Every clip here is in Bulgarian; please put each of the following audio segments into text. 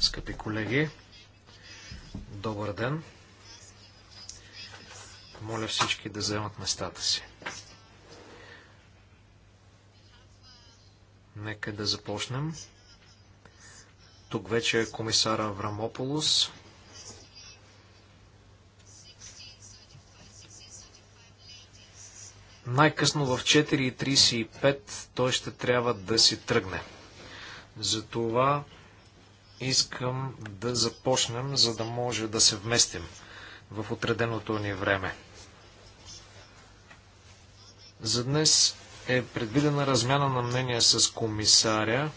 Скъпи колеги, добър ден. Моля всички да вземат местата си. Нека да започнем. Тук вече е комисара Аврамополос. Най-късно в 4.35 той ще трябва да си тръгне. Затова искам да започнем, за да може да се вместим в отреденото ни време. За днес е предвидена размяна на мнения с комисаря.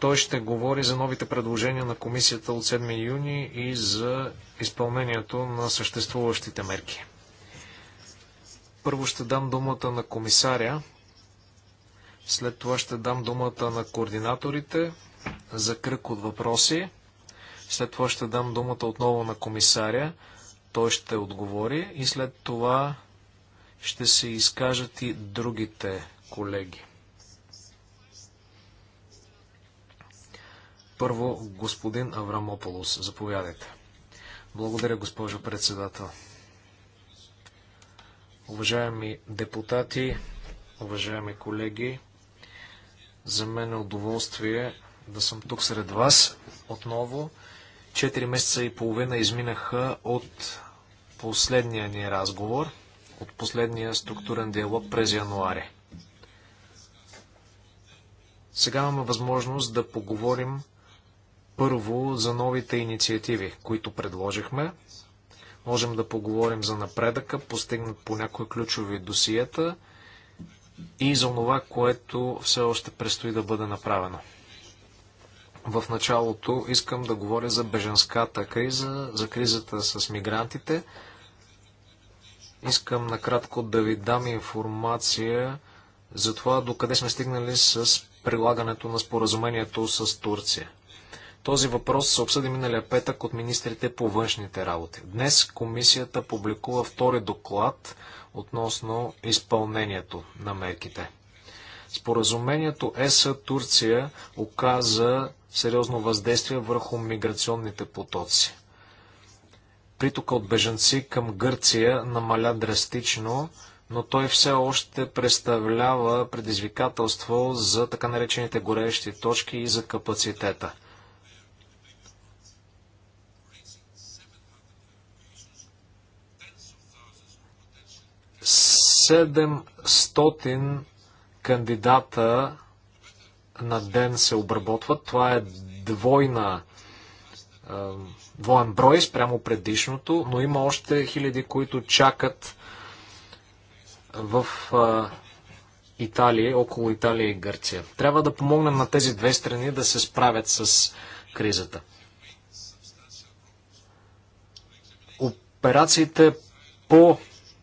Той ще говори за новите предложения на комисията от 7 юни и за изпълнението на съществуващите мерки. Първо ще дам думата на комисаря, след това ще дам думата на координаторите за кръг от въпроси. След това ще дам думата отново на комисаря. Той ще отговори и след това ще се изкажат и другите колеги. Първо, господин Аврамополос, заповядайте. Благодаря, госпожо председател. Уважаеми депутати, уважаеми колеги, за мен е удоволствие да съм тук сред вас отново. Четири месеца и половина изминаха от последния ни разговор, от последния структурен диалог през януари. Сега имаме възможност да поговорим първо за новите инициативи, които предложихме – Можем да поговорим за напредъка, постигнат по някои ключови досиета и за това, което все още предстои да бъде направено. В началото искам да говоря за беженската криза, за кризата с мигрантите. Искам накратко да ви дам информация за това, докъде сме стигнали с прилагането на споразумението с Турция. Този въпрос се обсъди миналия петък от министрите по външните работи. Днес комисията публикува втори доклад относно изпълнението на мерките. Споразумението ЕСА, Турция оказа сериозно въздействие върху миграционните потоци. Притока от бежанци към Гърция намаля драстично, но той все още представлява предизвикателство за така наречените горещи точки и за капацитета – 700 кандидата на ден се обработват. Това е двойна двоен брой спрямо предишното, но има още хиляди, които чакат в Италия, около Италия и Гърция. Трябва да помогнем на тези две страни да се справят с кризата. Операциите по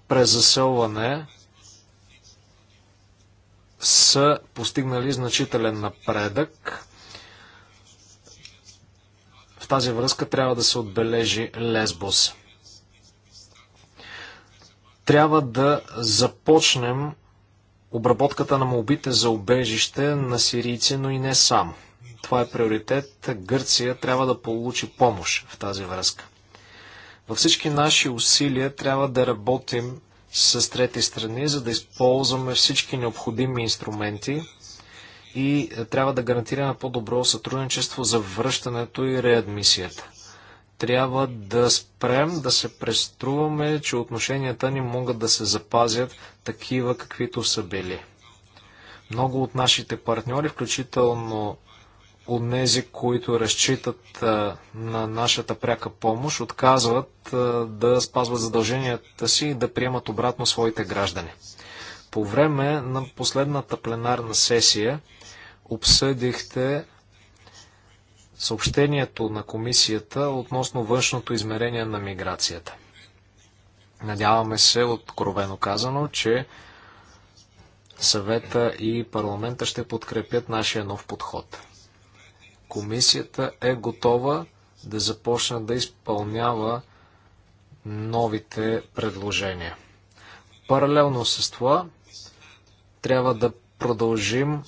презаселване са постигнали значителен напредък. В тази връзка трябва да се отбележи Лесбос. Трябва да започнем обработката на молбите за убежище на сирийци, но и не само. Това е приоритет. Гърция трябва да получи помощ в тази връзка. Във всички наши усилия трябва да работим с трети страни, за да използваме всички необходими инструменти и е, трябва да гарантираме по-добро сътрудничество за връщането и реадмисията. Трябва да спрем, да се преструваме, че отношенията ни могат да се запазят такива, каквито са били. Много от нашите партньори, включително онези, които разчитат на нашата пряка помощ, отказват да спазват задълженията си и да приемат обратно своите граждани. По време на последната пленарна сесия обсъдихте съобщението на комисията относно външното измерение на миграцията. Надяваме се, откровено казано, че съвета и парламента ще подкрепят нашия нов подход. Комисията е готова да започне да изпълнява новите предложения. Паралелно с това, трябва да продължим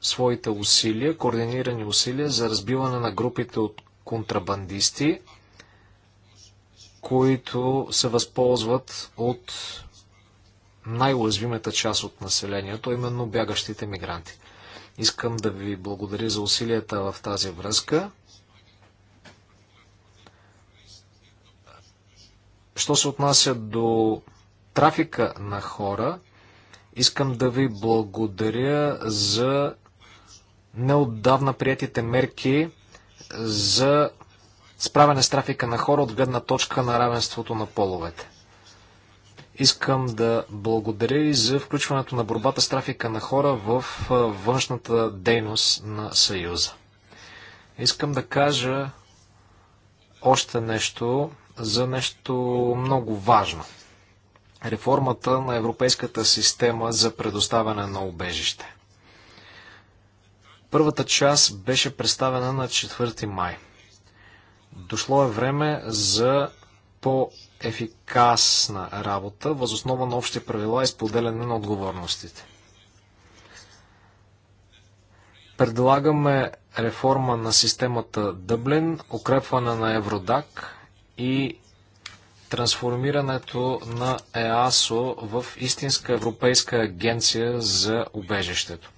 своите усилия, координирани усилия за разбиване на групите от контрабандисти, които се възползват от най-уязвимата част от населението, именно бягащите мигранти. Искам да ви благодаря за усилията в тази връзка. Що се отнася до трафика на хора, искам да ви благодаря за неотдавна приятите мерки за справяне с трафика на хора от гледна точка на равенството на половете. Искам да благодаря и за включването на борбата с трафика на хора в външната дейност на Съюза. Искам да кажа още нещо за нещо много важно. Реформата на Европейската система за предоставяне на убежище. Първата част беше представена на 4 май. Дошло е време за по-ефикасна работа, възоснова на общи правила и споделяне на отговорностите. Предлагаме реформа на системата Дъблин, укрепване на Евродак и трансформирането на ЕАСО в истинска европейска агенция за убежището.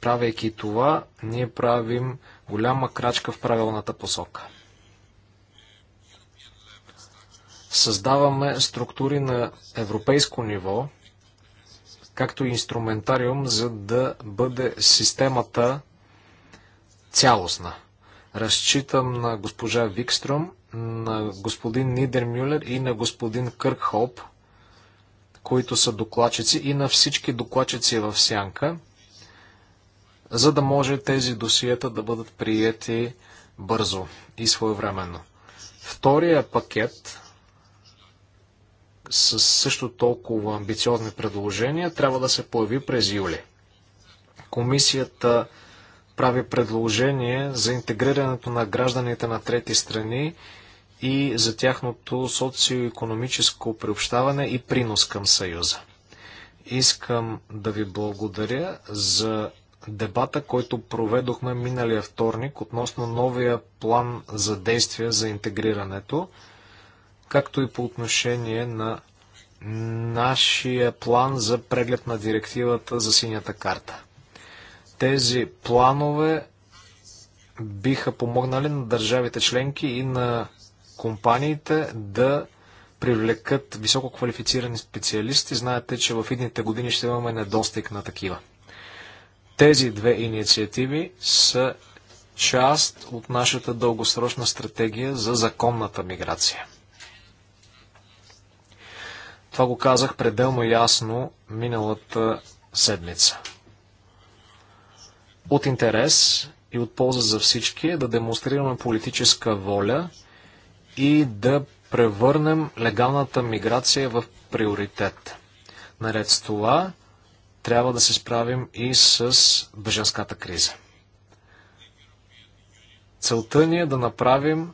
Правейки това, ние правим голяма крачка в правилната посока. Създаваме структури на европейско ниво, както и инструментариум, за да бъде системата цялостна. Разчитам на госпожа Викстром, на господин Нидермюлер и на господин Кърк които са докладчици и на всички докладчици в Сянка, за да може тези досиета да бъдат приети бързо и своевременно. Втория пакет с също толкова амбициозни предложения трябва да се появи през юли. Комисията прави предложение за интегрирането на гражданите на трети страни и за тяхното социо-економическо приобщаване и принос към Съюза. Искам да ви благодаря за дебата, който проведохме миналия вторник относно новия план за действие за интегрирането както и по отношение на нашия план за преглед на директивата за синята карта. Тези планове биха помогнали на държавите членки и на компаниите да привлекат високо квалифицирани специалисти. Знаете, че в идните години ще имаме недостиг на такива. Тези две инициативи са част от нашата дългосрочна стратегия за законната миграция. Това го казах пределно ясно миналата седмица. От интерес и от полза за всички е да демонстрираме политическа воля и да превърнем легалната миграция в приоритет. Наред с това, трябва да се справим и с беженската криза. Целта ни е да направим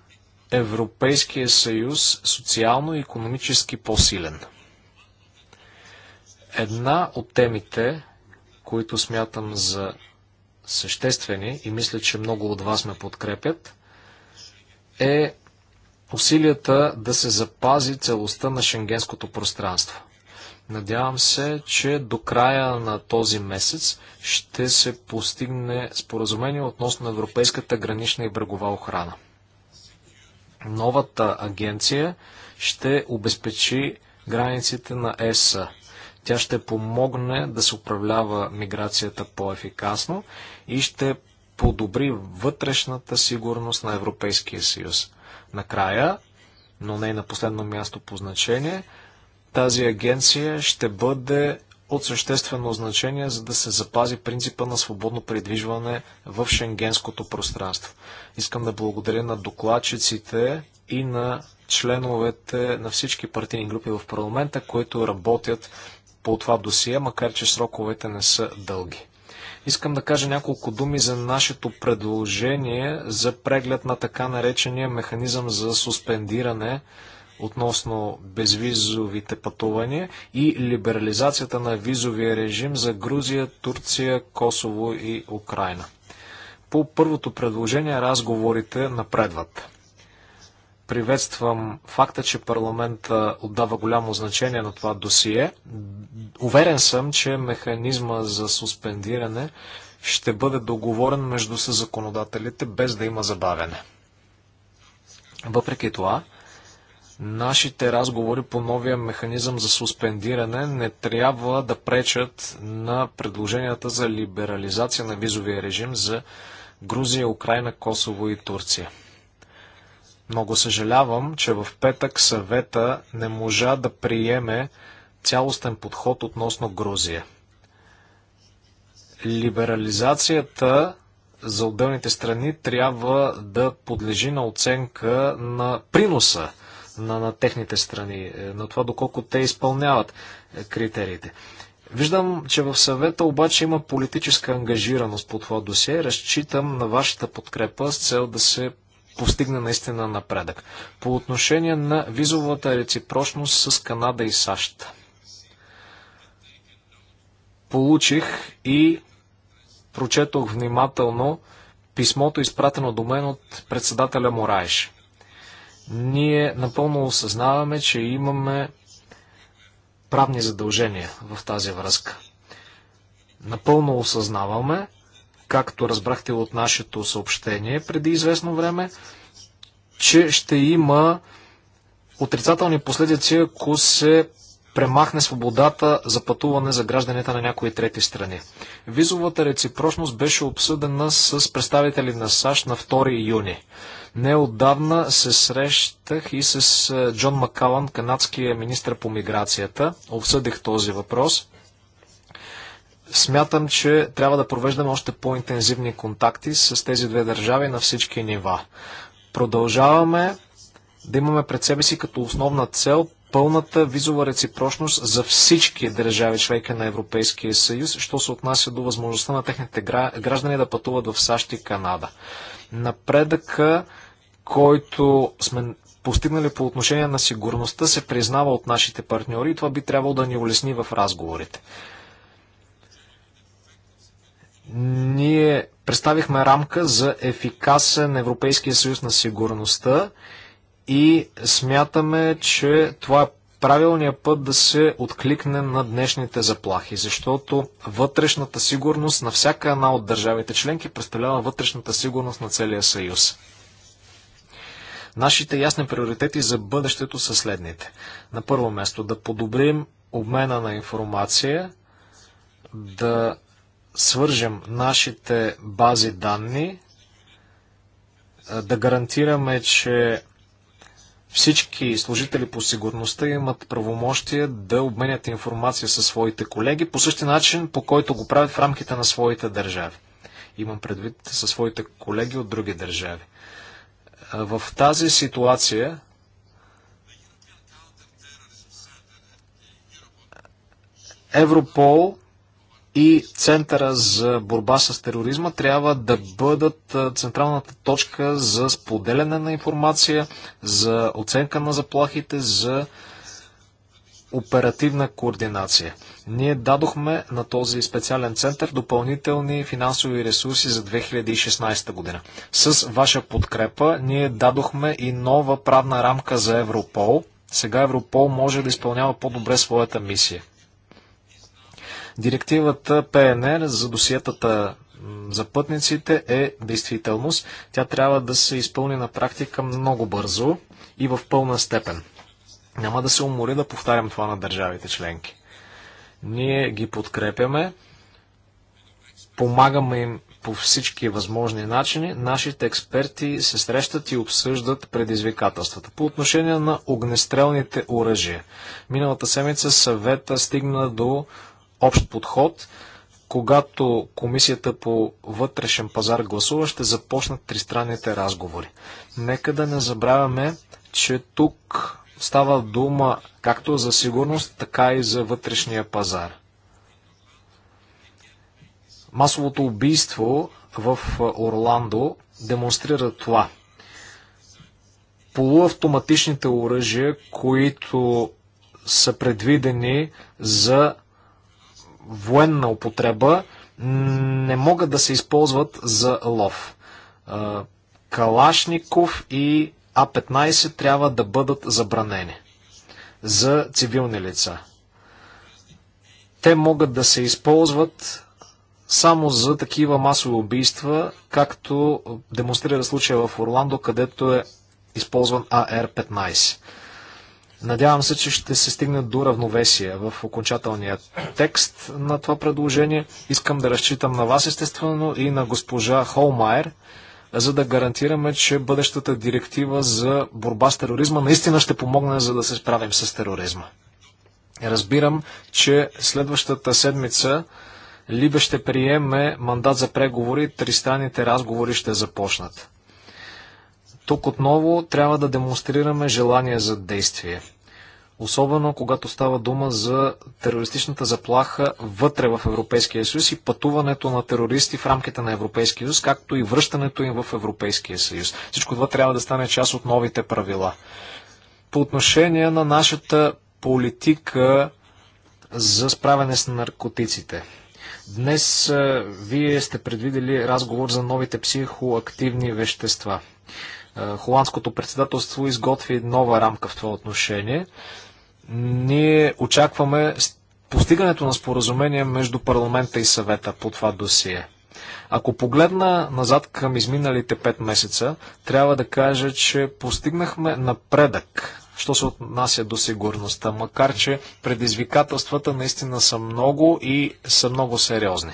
Европейския съюз социално и економически по-силен – Една от темите, които смятам за съществени и мисля, че много от вас ме подкрепят, е усилията да се запази целостта на шенгенското пространство. Надявам се, че до края на този месец ще се постигне споразумение относно Европейската гранична и брегова охрана. Новата агенция ще обезпечи границите на ЕСА. Тя ще помогне да се управлява миграцията по-ефикасно и ще подобри вътрешната сигурност на Европейския съюз. Накрая, но не и на последно място по значение, тази агенция ще бъде от съществено значение, за да се запази принципа на свободно придвижване в шенгенското пространство. Искам да благодаря на докладчиците и на членовете на всички партийни групи в парламента, които работят по това досие, макар че сроковете не са дълги. Искам да кажа няколко думи за нашето предложение за преглед на така наречения механизъм за суспендиране относно безвизовите пътувания и либерализацията на визовия режим за Грузия, Турция, Косово и Украина. По първото предложение разговорите напредват. Приветствам факта, че парламента отдава голямо значение на това досие. Уверен съм, че механизма за суспендиране ще бъде договорен между законодателите без да има забавене. Въпреки това, нашите разговори по новия механизъм за суспендиране не трябва да пречат на предложенията за либерализация на визовия режим за Грузия, Украина, Косово и Турция. Много съжалявам, че в петък съвета не можа да приеме цялостен подход относно Грузия. Либерализацията за отделните страни трябва да подлежи на оценка на приноса на, на техните страни, е, на това доколко те изпълняват е, критериите. Виждам, че в съвета обаче има политическа ангажираност по това досие. Разчитам на вашата подкрепа с цел да се постигне наистина напредък. По отношение на визовата реципрочност с Канада и САЩ. Получих и прочетох внимателно писмото, изпратено до мен от председателя Мораеш. Ние напълно осъзнаваме, че имаме правни задължения в тази връзка. Напълно осъзнаваме, както разбрахте от нашето съобщение преди известно време, че ще има отрицателни последици, ако се премахне свободата за пътуване за гражданите на някои трети страни. Визовата реципрочност беше обсъдена с представители на САЩ на 2 юни. Неодавна се срещах и с е, Джон Макалан, канадския министр по миграцията. Обсъдих този въпрос. Смятам, че трябва да провеждаме още по-интензивни контакти с тези две държави на всички нива. Продължаваме да имаме пред себе си като основна цел пълната визова реципрочност за всички държави членки на Европейския съюз, що се отнася до възможността на техните граждани да пътуват в САЩ и Канада. Напредъка, който сме постигнали по отношение на сигурността, се признава от нашите партньори и това би трябвало да ни улесни в разговорите. Ние представихме рамка за ефикасен Европейския съюз на сигурността и смятаме, че това е правилният път да се откликне на днешните заплахи, защото вътрешната сигурност на всяка една от държавите членки представлява вътрешната сигурност на целия съюз. Нашите ясни приоритети за бъдещето са следните. На първо място да подобрим обмена на информация, да свържем нашите бази данни, да гарантираме, че всички служители по сигурността имат правомощие да обменят информация със своите колеги по същия начин, по който го правят в рамките на своите държави. Имам предвид със своите колеги от други държави. В тази ситуация Европол и Центъра за борба с тероризма трябва да бъдат централната точка за споделяне на информация, за оценка на заплахите, за оперативна координация. Ние дадохме на този специален център допълнителни финансови ресурси за 2016 година. С ваша подкрепа ние дадохме и нова правна рамка за Европол. Сега Европол може да изпълнява по-добре своята мисия. Директивата ПНР за досиетата за пътниците е действителност. Тя трябва да се изпълни на практика много бързо и в пълна степен. Няма да се умори да повтарям това на държавите членки. Ние ги подкрепяме, помагаме им по всички възможни начини. Нашите експерти се срещат и обсъждат предизвикателствата. По отношение на огнестрелните оръжия. Миналата седмица съвета стигна до общ подход. Когато комисията по вътрешен пазар гласува, ще започнат тристранните разговори. Нека да не забравяме, че тук става дума както за сигурност, така и за вътрешния пазар. Масовото убийство в Орландо демонстрира това. Полуавтоматичните оръжия, които са предвидени за военна употреба не могат да се използват за лов. Калашников и А-15 трябва да бъдат забранени за цивилни лица. Те могат да се използват само за такива масови убийства, както демонстрира случая в Орландо, където е използван АР-15. Надявам се, че ще се стигне до равновесие в окончателния текст на това предложение. Искам да разчитам на вас, естествено, и на госпожа Холмайер, за да гарантираме, че бъдещата директива за борба с тероризма наистина ще помогне за да се справим с тероризма. Разбирам, че следващата седмица Либе ще приеме мандат за преговори, тристранните разговори ще започнат. Тук отново трябва да демонстрираме желание за действие. Особено когато става дума за терористичната заплаха вътре в Европейския съюз и пътуването на терористи в рамките на Европейския съюз, както и връщането им в Европейския съюз. Всичко това трябва да стане част от новите правила. По отношение на нашата политика за справяне с наркотиците. Днес вие сте предвидели разговор за новите психоактивни вещества. Е, холандското председателство изготви нова рамка в това отношение. Ние очакваме постигането на споразумение между парламента и съвета по това досие. Ако погледна назад към изминалите 5 месеца, трябва да кажа, че постигнахме напредък, що се отнася до сигурността, макар че предизвикателствата наистина са много и са много сериозни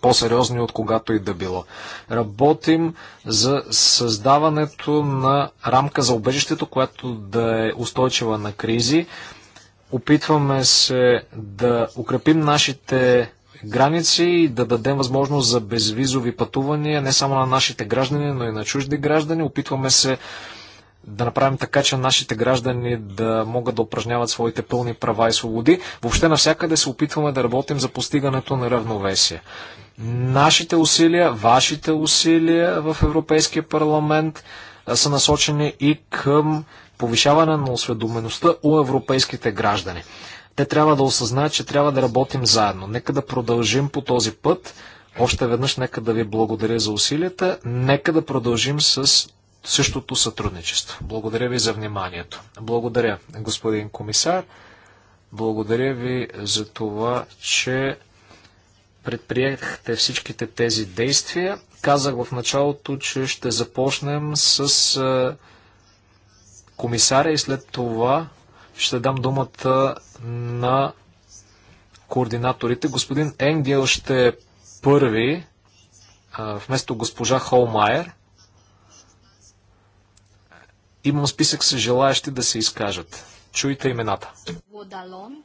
по-сериозни от когато и да било. Работим за създаването на рамка за убежището, която да е устойчива на кризи. Опитваме се да укрепим нашите граници и да дадем възможност за безвизови пътувания не само на нашите граждани, но и на чужди граждани. Опитваме се да направим така, че нашите граждани да могат да упражняват своите пълни права и свободи. Въобще навсякъде се опитваме да работим за постигането на равновесие. Нашите усилия, вашите усилия в Европейския парламент са насочени и към повишаване на осведомеността у европейските граждани. Те трябва да осъзнаят, че трябва да работим заедно. Нека да продължим по този път. Още веднъж нека да ви благодаря за усилията. Нека да продължим с същото сътрудничество. Благодаря ви за вниманието. Благодаря, господин комисар. Благодаря ви за това, че предприехте всичките тези действия. Казах в началото, че ще започнем с комисаря и след това ще дам думата на координаторите. Господин Енгел ще е първи, вместо госпожа Холмайер. Имам списък с желаящи да се изкажат. Чуйте имената. Водалон,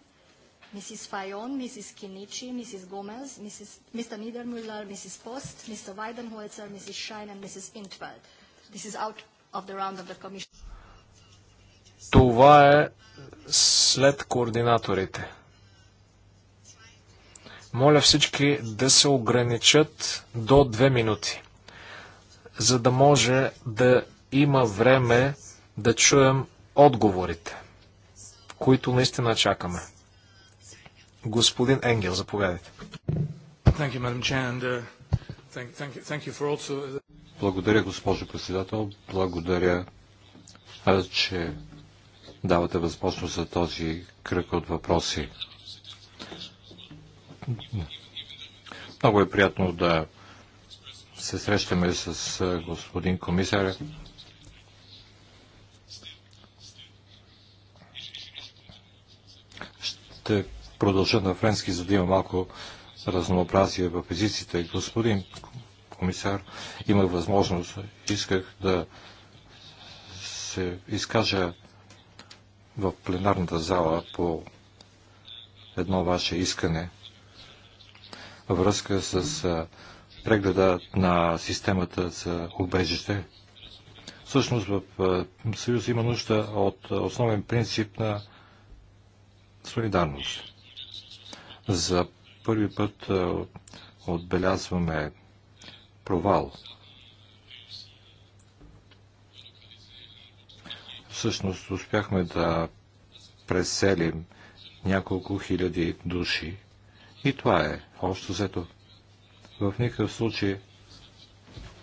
мисис Файон, мисис Киничи, мисис Gomez, мистер Нидермюллер, мисис Пост, мистер Вайденхойцер, мисис Mrs. Schein and Mrs. This is out of the round of the commission. Това е след координаторите. Моля всички да се ограничат до две минути, за да може да има време да чуем отговорите, които наистина чакаме. Господин Енгел, заповядайте. Благодаря, госпожо председател. Благодаря, че давате възможност за този кръг от въпроси. Много е приятно да се срещаме с господин комисаря. ще продължа на френски, за да има малко разнообразие в езиците. Господин комисар, имах възможност, исках да се изкажа в пленарната зала по едно ваше искане във връзка с прегледа на системата за убежище. Всъщност в Съюз има нужда от основен принцип на солидарност. За първи път отбелязваме провал. Всъщност успяхме да преселим няколко хиляди души. И това е общо взето. В никакъв случай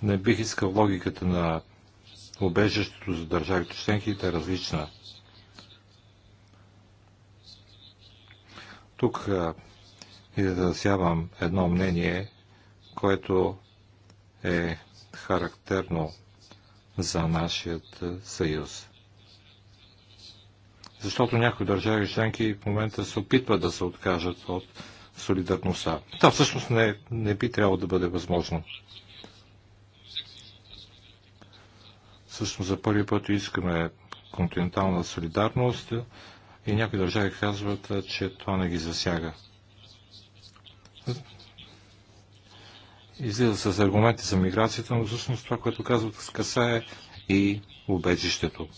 не бих искал логиката на убежището за държавите членки да е различна. Тук изразявам едно мнение, което е характерно за нашият съюз. Защото някои държави членки в момента се опитват да се откажат от солидарността. Това всъщност не, не би трябвало да бъде възможно. Всъщност за първи път искаме континентална солидарност и някои държави казват, че това не ги засяга. Излиза с аргументи за миграцията, но всъщност това, което казват, касае и убежището.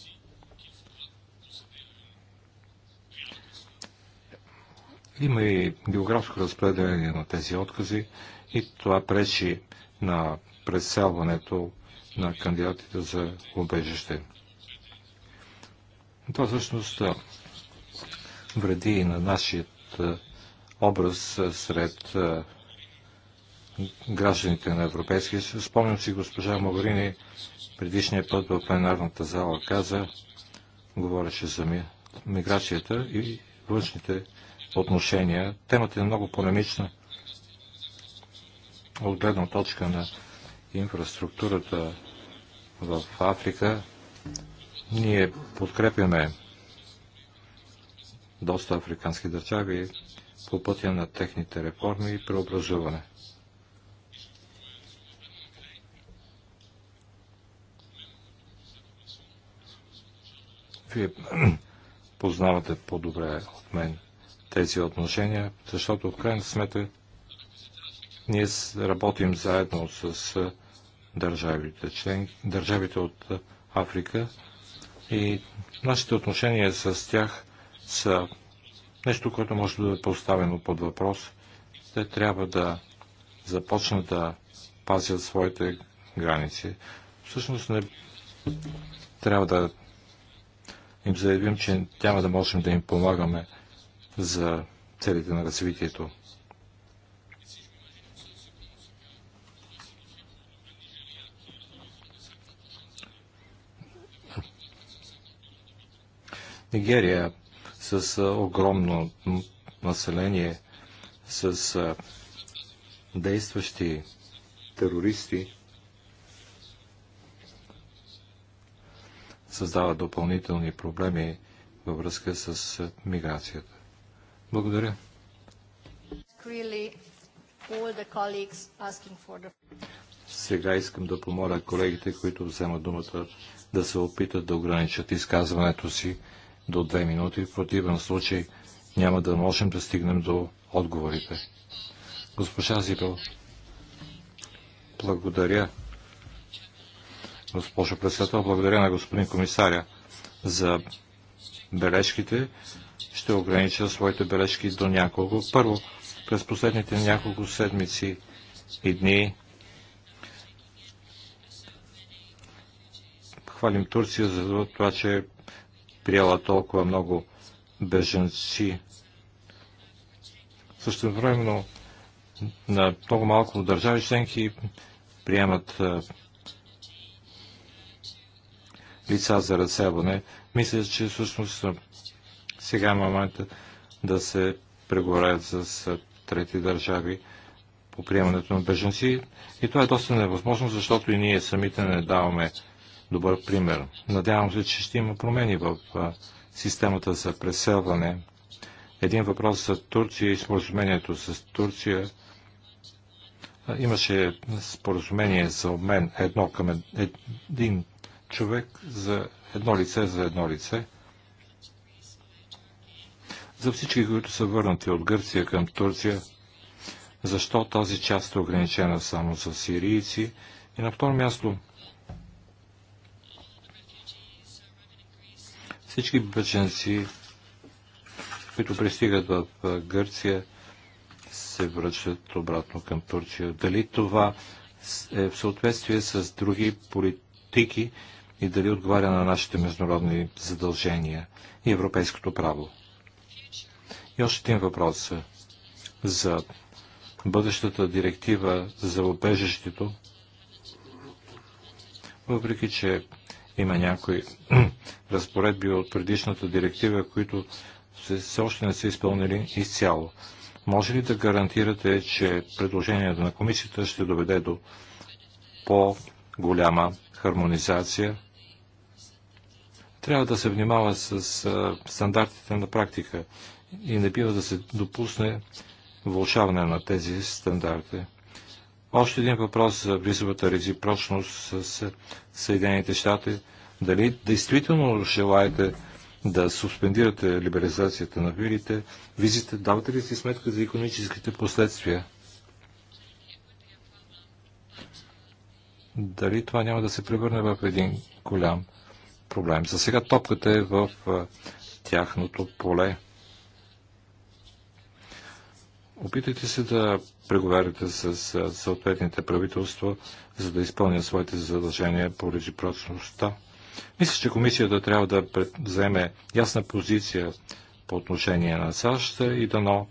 Има и географско разпределение на тези откази и това пречи на преселването на кандидатите за убежище. Това всъщност вреди и на нашият образ сред гражданите на Европейския съюз. Спомням си госпожа Могрини предишния път в пленарната зала каза, говореше за миграцията и външните отношения. Темата е много полемична от гледна точка на инфраструктурата в Африка. Ние подкрепяме доста африкански държави по пътя на техните реформи и преобразуване. Вие познавате по-добре от мен тези отношения, защото в крайна сметка ние работим заедно с държавите, член, държавите от Африка и нашите отношения с тях са нещо, което може да бъде поставено под въпрос. Те трябва да започнат да пазят своите граници. Всъщност не трябва да им заявим, че няма да можем да им помагаме за целите на развитието. Нигерия с огромно население, с действащи терористи, създава допълнителни проблеми във връзка с миграцията. Благодаря. Сега искам да помоля колегите, които вземат думата, да се опитат да ограничат изказването си до две минути. В противен случай няма да можем да стигнем до отговорите. Госпожа Зибел, благодаря. Госпожо председател, благодаря на господин комисаря за бележките. Ще огранича своите бележки до няколко. Първо, през последните няколко седмици и дни хвалим Турция за това, че приела толкова много беженци. Също времено на много малко държави членки приемат лица за разселване. Мисля, че всъщност сега е момента да се преговарят с трети държави по приемането на беженци. И това е доста невъзможно, защото и ние самите не даваме добър пример. Надявам се, че ще има промени в системата за преселване. Един въпрос за Турция и споразумението с Турция. Имаше споразумение за обмен едно към един човек за едно лице за едно лице. За всички, които са върнати от Гърция към Турция, защо тази част е ограничена само за сирийци? И на второ място, Всички бъченци, които пристигат в Гърция, се връщат обратно към Турция. Дали това е в съответствие с други политики и дали отговаря на нашите международни задължения и европейското право? И още един въпрос за бъдещата директива за обежището, въпреки че има някои разпоредби от предишната директива, които все още не са изпълнили изцяло. Може ли да гарантирате, че предложението на комисията ще доведе до по-голяма хармонизация? Трябва да се внимава с стандартите на практика и не бива да се допусне вълшаване на тези стандарти. Още един въпрос за визовата резипрочност с Съединените щати. Дали действително желаете да суспендирате либерализацията на вирите, визите, давате ли си сметка за економическите последствия? Дали това няма да се превърне в един голям проблем? За сега топката е в тяхното поле. Опитайте се да преговаряте с съответните правителства, за да изпълнят своите задължения по реципрочността. Мисля, че комисията трябва да вземе ясна позиция по отношение на САЩ и дано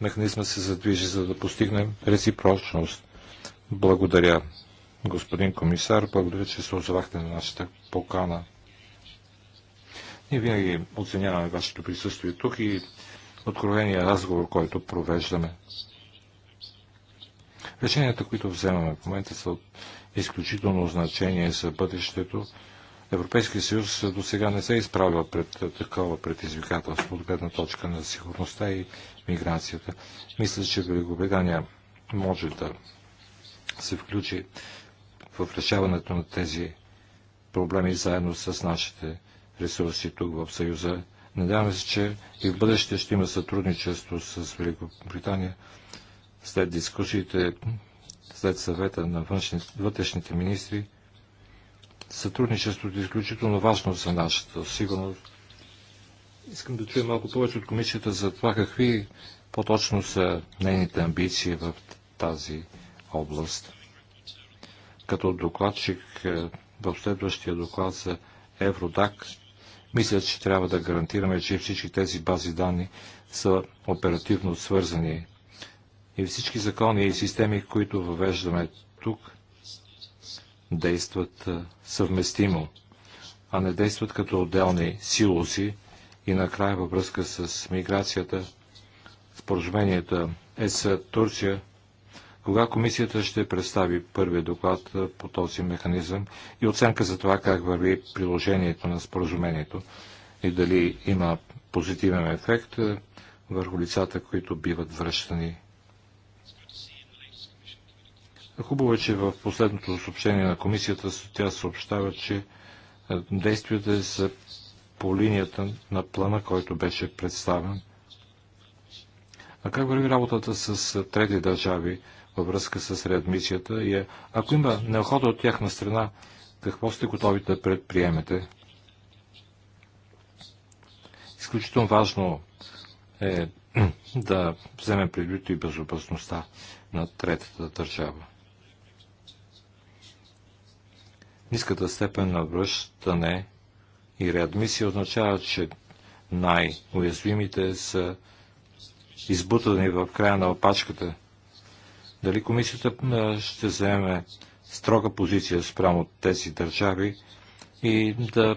механизма се задвижи, за да постигнем реципрочност. Благодаря, господин комисар. Благодаря, че се озовахте на нашата покана. Ние винаги оценяваме вашето присъствие тук и откровения разговор, който провеждаме. Решенията, които вземаме в момента са от изключително значение за бъдещето. Европейския съюз до сега не се е изправя пред такова предизвикателство от гледна точка на сигурността и миграцията. Мисля, че Великобритания може да се включи в решаването на тези проблеми заедно с нашите ресурси тук в Съюза. Надяваме се, че и в бъдеще ще има сътрудничество с Великобритания след дискусиите, след съвета на външни, вътрешните министри, сътрудничеството е изключително важно за нашата сигурност. Искам да чуя малко повече от комисията за това какви по-точно са нейните амбиции в тази област. Като докладчик е, в следващия доклад за Евродак, мисля, че трябва да гарантираме, че всички тези бази данни са оперативно свързани и всички закони и системи, които въвеждаме тук, действат съвместимо, а не действат като отделни силоси. И накрая във връзка с миграцията, споразуменията ЕС Турция, кога комисията ще представи първия доклад по този механизъм и оценка за това как върви приложението на споразумението и дали има позитивен ефект върху лицата, които биват връщани Хубаво е, че в последното съобщение на комисията тя съобщава, че е, действията са по линията на плана, който беше представен. А как върви работата с е, трети държави във връзка с реадмисията? И е, ако има неохота от тяхна страна, какво сте готови да предприемете? Изключително важно е да вземем предвид и безопасността на третата държава. Ниската степен на връщане и реадмисия означава, че най-уязвимите са избутани в края на опачката. Дали комисията ще вземе строга позиция спрямо тези държави и да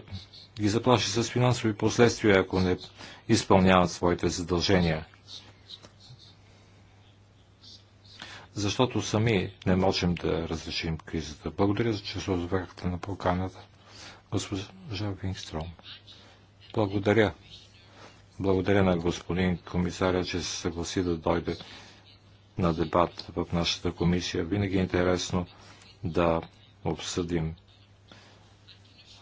ги заплаши с финансови последствия, ако не изпълняват своите задължения? защото сами не можем да разрешим кризата. Благодаря, че се отвърхте на поканата, госпожа Вингстром. Благодаря. Благодаря на господин комисаря, че се съгласи да дойде на дебат в нашата комисия. Винаги е интересно да обсъдим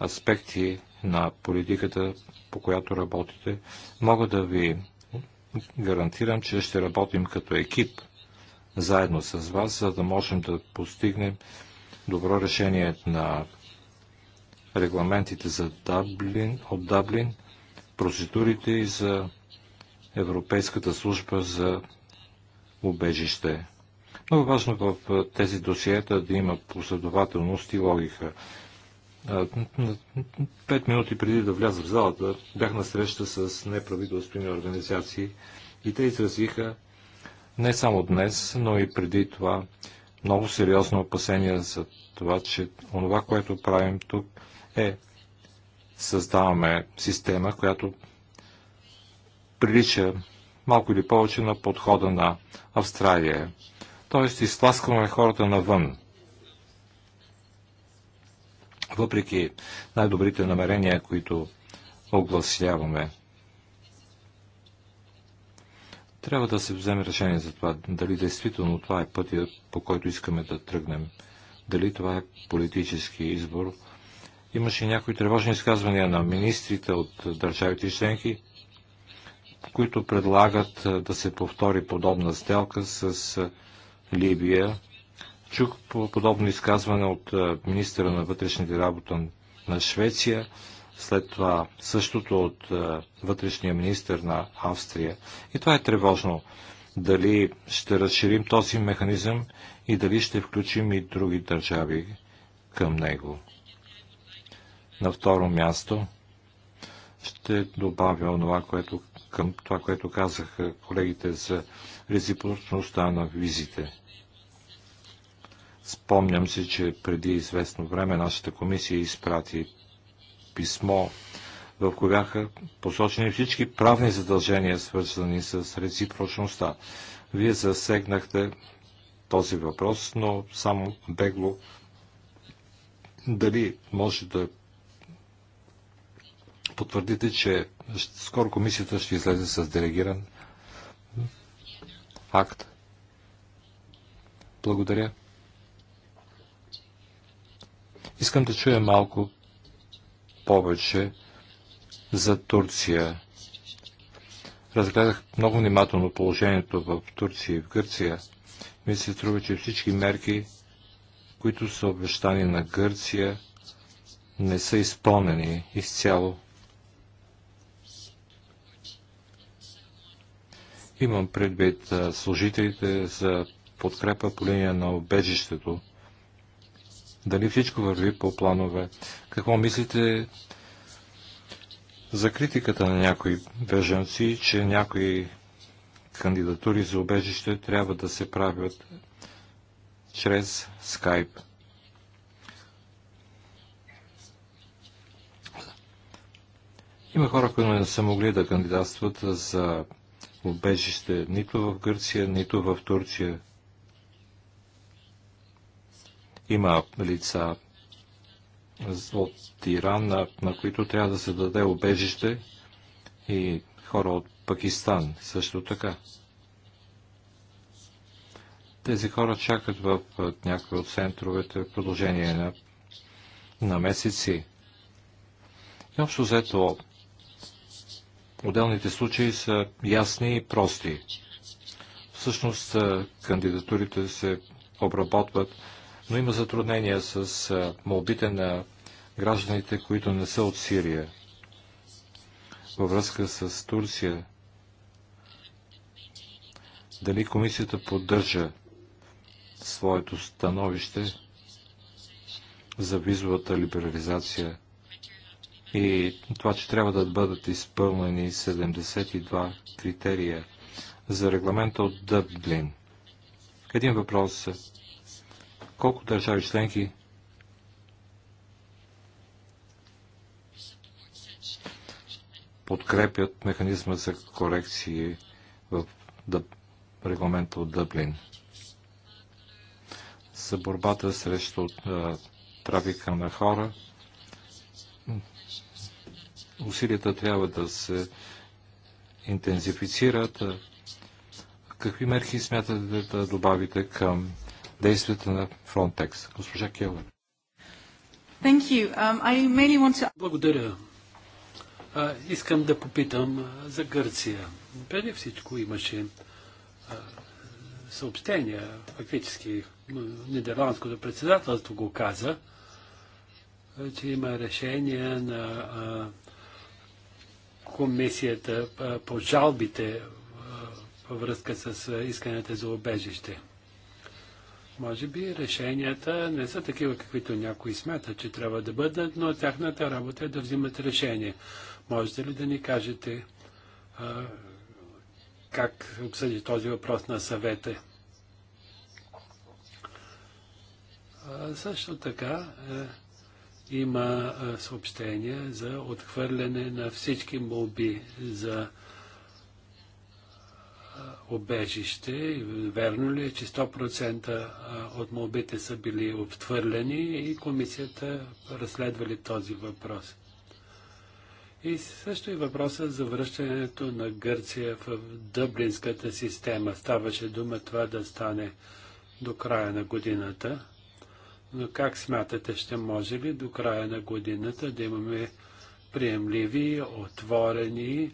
аспекти на политиката, по която работите. Мога да ви гарантирам, че ще работим като екип – заедно с вас, за да можем да постигнем добро решение на регламентите за Даблин, от Даблин, процедурите и за Европейската служба за убежище. Много важно в тези досиета да има последователност и логика. Пет минути преди да вляза в залата, бях на среща с неправителствени организации и те изразиха не само днес, но и преди това много сериозно опасение за това, че онова, което правим тук е създаваме система, която прилича малко или повече на подхода на Австралия. Тоест, изтласкваме хората навън. Въпреки най-добрите намерения, които огласяваме. Трябва да се вземе решение за това, дали действително това е пътя, по който искаме да тръгнем, дали това е политически избор. Имаше някои тревожни изказвания на министрите от държавите членки, които предлагат да се повтори подобна сделка с Либия. Чух подобно изказване от министра на вътрешните работи на Швеция, след това същото от е, вътрешния министр на Австрия. И това е тревожно. Дали ще разширим този механизъм и дали ще включим и други държави към него. На второ място ще добавя това, което, към това, което казаха колегите за реципрочността на визите. Спомням си, че преди известно време нашата комисия изпрати писмо, в което бяха посочени всички правни задължения, свързани с реципрочността. Вие засегнахте този въпрос, но само бегло дали може да потвърдите, че скоро комисията ще излезе с делегиран акт. Благодаря. Искам да чуя малко повече за Турция. Разгледах много внимателно положението в Турция и в Гърция. Ми се струва, че всички мерки, които са обещани на Гърция, не са изпълнени изцяло. Имам предвид служителите за подкрепа по линия на обежището. Дали всичко върви по планове? Какво мислите за критиката на някои беженци, че някои кандидатури за убежище трябва да се правят чрез скайп? Има хора, които не са могли да кандидатстват за убежище нито в Гърция, нито в Турция. Има лица, от Иран, на, на които трябва да се даде обежище и хора от Пакистан също така. Тези хора чакат в някои от центровете в продължение на, на месеци. И общо взето, отделните случаи са ясни и прости. Всъщност, кандидатурите се обработват, но има затруднения с молбите на гражданите, които не са от Сирия. Във връзка с Турция, дали комисията поддържа своето становище за визовата либерализация и това, че трябва да бъдат изпълнени 72 критерия за регламента от Дъблин. Един въпрос. Колко държави членки подкрепят механизма за корекции в регламента от Дъблин за борбата срещу трафика на хора. Усилията трябва да се интензифицират. Какви мерки смятате да добавите към действията на Frontex? Госпожа Келър. Um, Благодаря. А, искам да попитам за Гърция. Преди всичко имаше а, съобщения, фактически Нидерландското председателство го каза, че има решение на а, комисията а, по жалбите а, във връзка с исканията за обежище. Може би решенията не са такива, каквито някои смятат, че трябва да бъдат, но тяхната работа е да взимат решение. Можете ли да ни кажете а, как обсъди този въпрос на съвета? А, също така а, има а, съобщение за отхвърляне на всички молби за обежище. Верно ли е, че 100% от молбите са били обтвърлени и комисията разследва ли този въпрос? И също и въпроса за връщането на Гърция в дъблинската система. Ставаше дума това да стане до края на годината. Но как смятате, ще може ли до края на годината да имаме приемливи, отворени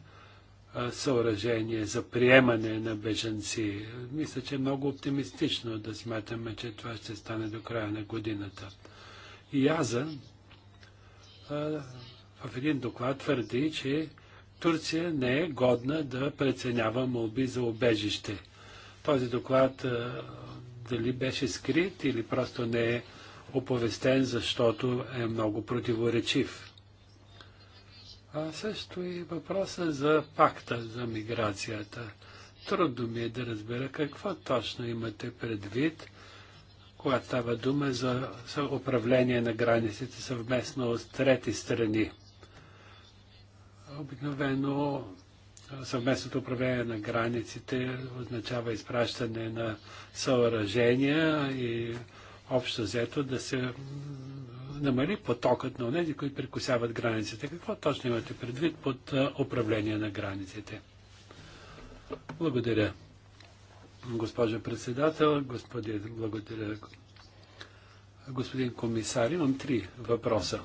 съоръжения за приемане на беженци? Мисля, че е много оптимистично да смятаме, че това ще стане до края на годината. И Аза в един доклад твърди, че Турция не е годна да преценява молби за обежище. Този доклад дали беше скрит или просто не е оповестен, защото е много противоречив. А също и въпроса за пакта за миграцията. Трудно ми е да разбера какво точно имате предвид, когато става дума за управление на границите съвместно от трети страни. Обикновено съвместното управление на границите означава изпращане на съоръжения и общо взето да се намали потокът на тези, които прекусяват границите. Какво точно имате предвид под управление на границите? Благодаря. Госпожо председател, господин, благодаря. Господин комисар, имам три въпроса.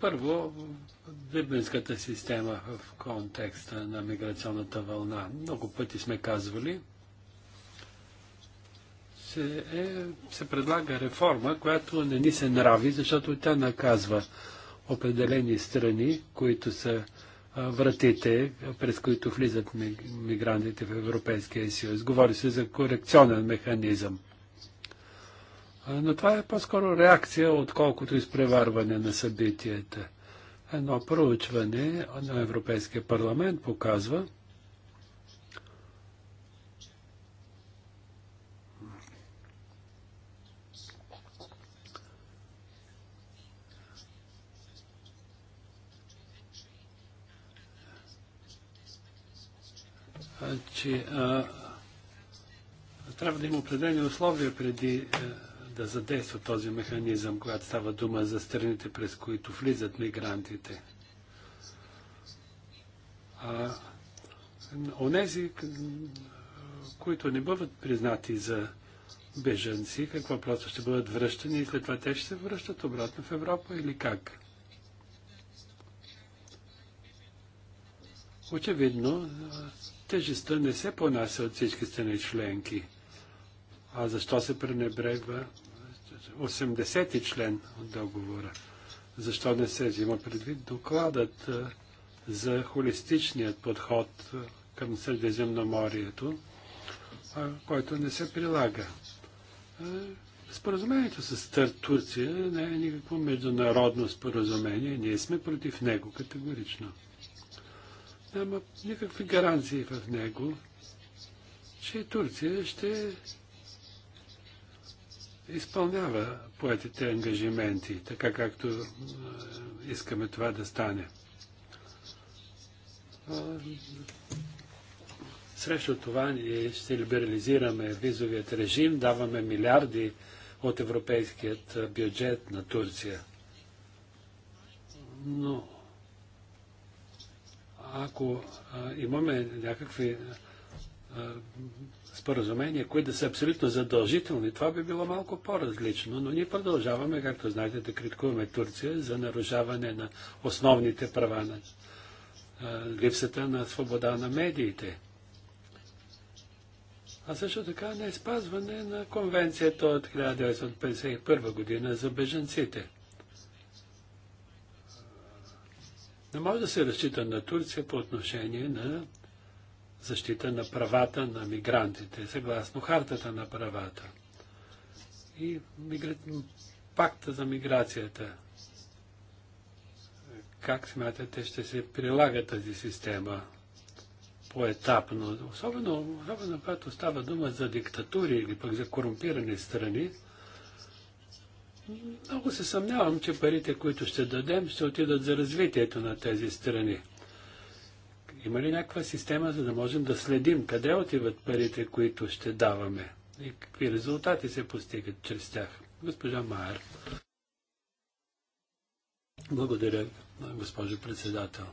Първо, дъблинската система в контекста на миграционната вълна. Много пъти сме казвали, се, е, се предлага реформа, която не ни се нрави, защото тя наказва определени страни, които са вратите, през които влизат мигрантите в Европейския съюз. Говори се за корекционен механизъм. Но това е по-скоро реакция, отколкото изпреварване на събитията. Едно проучване на Европейския парламент показва, че а, трябва да има определени условия преди а, да задейства този механизъм, когато става дума за страните, през които влизат мигрантите. А онези, които не бъдат признати за беженци, какво просто ще бъдат връщани и след това те ще се връщат обратно в Европа или как? Очевидно, тежестта не се понася от всички страни членки. А защо се пренебрегва 80-ти член от договора. Защо не се взима предвид докладът е, за холистичният подход е, към Средиземноморието, е, който не се прилага. Споразумението с Турция не е никакво международно споразумение. Ние сме против него категорично. Няма никакви гаранции в него, че Турция ще изпълнява поетите ангажименти, така както е, искаме това да стане. Срещу това ние ще либерализираме визовият режим, даваме милиарди от европейският бюджет на Турция. Но ако имаме някакви споразумения, които да са абсолютно задължителни, това би било малко по-различно, но ние продължаваме, както знаете, да критикуваме Турция за нарушаване на основните права на липсата на свобода на медиите. А също така не е спазване на конвенцията от 1951 година за беженците. Не може да се разчита на Турция по отношение на защита на правата на мигрантите, съгласно хартата на правата и мигр... пакта за миграцията. Как смятате, ще се прилага тази система поетапно? Особено, особено когато става дума за диктатури или пък за корумпирани страни, много се съмнявам, че парите, които ще дадем, ще отидат за развитието на тези страни. Има ли някаква система, за да можем да следим къде отиват парите, които ще даваме и какви резултати се постигат чрез тях? Госпожа Майер. Благодаря, госпожо председател.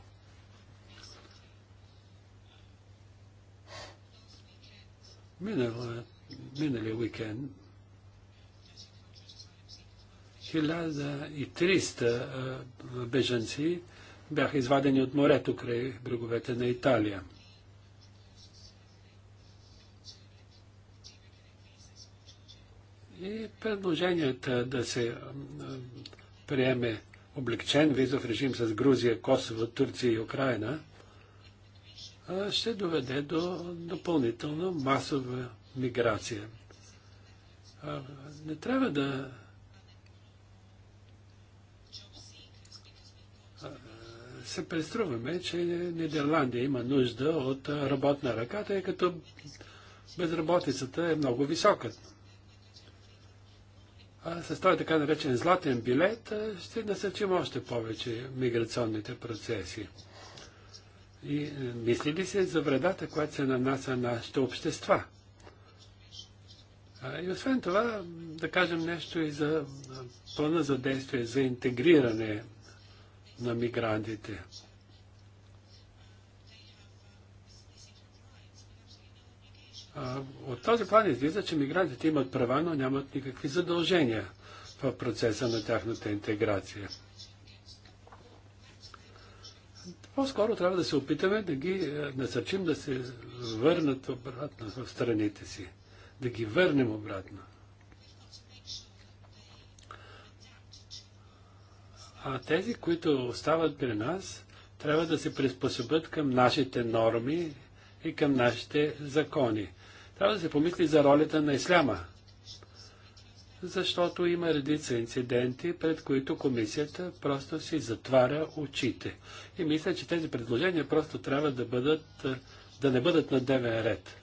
Минал, миналия уикенд 1300 бежанци бяха извадени от морето край бреговете на Италия. И предложенията да се приеме облегчен визов режим с Грузия, Косово, Турция и Украина ще доведе до допълнително масова миграция. Не трябва да се преструваме, че Нидерландия има нужда от работна ръка, тъй като безработицата е много висока. А с този така наречен златен билет ще насъчим още повече миграционните процеси. И е, мисли ли се за вредата, която се нанася на нашите общества? И освен това, да кажем нещо и за плана за действие за интегриране на мигрантите. А, от този план излиза, че мигрантите имат права, но нямат никакви задължения в процеса на тяхната интеграция. По-скоро трябва да се опитаме да ги е, насърчим да се върнат обратно в страните си, да ги върнем обратно. а тези, които остават при нас, трябва да се приспособят към нашите норми и към нашите закони. Трябва да се помисли за ролята на исляма, защото има редица инциденти, пред които комисията просто си затваря очите. И мисля, че тези предложения просто трябва да, бъдат, да не бъдат на дневен ред.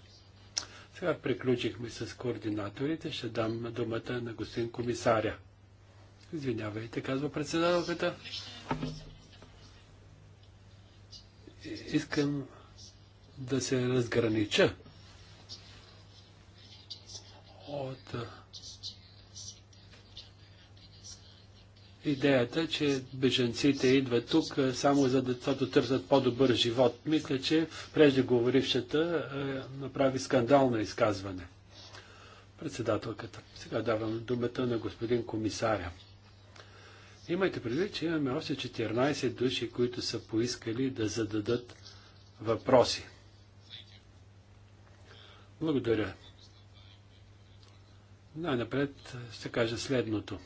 Сега приключихме с координаторите. Ще дам думата на господин комисаря. Извинявайте, казва председателката. Искам да се разгранича от идеята, че беженците идват тук само за децата търсят по-добър живот. Мисля, че преждеговорившата е, направи скандално изказване. Председателката. Сега давам думата на господин комисаря. Имайте предвид, че имаме още 14 души, които са поискали да зададат въпроси. Благодаря. Най-напред ще кажа следното.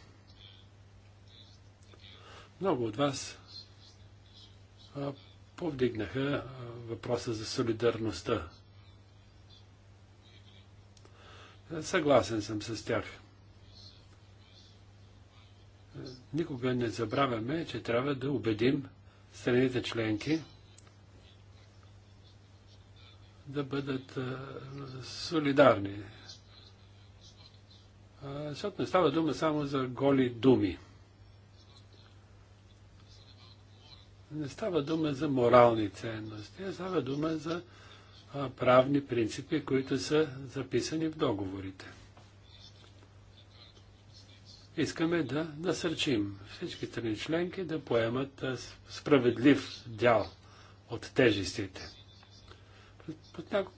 Много от вас повдигнаха въпроса за солидарността. Съгласен съм с тях никога не забравяме, че трябва да убедим страните членки да бъдат солидарни. Защото не става дума само за голи думи. Не става дума за морални ценности, а става дума за правни принципи, които са записани в договорите искаме да насърчим всички страни членки да поемат справедлив дял от тежестите.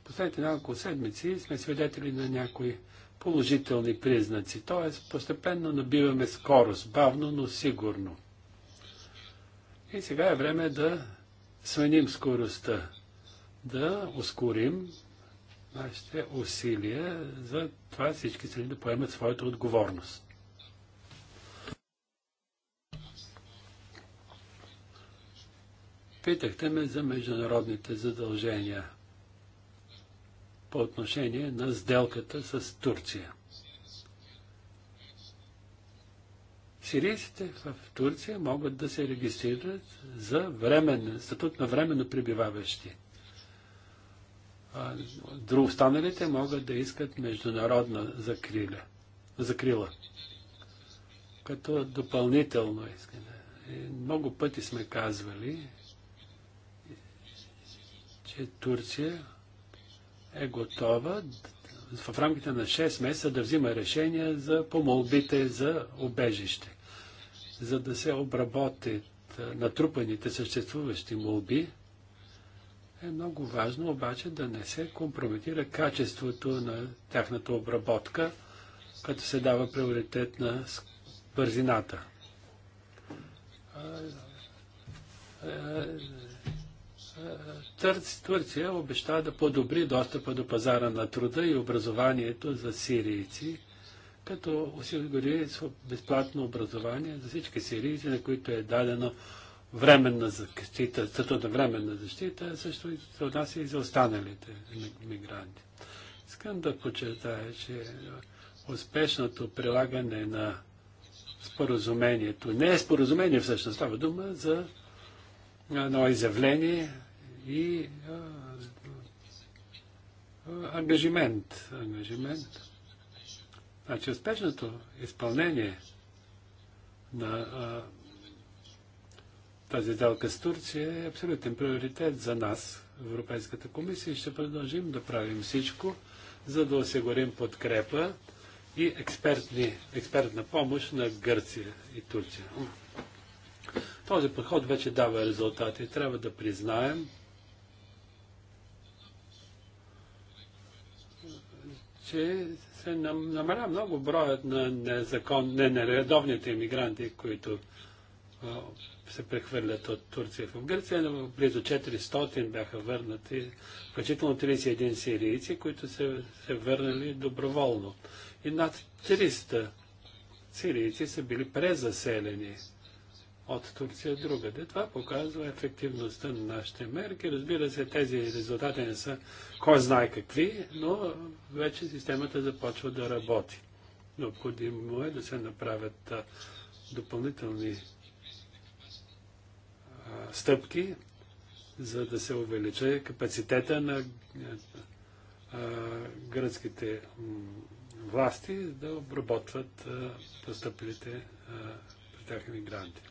Последните няколко седмици сме свидетели на някои положителни признаци, т.е. постепенно набиваме скорост, бавно, но сигурно. И сега е време да сменим скоростта, да ускорим нашите усилия за това всички страни да поемат своята отговорност. Питахте ме за международните задължения по отношение на сделката с Турция. Сирийците в Турция могат да се регистрират за временно, статут на временно прибиваващи. Друг останалите могат да искат международна закриля, закрила. Като допълнително искане. Много пъти сме казвали, че Турция е готова в рамките на 6 месеца да взима решения за помолбите за обежище, за да се обработят натрупаните съществуващи молби. Е много важно обаче да не се компрометира качеството на тяхната обработка, като се дава приоритет на бързината Турция обеща да подобри достъпа до пазара на труда и образованието за сирийци, като осигури безплатно образование за всички сирийци, на които е дадено временна защита, статут на временна защита, също и се отнася и за останалите мигранти. Искам да подчертая, че успешното прилагане на споразумението, не е споразумение всъщност, става дума за едно изявление и ангажимент. Ангажимент. Значи успешното изпълнение на а, тази делка с Турция е абсолютен приоритет за нас, Европейската комисия, и ще продължим да правим всичко, за да осигурим подкрепа и експертни, експертна помощ на Гърция и Турция. Този подход вече дава резултати. Трябва да признаем, че се намаля много броят на незакон, не, нередовните иммигранти, които а, се прехвърлят от Турция в Гърция. Но близо 400 бяха върнати, включително 31 сирийци, които се, се върнали доброволно. И над 300 сирийци са били презаселени от Турция другаде. Това показва ефективността на нашите мерки. Разбира се, тези резултати не са кой знае какви, но вече системата започва да работи. Необходимо е да се направят допълнителни стъпки, за да се увеличи капацитета на гръцките власти да обработват постъпилите при тях мигранти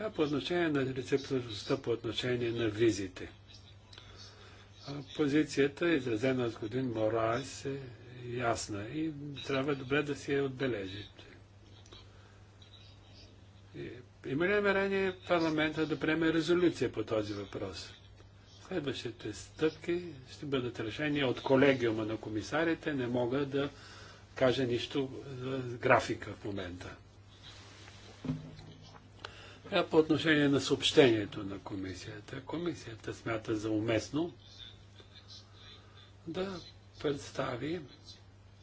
а е по отношение на рецептността, по отношение на визите. Позицията, изразена от господин Морайс, е ясна и трябва добре да си я отбележите. Има ли намерение парламента да приеме резолюция по този въпрос? Следващите стъпки ще бъдат решени от колегиума на комисарите. Не мога да кажа нищо за графика в момента. А по отношение на съобщението на комисията, комисията смята за уместно да представи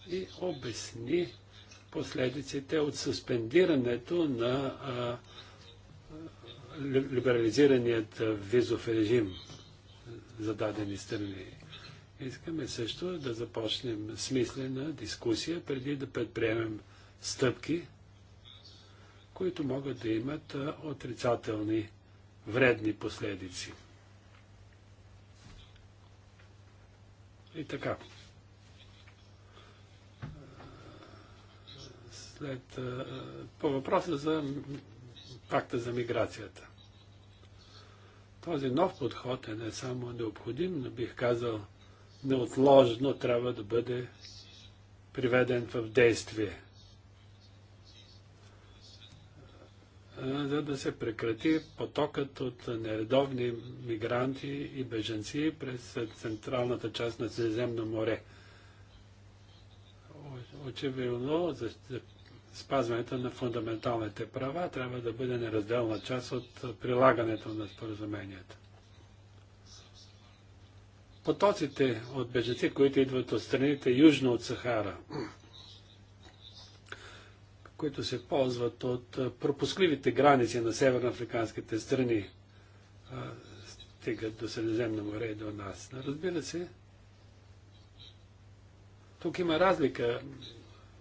и обясни последиците от суспендирането на а, либерализираният визов режим за дадени страни. Искаме също да започнем смислена дискусия преди да предприемем стъпки които могат да имат отрицателни, вредни последици. И така. След, по въпроса за пакта за миграцията. Този нов подход е не само необходим, но бих казал неотложно трябва да бъде приведен в действие. за да се прекрати потокът от нередовни мигранти и беженци през централната част на Средиземно море. Очевидно, за спазването на фундаменталните права трябва да бъде неразделна част от прилагането на споразуменията. Потоците от беженци, които идват от страните южно от Сахара, които се ползват от пропускливите граници на северноафриканските страни, стигат до Средиземно море и до нас. Разбира се, тук има разлика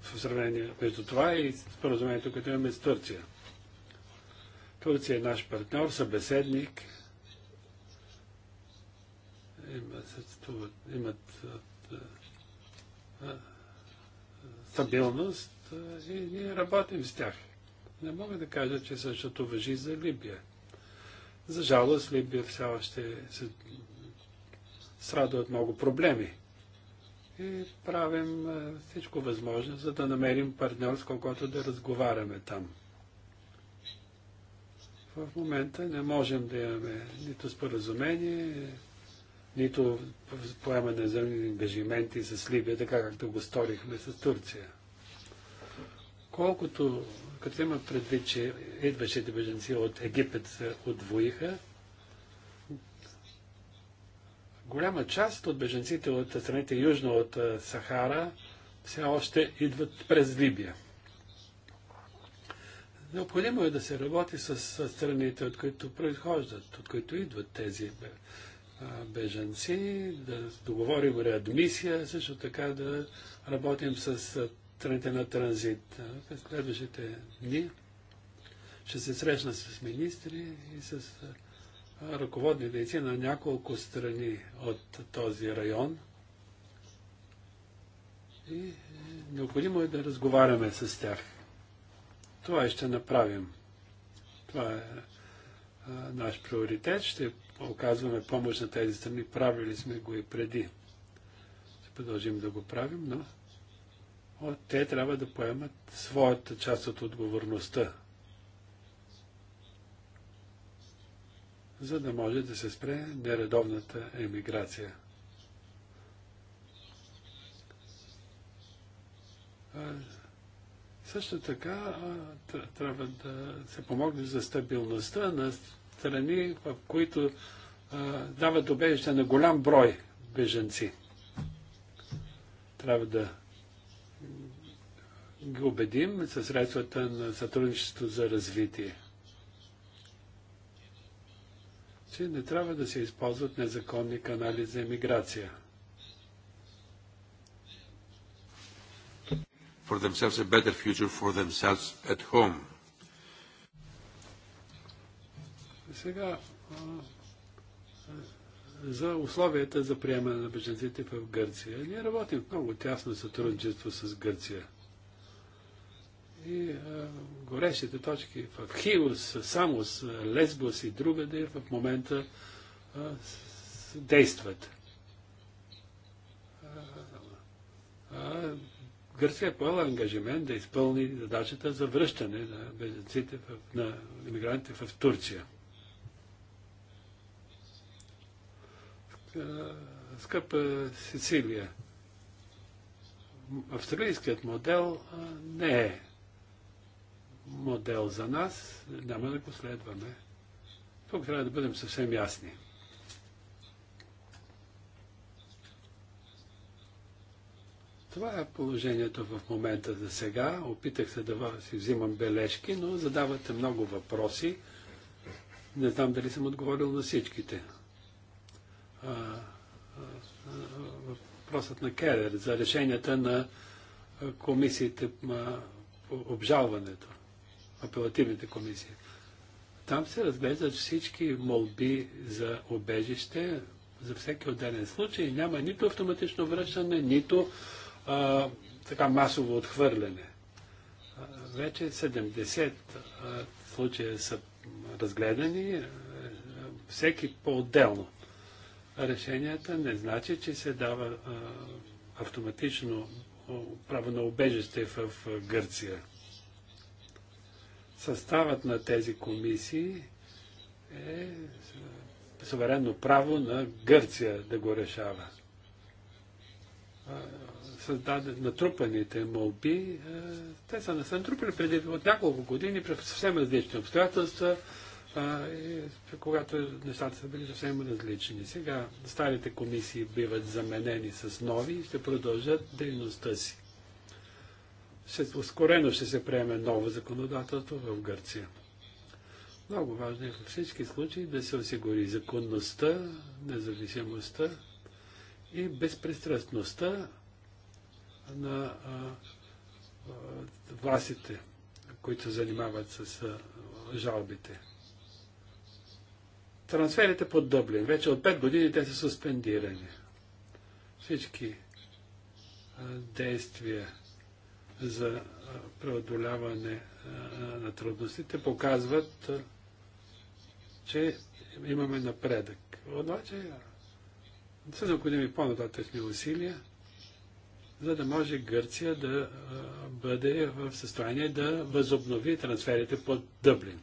в сравнение между това и споразумението, което имаме с Турция. Турция е наш партньор, събеседник. Има, имат, имат стабилност е, и ние работим с тях. Не мога да кажа, че същото въжи за Либия. За жалост, Либия все още се страда от много проблеми. И правим е, всичко възможно, за да намерим партньор, с когото да разговаряме там. В момента не можем да имаме нито споразумение, нито поемане за ангажименти с Либия, така както го сторихме с Турция. Колкото, като има предвид, че идващите беженци от Египет се отвоиха, голяма част от беженците от страните южно от Сахара все още идват през Либия. Необходимо е да се работи с страните, от които произхождат, от които идват тези беженци. да договорим реадмисия, също така да работим с страните на транзит. През следващите дни ще се срещна с министри и с ръководни дейци на няколко страни от този район. И необходимо е да разговаряме с тях. Това и ще направим. Това е наш приоритет. Ще оказваме помощ на тези страни. Правили сме го и преди. Ще продължим да го правим, но те трябва да поемат своята част от отговорността, за да може да се спре нередовната емиграция. Също така трябва да се помогне за стабилността на страни, в които дават убежище на голям брой беженци. Трябва да ги убедим със средствата на сътрудничество за развитие. Че не трябва да се използват незаконни канали за емиграция. for themselves a better future for themselves at home. Сега за условията за приемане на беженците в Гърция. Ние работим в много тясно сътрудничество с Гърция. И а, горещите точки в Хиус, Самос, Лесбос и другаде в момента а, с, действат. А, Гърция е поела ангажимент да изпълни задачата за връщане на бежанците, в, на иммигрантите в Турция. Скъпа Сицилия, австралийският модел не е модел за нас, няма да го следваме. Тук трябва да бъдем съвсем ясни. Това е положението в момента за сега. Опитах се да си взимам бележки, но задавате много въпроси. Не знам дали съм отговорил на всичките. А, а, въпросът на Керер за решенията на комисиите по обжалването апелативните комисии. Там се разглеждат всички молби за обежище, за всеки отделен случай. Няма нито автоматично връщане, нито а, така масово отхвърляне. А, вече 70 а, случая са разгледани, а, всеки по-отделно. Решенията не значи, че се дава а, автоматично право на обежище в Гърция съставът на тези комисии е суверенно право на Гърция да го решава. Създадат натрупаните молби, е, те са са натрупали преди от няколко години при съвсем различни обстоятелства, когато нещата са били съвсем различни. Сега старите комисии биват заменени с нови и ще продължат дейността си след ускорено ще се приеме ново законодателство в Гърция. Много важно е във всички случаи да се осигури законността, независимостта и безпристрастността на а, а, властите, които занимават с а, жалбите. Трансферите под Дъблин. Вече от 5 години те са суспендирани. Всички действия за преодоляване на трудностите показват, че имаме напредък. Обаче са необходими по-нататъчни усилия, за да може Гърция да бъде в състояние да възобнови трансферите под Дъблин.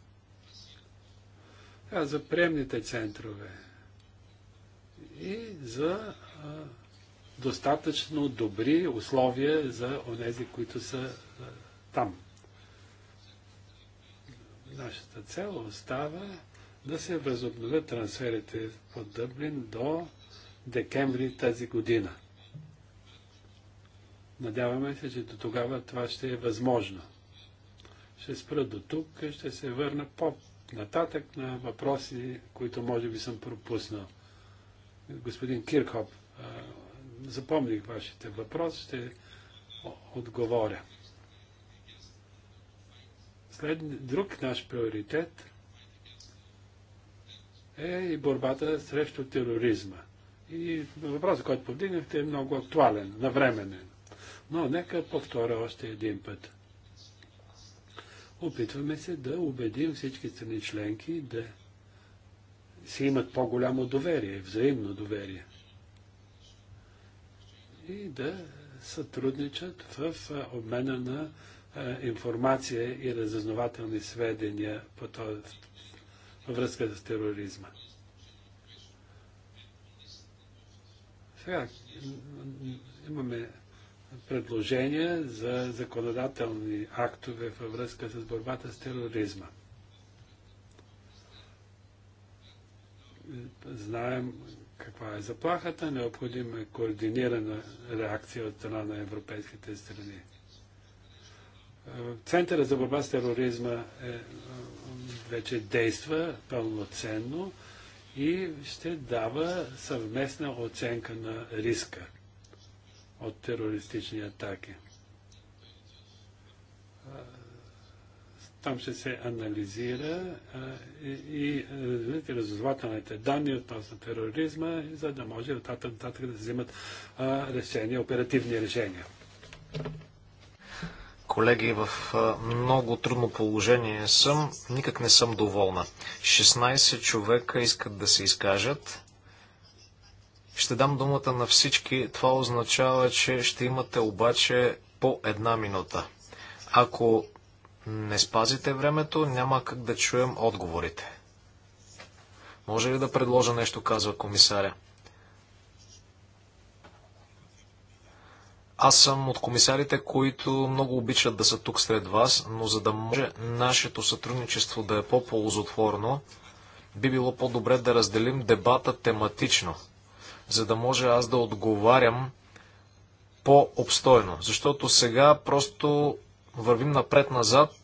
за приемните центрове и за достатъчно добри условия за онези, които са е, там. Нашата цел остава да се възобновят трансферите от Дъблин до декември тази година. Надяваме се, че до тогава това ще е възможно. Ще спра до тук, ще се върна по-нататък на въпроси, които може би съм пропуснал. Господин Кирхоп е, запомних вашите въпроси, ще отговоря. След друг наш приоритет е и борбата срещу тероризма. И въпросът, който повдигнахте, е много актуален, навременен. Но нека повторя още един път. Опитваме се да убедим всички страни членки да си имат по-голямо доверие, взаимно доверие и да сътрудничат в обмена на информация и разъзнавателни сведения по този, във връзка с тероризма. Сега имаме предложения за законодателни актове във връзка с борбата с тероризма. Знаем каква е заплахата, необходима е координирана реакция от страна на европейските страни. Центъра за борба с тероризма е, вече действа пълноценно и ще дава съвместна оценка на риска от терористични атаки. Там ще се анализира а, и разузвателните данни относно тероризма, за да може от нататък да взимат а, решения, оперативни решения. Колеги, в много трудно положение съм. Никак не съм доволна. 16 човека искат да се изкажат. Ще дам думата на всички. Това означава, че ще имате обаче по една минута. Ако не спазите времето, няма как да чуем отговорите. Може ли да предложа нещо, казва комисаря? Аз съм от комисарите, които много обичат да са тук сред вас, но за да може нашето сътрудничество да е по-ползотворно, би било по-добре да разделим дебата тематично, за да може аз да отговарям по-обстойно. Защото сега просто вървим напред-назад,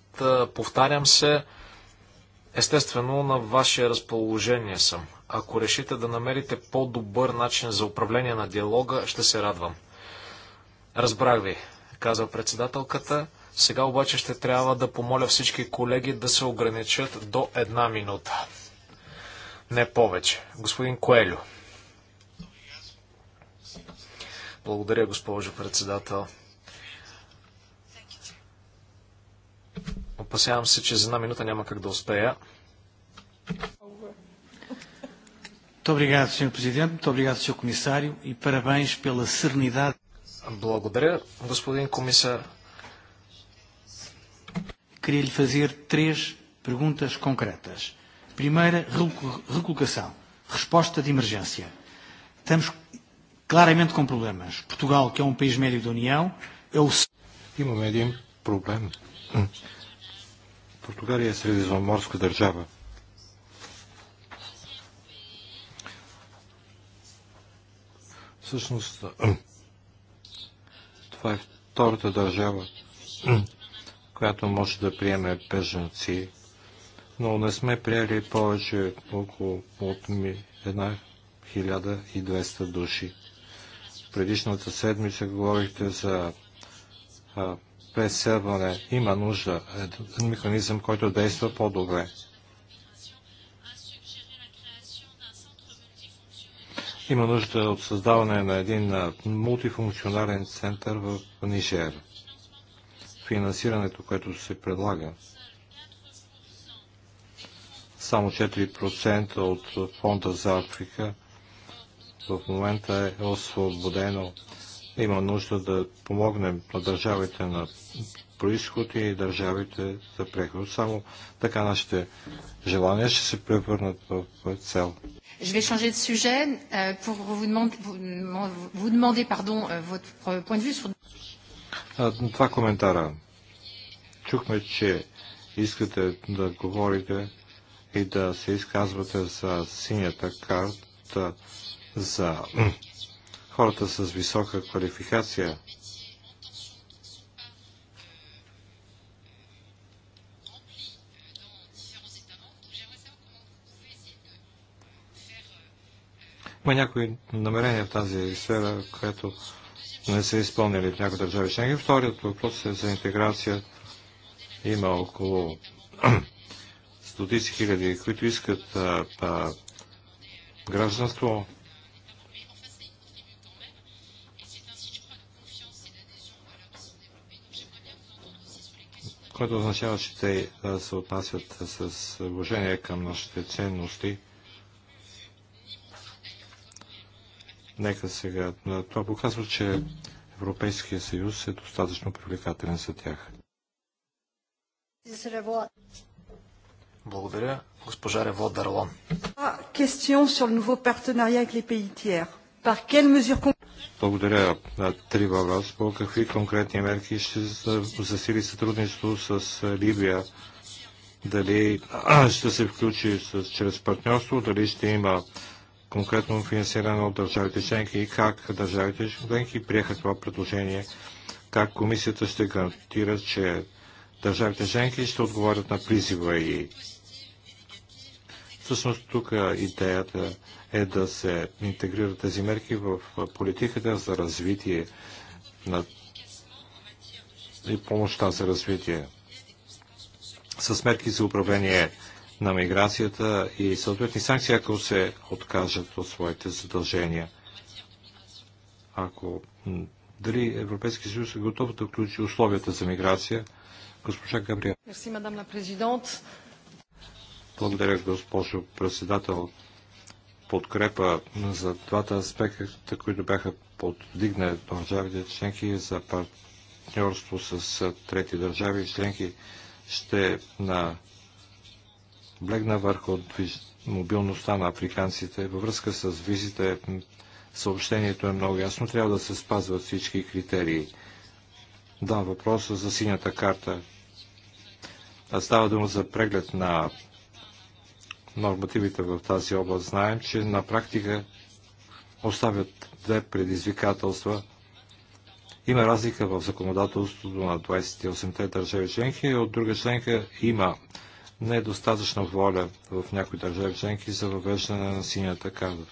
повтарям се, естествено на ваше разположение съм. Ако решите да намерите по-добър начин за управление на диалога, ще се радвам. Разбрах ви, казва председателката. Сега обаче ще трябва да помоля всички колеги да се ограничат до една минута. Не повече. Господин Коелю. Благодаря, госпожо председател. Опасявам се, че за една минута няма как да успея. Благодаря, господин комисар. Queria lhe fazer três perguntas concretas. Primeira, recolocação. Resposta de emergência. Estamos claramente com problemas. Portugal, que é um país médio da União, é o. Имаме един проблем. Португалия е средиземноморска държава. Всъщност, това е втората държава, която може да приеме беженци, но не сме приели повече около от 1200 души. Предишната седмица говорихте за а, преселване. Има нужда един механизъм, който действа по-добре. Има нужда от създаване на един мултифункционален център в Нижер. Финансирането, което се предлага, само 4% от фонда за Африка в момента е освободено има нужда да помогнем на държавите на происход и държавите за преход. Само така нашите желания ще се превърнат в цел. Je vais changer de sujet euh, pour vous demander, vous, vous demander pardon, euh, votre point de vue sur... Два коментара. Чухме, че искате да говорите и да се изказвате за синята карта за хората с висока квалификация. Има някои намерения в тази сфера, което не са изпълнили в някои държави членки. Вторият въпрос е за интеграция. Има около стотици хиляди, които искат а, а, гражданство което означава, че те се отнасят с уважение към нашите ценности. Нека сега. Това показва, че Европейския съюз е достатъчно привлекателен за тях. Благодаря. Госпожа Рево Дарлон. Question sur le nouveau partenariat avec les pays tiers. Par quelles mesures благодаря. Три въпрос. По какви конкретни мерки ще засили сътрудничество с Либия? Дали ще се включи с, чрез партньорство? Дали ще има конкретно финансиране от държавите членки и как държавите членки приеха това предложение? Как комисията ще гарантира, че държавите членки ще отговорят на призива и Всъщност тук идеята е да се интегрират тези мерки в политиката за развитие на и помощта за развитие. С мерки за управление на миграцията и съответни санкции, ако се откажат от своите задължения. Ако дали Европейски съюз е готов да включи условията за миграция, госпожа Габриел. Мерси, мадам президент. Благодаря, госпожо председател. Подкрепа за двата аспекта, които бяха поддигнали държавите членки за партньорство с трети държави членки. Ще наблегна върху мобилността на африканците. Във връзка с визите съобщението е много ясно. Трябва да се спазват всички критерии. Да, въпроса за синята карта. Става дума за преглед на нормативите в тази област. Знаем, че на практика оставят две предизвикателства. Има разлика в законодателството на 28-те държави членки, и от друга членка има недостатъчна воля в някои държави членки за въвеждане на синята карта.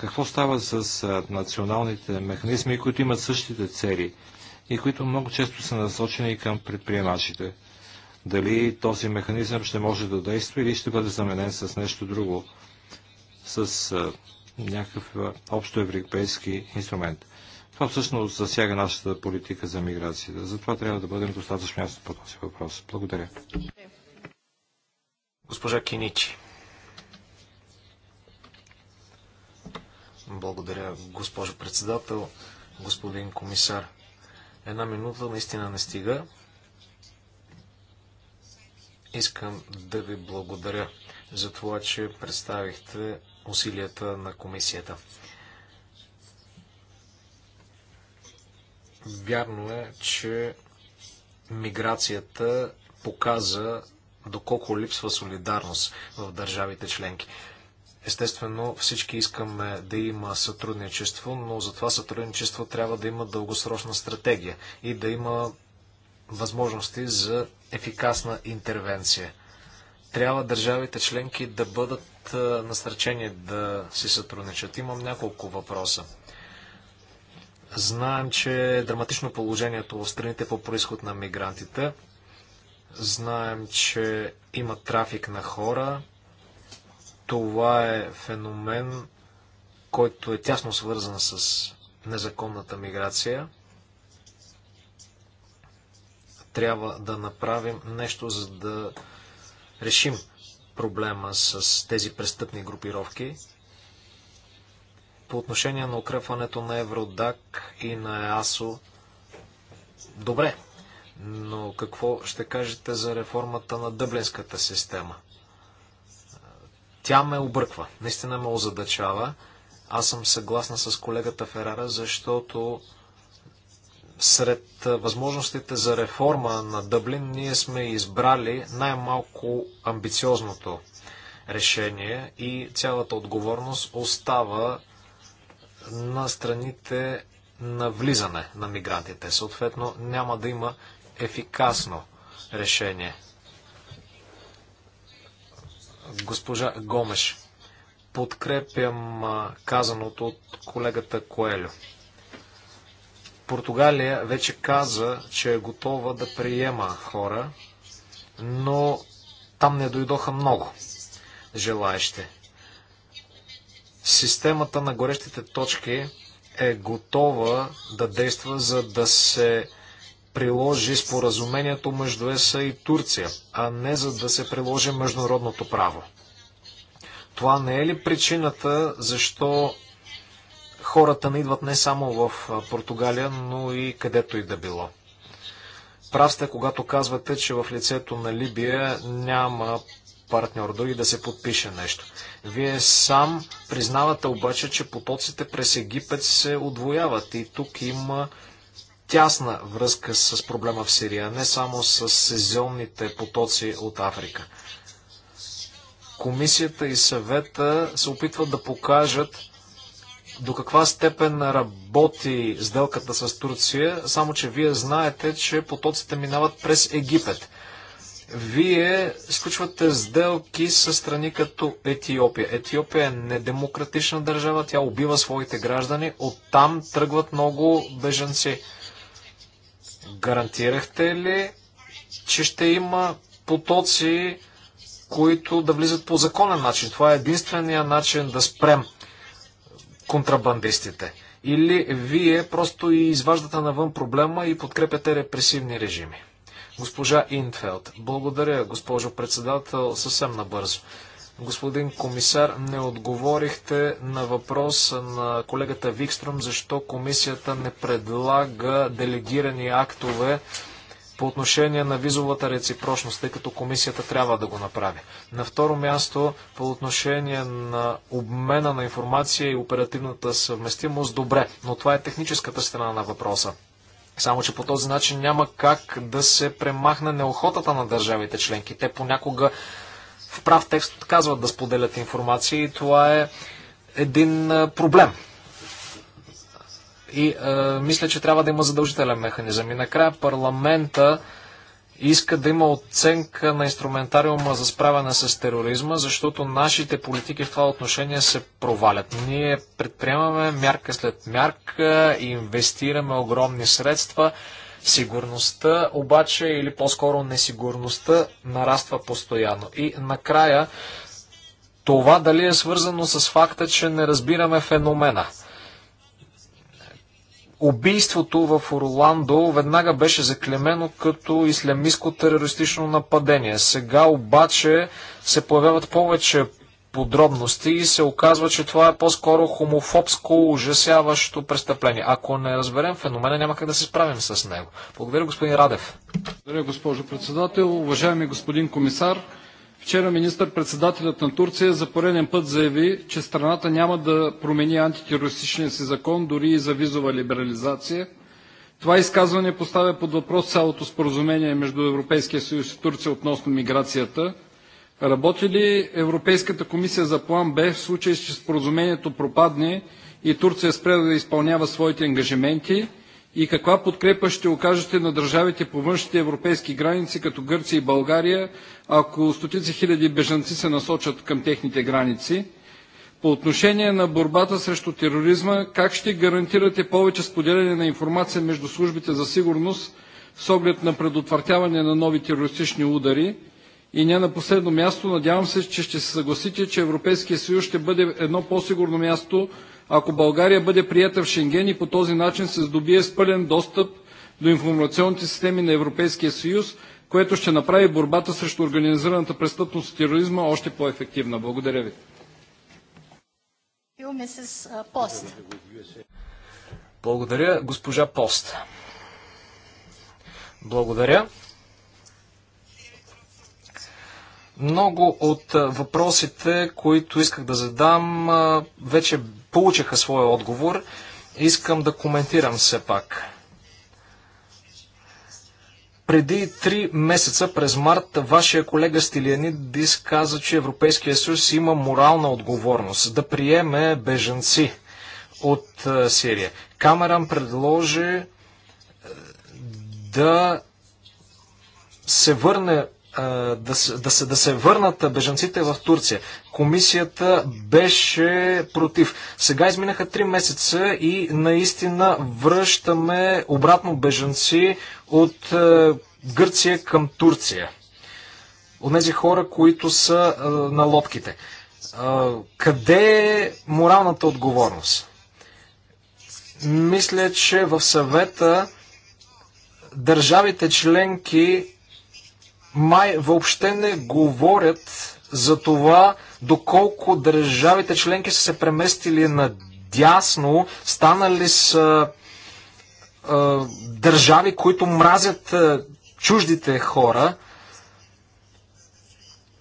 какво става с националните механизми, които имат същите цели и които много често са насочени към предприемачите? дали този механизъм ще може да действа или ще бъде заменен с нещо друго, с а, някакъв общо европейски инструмент. Това всъщност засяга нашата политика за миграцията. Затова трябва да бъдем достатъчно ясни по този въпрос. Благодаря. Госпожа Киничи. Благодаря, госпожо председател, господин комисар. Една минута наистина не стига. Искам да ви благодаря за това, че представихте усилията на комисията. Вярно е, че миграцията показа доколко липсва солидарност в държавите членки. Естествено, всички искаме да има сътрудничество, но за това сътрудничество трябва да има дългосрочна стратегия и да има възможности за ефикасна интервенция. Трябва държавите членки да бъдат насърчени да си сътрудничат. Имам няколко въпроса. Знаем, че е драматично положението в страните по происход на мигрантите. Знаем, че има трафик на хора. Това е феномен, който е тясно свързан с незаконната миграция трябва да направим нещо, за да решим проблема с тези престъпни групировки. По отношение на укрепването на Евродак и на ЕАСО, добре, но какво ще кажете за реформата на дъблинската система? Тя ме обърква, наистина ме озадачава. Аз съм съгласна с колегата Ферара, защото сред възможностите за реформа на Дъблин ние сме избрали най-малко амбициозното решение и цялата отговорност остава на страните на влизане на мигрантите. Съответно, няма да има ефикасно решение. Госпожа Гомеш, подкрепям казаното от колегата Коелю. Португалия вече каза, че е готова да приема хора, но там не дойдоха много желаещи. Системата на горещите точки е готова да действа, за да се приложи споразумението между ЕСА и Турция, а не за да се приложи международното право. Това не е ли причината, защо хората не идват не само в Португалия, но и където и да било. Прав сте, когато казвате, че в лицето на Либия няма партньор, дори да се подпише нещо. Вие сам признавате обаче, че потоците през Египет се отвояват и тук има тясна връзка с проблема в Сирия, не само с сезонните потоци от Африка. Комисията и съвета се опитват да покажат, до каква степен работи сделката с Турция, само че вие знаете, че потоците минават през Египет. Вие сключвате сделки с страни като Етиопия. Етиопия е недемократична държава, тя убива своите граждани, оттам тръгват много бежанци. Гарантирахте ли, че ще има потоци, които да влизат по законен начин? Това е единствения начин да спрем контрабандистите? Или вие просто и изваждате навън проблема и подкрепяте репресивни режими? Госпожа Инфелд, благодаря, госпожо председател, съвсем набързо. Господин комисар, не отговорихте на въпрос на колегата Викстром, защо комисията не предлага делегирани актове по отношение на визовата реципрочност, тъй като комисията трябва да го направи. На второ място, по отношение на обмена на информация и оперативната съвместимост, добре, но това е техническата страна на въпроса. Само, че по този начин няма как да се премахне неохотата на държавите членки. Те понякога в прав текст отказват да споделят информация и това е един проблем и а, е, мисля, че трябва да има задължителен механизъм. И накрая парламента иска да има оценка на инструментариума за справяне с тероризма, защото нашите политики в това отношение се провалят. Ние предприемаме мярка след мярка и инвестираме огромни средства. Сигурността обаче, или по-скоро несигурността, нараства постоянно. И накрая, това дали е свързано с факта, че не разбираме феномена – убийството в Орландо веднага беше заклемено като ислямистско терористично нападение. Сега обаче се появяват повече подробности и се оказва, че това е по-скоро хомофобско, ужасяващо престъпление. Ако не разберем феномена, няма как да се справим с него. Благодаря, господин Радев. Благодаря, госпожо председател. Уважаеми господин комисар, Вчера министър-председателят на Турция за пореден път заяви, че страната няма да промени антитерористичния си закон дори и за визова либерализация. Това изказване поставя под въпрос цялото споразумение между Европейския съюз и Турция относно миграцията. Работи ли Европейската комисия за план Б в случай, че споразумението пропадне и Турция спре да изпълнява своите ангажименти – и каква подкрепа ще окажете на държавите по външните европейски граници, като Гърция и България, ако стотици хиляди бежанци се насочат към техните граници? По отношение на борбата срещу тероризма, как ще гарантирате повече споделяне на информация между службите за сигурност с оглед на предотвратяване на нови терористични удари? И не на последно място, надявам се, че ще се съгласите, че Европейския съюз ще бъде едно по-сигурно място, ако България бъде прията в Шенген и по този начин се здобие с пълен достъп до информационните системи на Европейския съюз, което ще направи борбата срещу организираната престъпност и тероризма още по-ефективна. Благодаря ви. Uh, Благодаря, госпожа Пост. Благодаря. Много от въпросите, които исках да задам, вече получиха своя отговор. Искам да коментирам все пак. Преди три месеца, през март, вашия колега Стилианидис каза, че Европейския съюз има морална отговорност да приеме бежанци от Сирия. Камеран предложи да се върне да, се, да, се, да се върнат бежанците в Турция. Комисията беше против. Сега изминаха 3 месеца и наистина връщаме обратно бежанци от е, Гърция към Турция. От тези хора, които са е, на лодките. Е, къде е моралната отговорност? Мисля, че в съвета държавите членки май въобще не говорят за това доколко държавите членки са се преместили на дясно, станали са е, държави, които мразят е, чуждите хора.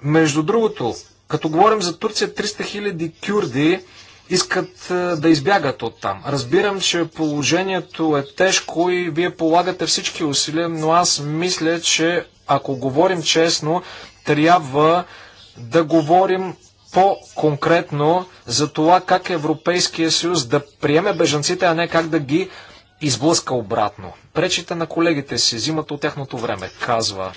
Между другото, като говорим за Турция, 300 000 кюрди искат е, да избягат от там. Разбирам, че положението е тежко и вие полагате всички усилия, но аз мисля, че ако говорим честно, трябва да говорим по-конкретно за това как Европейския съюз да приеме бежанците, а не как да ги изблъска обратно. Пречите на колегите си, взимат от тяхното време, казва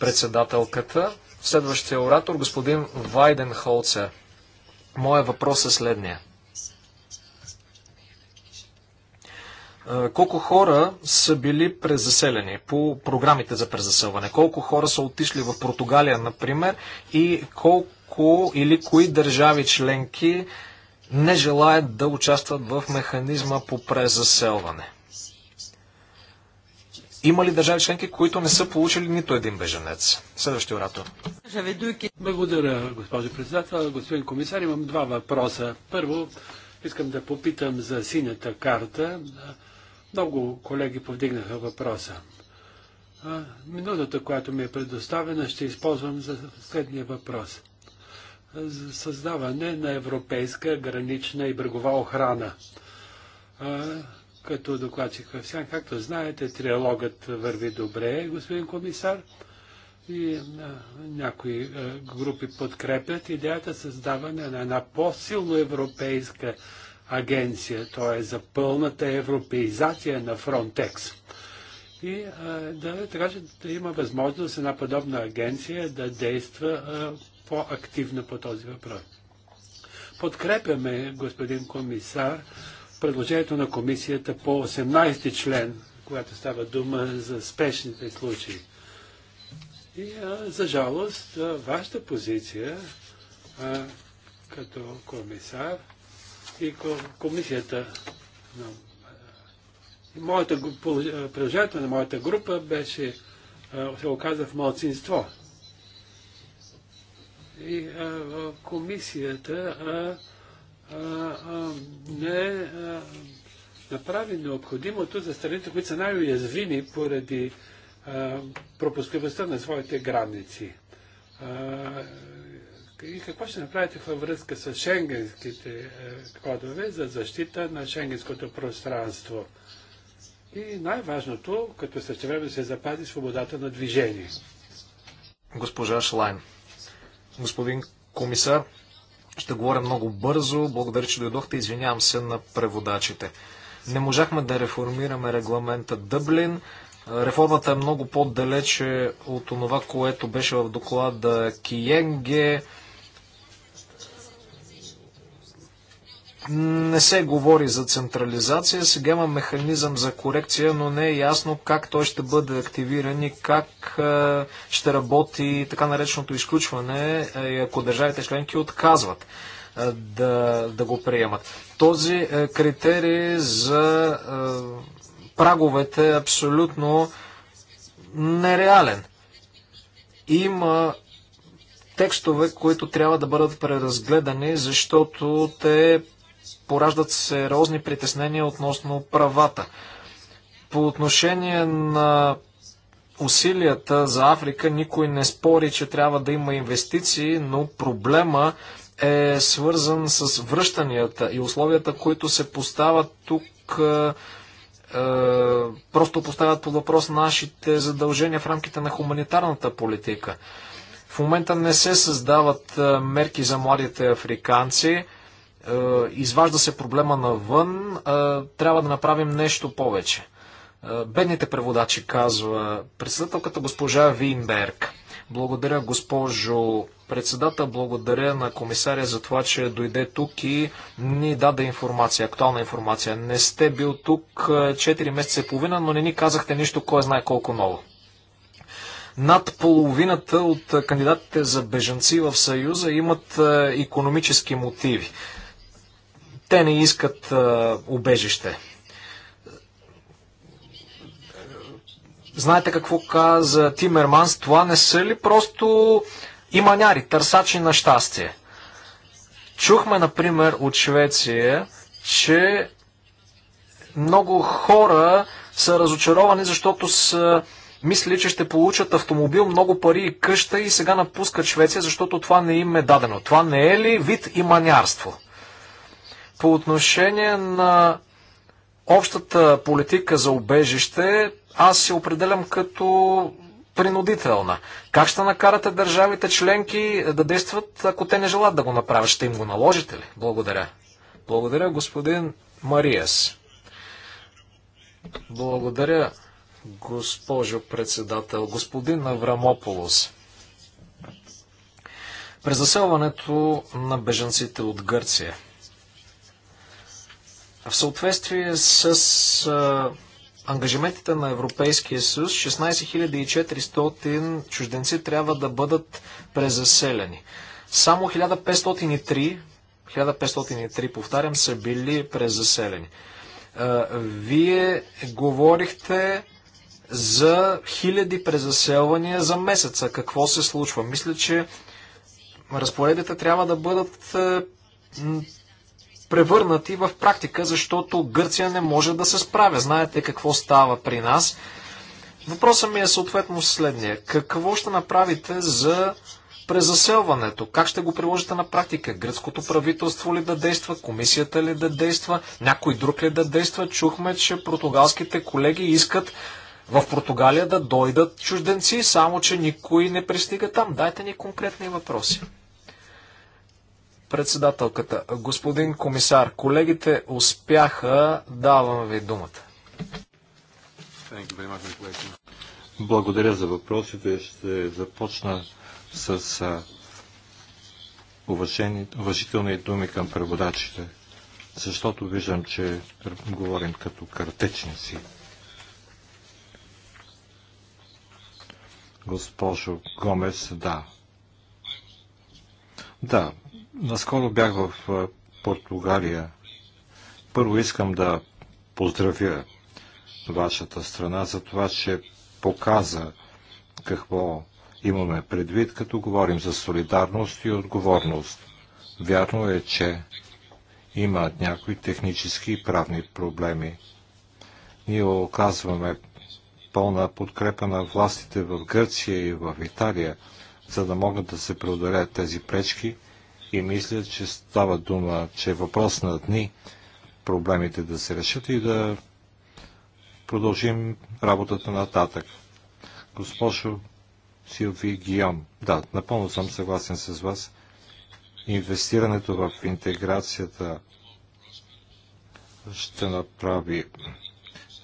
председателката. Следващия оратор, господин Вайден Холцер. Моя въпрос е следния. Колко хора са били презаселени по програмите за презаселване? Колко хора са отишли в Португалия, например, и колко или кои държави членки не желаят да участват в механизма по презаселване? Има ли държави членки, които не са получили нито един беженец? Следващия оратор. Благодаря, госпожо председател. Господин комисар, имам два въпроса. Първо, искам да попитам за синята карта. Много колеги повдигнаха въпроса. Минутата, която ми е предоставена, ще използвам за следния въпрос. За създаване на европейска гранична и брегова охрана като докладчик в Сян. Както знаете, триалогът върви добре, господин комисар. И а, някои а, групи подкрепят идеята създаване на една по-силно европейска агенция, т.е. за пълната европеизация на Frontex. И а, да, така че да има възможност една подобна агенция да действа по-активно по този въпрос. Подкрепяме, господин комисар, предложението на комисията по 18-ти член, когато става дума за спешните случаи. И а, за жалост, а, вашата позиция а, като комисар и комисията на моята, предложението на моята група беше, се оказа в малцинство. И комисията не направи необходимото за страните, които са най-уязвими поради пропускливостта на своите граници. И какво ще направите във връзка с шенгенските кодове за защита на шенгенското пространство? И най-важното, като същевременно се запази свободата на движение. Госпожа Шлайн. Господин комисар, ще говоря много бързо. Благодаря, че дойдохте. Извинявам се на преводачите. Не можахме да реформираме регламента Дъблин. Реформата е много по-далече от това, което беше в доклада Киенге. не се говори за централизация. Сега има механизъм за корекция, но не е ясно как той ще бъде активиран и как е, ще работи така нареченото изключване, е, ако държавите членки отказват е, да, да го приемат. Този критерий за праговете е абсолютно нереален. Има текстове, които трябва да бъдат преразгледани, защото те пораждат сериозни притеснения относно правата. По отношение на усилията за Африка, никой не спори, че трябва да има инвестиции, но проблема е свързан с връщанията и условията, които се поставят тук е, е, просто поставят под въпрос нашите задължения в рамките на хуманитарната политика. В момента не се създават е, мерки за младите африканци. Е, изважда се проблема навън, е, трябва да направим нещо повече. Е, бедните преводачи, казва председателката госпожа Винберг. Благодаря, госпожо председател, благодаря на комисаря за това, че дойде тук и ни даде информация, актуална информация. Не сте бил тук 4 месеца и половина, но не ни казахте нищо, кой знае колко ново. Над половината от кандидатите за бежанци в Съюза имат економически мотиви. Те не искат а, убежище. Знаете какво каза Тимерманс? Това не са ли просто иманяри, търсачи на щастие? Чухме, например, от Швеция, че много хора са разочаровани, защото са мислили, че ще получат автомобил, много пари и къща и сега напускат Швеция, защото това не им е дадено. Това не е ли вид иманярство? манярство? По отношение на общата политика за убежище, аз се определям като принудителна. Как ще накарате държавите членки да действат, ако те не желат да го направят? Ще им го наложите ли? Благодаря. Благодаря, господин Мариес. Благодаря, госпожо председател. Господин Аврамополос. заселването на бежанците от Гърция – в съответствие с а, ангажиментите на Европейския съюз, 16400 чужденци трябва да бъдат презаселени. Само 1503, 1503 повтарям, са били презаселени. А, вие говорихте за хиляди презаселвания за месеца. Какво се случва? Мисля, че разпоредите трябва да бъдат превърнати в практика, защото Гърция не може да се справя. Знаете какво става при нас. Въпросът ми е съответно следния. Какво ще направите за презаселването? Как ще го приложите на практика? Гръцкото правителство ли да действа? Комисията ли да действа? Някой друг ли да действа? Чухме, че португалските колеги искат в Португалия да дойдат чужденци, само че никой не пристига там. Дайте ни конкретни въпроси. Председателката, господин комисар, колегите успяха, давам ви думата. Благодаря за въпросите. Ще започна с уважени, уважителни думи към преводачите, защото виждам, че говорим като картечници. Госпожо Гомес, да. Да, Наскоро бях в Португалия. Първо искам да поздравя вашата страна за това, че показа какво имаме предвид, като говорим за солидарност и отговорност. Вярно е, че има някои технически и правни проблеми. Ние оказваме пълна подкрепа на властите в Гърция и в Италия, за да могат да се преодолеят тези пречки и мисля, че става дума, че е въпрос на дни проблемите да се решат и да продължим работата нататък. Госпожо Силви Гион, да, напълно съм съгласен с вас. Инвестирането в интеграцията ще направи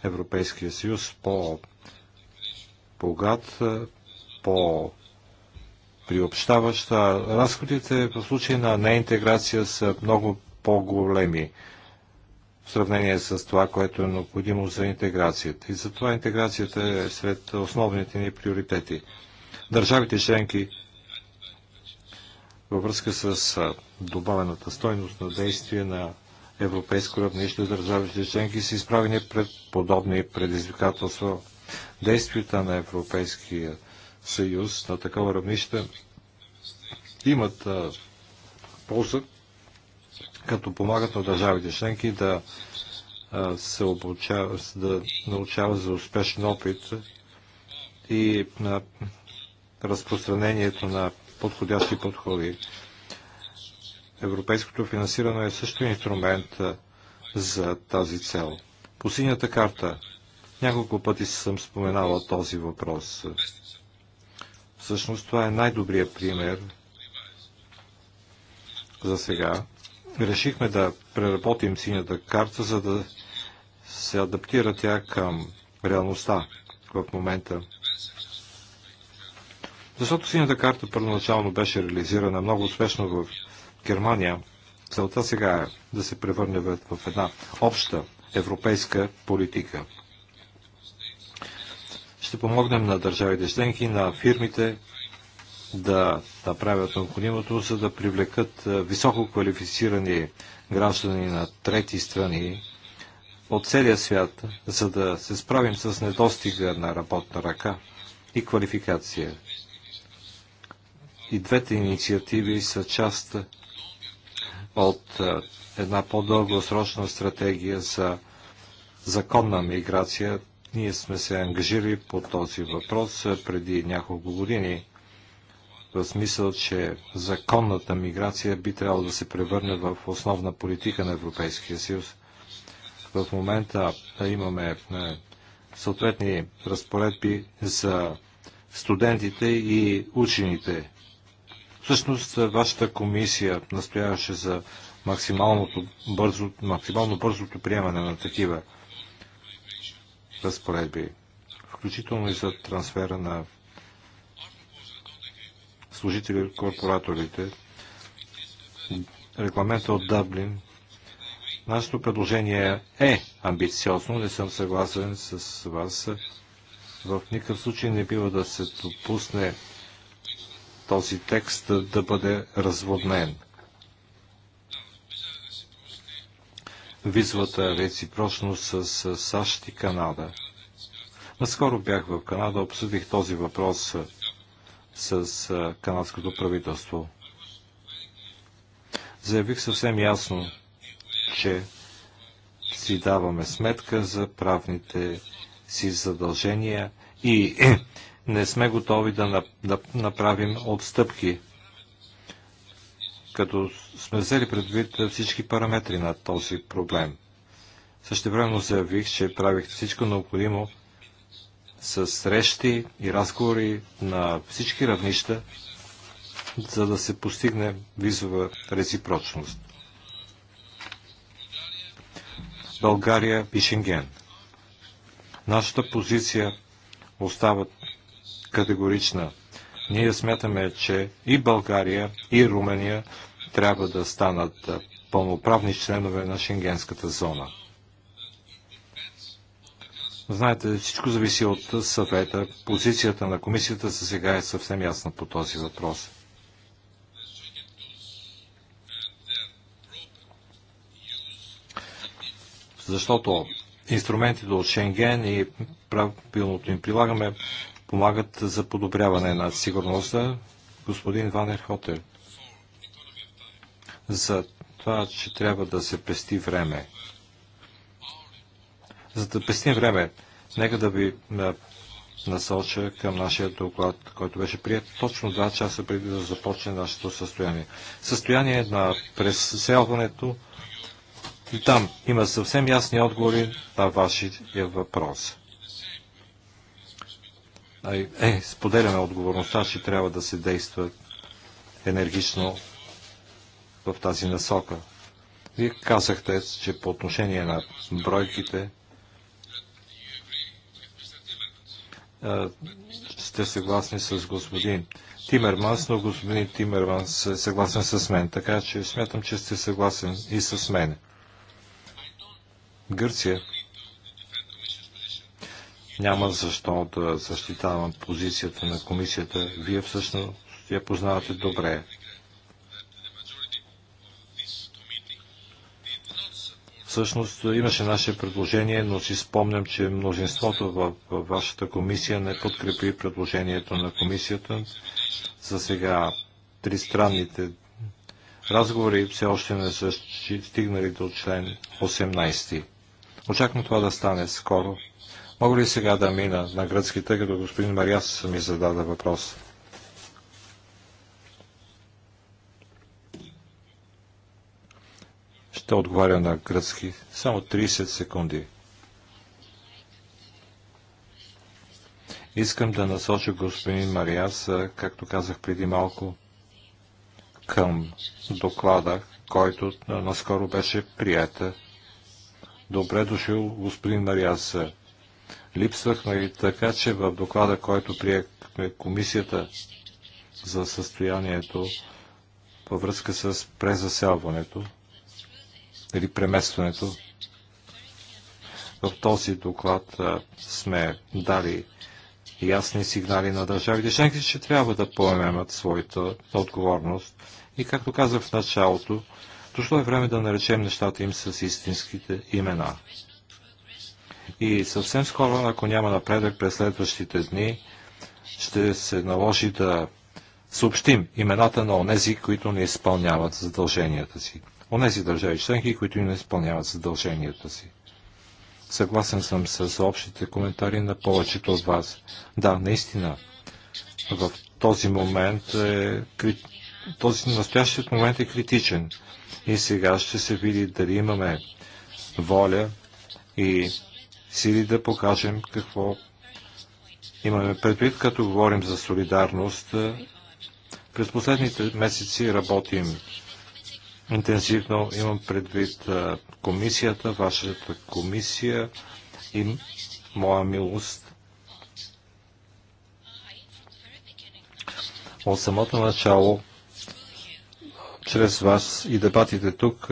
Европейския съюз по-богат, по приобщаваща. Разходите в случай на неинтеграция са много по-големи в сравнение с това, което е необходимо за интеграцията. И затова интеграцията е сред основните ни приоритети. Държавите членки във връзка с добавената стойност на действие на европейско равнище държавите членки са изправени пред подобни предизвикателства. Действията на Европейския съюз на такова равнище имат полза, като помагат на държавите членки да се обучават, да научават за успешен опит и на разпространението на подходящи подходи. Европейското финансиране е също инструмент за тази цел. По синята карта няколко пъти съм споменала този въпрос. Всъщност това е най-добрият пример за сега. Решихме да преработим синята карта, за да се адаптира тя към реалността в момента. Защото синята карта първоначално беше реализирана много успешно в Германия. Целта сега е да се превърне в една обща европейска политика. Ще помогнем на държавите членки, на фирмите да направят необходимото, за да привлекат високо квалифицирани граждани на трети страни от целия свят, за да се справим с недостига на работна ръка и квалификация. И двете инициативи са част от една по-дългосрочна стратегия за законна миграция, ние сме се ангажирали по този въпрос преди няколко години, в смисъл, че законната миграция би трябвало да се превърне в основна политика на Европейския съюз. В момента имаме съответни разпоредби за студентите и учените. Всъщност, вашата комисия настояваше за максималното бързо, максимално бързото приемане на такива разпоредби, включително и за трансфера на служители корпораторите, регламента от Даблин. Нашето предложение е амбициозно, не съм съгласен с вас. В никакъв случай не бива да се допусне този текст да бъде разводнен. визвата реципрочност с САЩ и Канада. Наскоро бях в Канада, обсъдих този въпрос с канадското правителство. Заявих съвсем ясно, че си даваме сметка за правните си задължения и не сме готови да направим отстъпки като сме взели предвид всички параметри на този проблем. Същевременно заявих, че правих всичко необходимо с срещи и разговори на всички равнища, за да се постигне визова реципрочност. България и Шенген. Нашата позиция остава категорична. Ние смятаме, че и България, и Румъния трябва да станат пълноправни членове на Шенгенската зона. Знаете, всичко зависи от съвета. Позицията на комисията за сега е съвсем ясна по този въпрос. Защото инструментите от Шенген и правилното им прилагаме помагат за подобряване на сигурността. Господин Ванер Хотер, за това, че трябва да се пести време. За да пестим време, нека да ви насоча към нашия доклад, който беше прият точно два часа преди да започне нашето състояние. Състояние на преселването и там има съвсем ясни отговори на вашия въпрос. Е, е, споделяме отговорността, че трябва да се действа енергично в тази насока. Вие казахте, че по отношение на бройките сте съгласни с господин Тимерманс, но господин Тимерманс е съгласен с мен, така че смятам, че сте съгласен и с мен. Гърция няма защо да защитавам позицията на комисията. Вие всъщност я познавате добре. Всъщност имаше наше предложение, но си спомням, че мнозинството в, вашата комисия не подкрепи предложението на комисията. За сега тристранните разговори все още не са стигнали до член 18. Очаквам това да стане скоро. Мога ли сега да мина на гръцки, тъй като господин Мариас ми зададе въпрос? Ще отговаря на гръцки. Само 30 секунди. Искам да насоча господин Мариас, както казах преди малко, към доклада, който наскоро беше прият. Добре дошъл, господин Мариас липсвахме и така, че в доклада, който приехме комисията за състоянието във връзка с презаселването или преместването, в този доклад сме дали ясни сигнали на държавите членки, че трябва да поемемат своята отговорност. И както казах в началото, дошло е време да наречем нещата им с истинските имена. И съвсем скоро, ако няма напредък през следващите дни, ще се наложи да съобщим имената на онези, които не изпълняват задълженията си. Онези държави членки, които не изпълняват задълженията си. Съгласен съм с общите коментари на повечето от вас. Да, наистина, в този момент е, този настоящият момент е критичен. И сега ще се види дали имаме воля и сили да покажем какво имаме предвид, като говорим за солидарност. През последните месеци работим интензивно, имам предвид комисията, вашата комисия и моя милост. От самото начало, чрез вас и дебатите тук,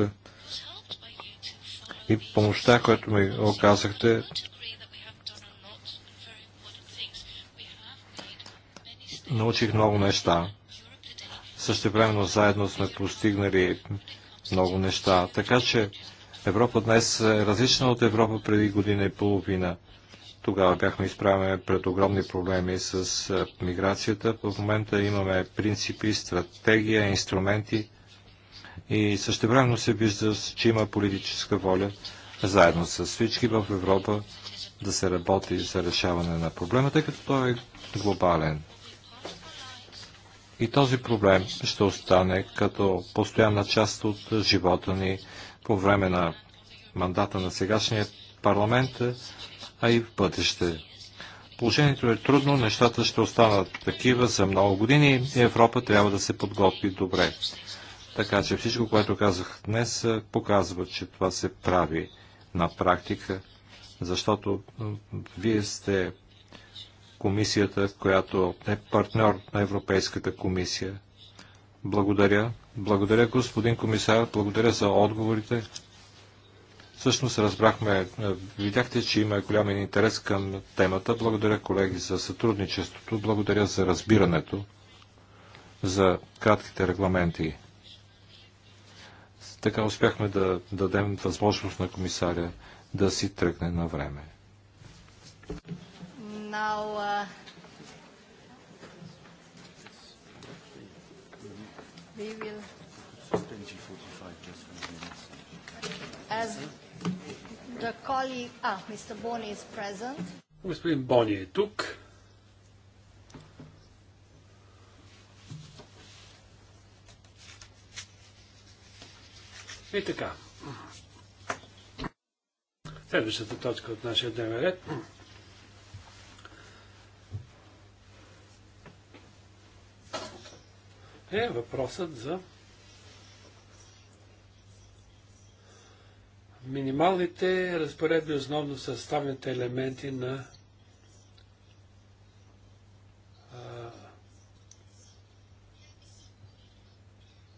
и помощта, която ми оказахте. Научих много неща. Също времено заедно сме постигнали много неща. Така че Европа днес е различна от Европа преди година и половина. Тогава бяхме изправени пред огромни проблеми с миграцията. В момента имаме принципи, стратегия, инструменти, и същевременно се вижда, че има политическа воля заедно с всички в Европа да се работи за решаване на проблема, тъй като той е глобален. И този проблем ще остане като постоянна част от живота ни по време на мандата на сегашния парламент, а и в бъдеще. Положението е трудно, нещата ще останат такива за много години и Европа трябва да се подготви добре. Така че всичко, което казах днес, е, показва, че това се прави на практика, защото вие сте комисията, която е партньор на Европейската комисия. Благодаря. Благодаря, господин комисар. Благодаря за отговорите. Всъщност разбрахме, е, видяхте, че има голям интерес към темата. Благодаря, колеги, за сътрудничеството. Благодаря за разбирането, за кратките регламенти. Така успяхме да дадем възможност на комисаря да си тръгне на време. Now, uh... we will as the colleague ah Mr. Boni is present Господин Бони е тук И така. Следващата точка от нашия дневен ред. е въпросът за минималните разпоредби, основно съставните елементи на а,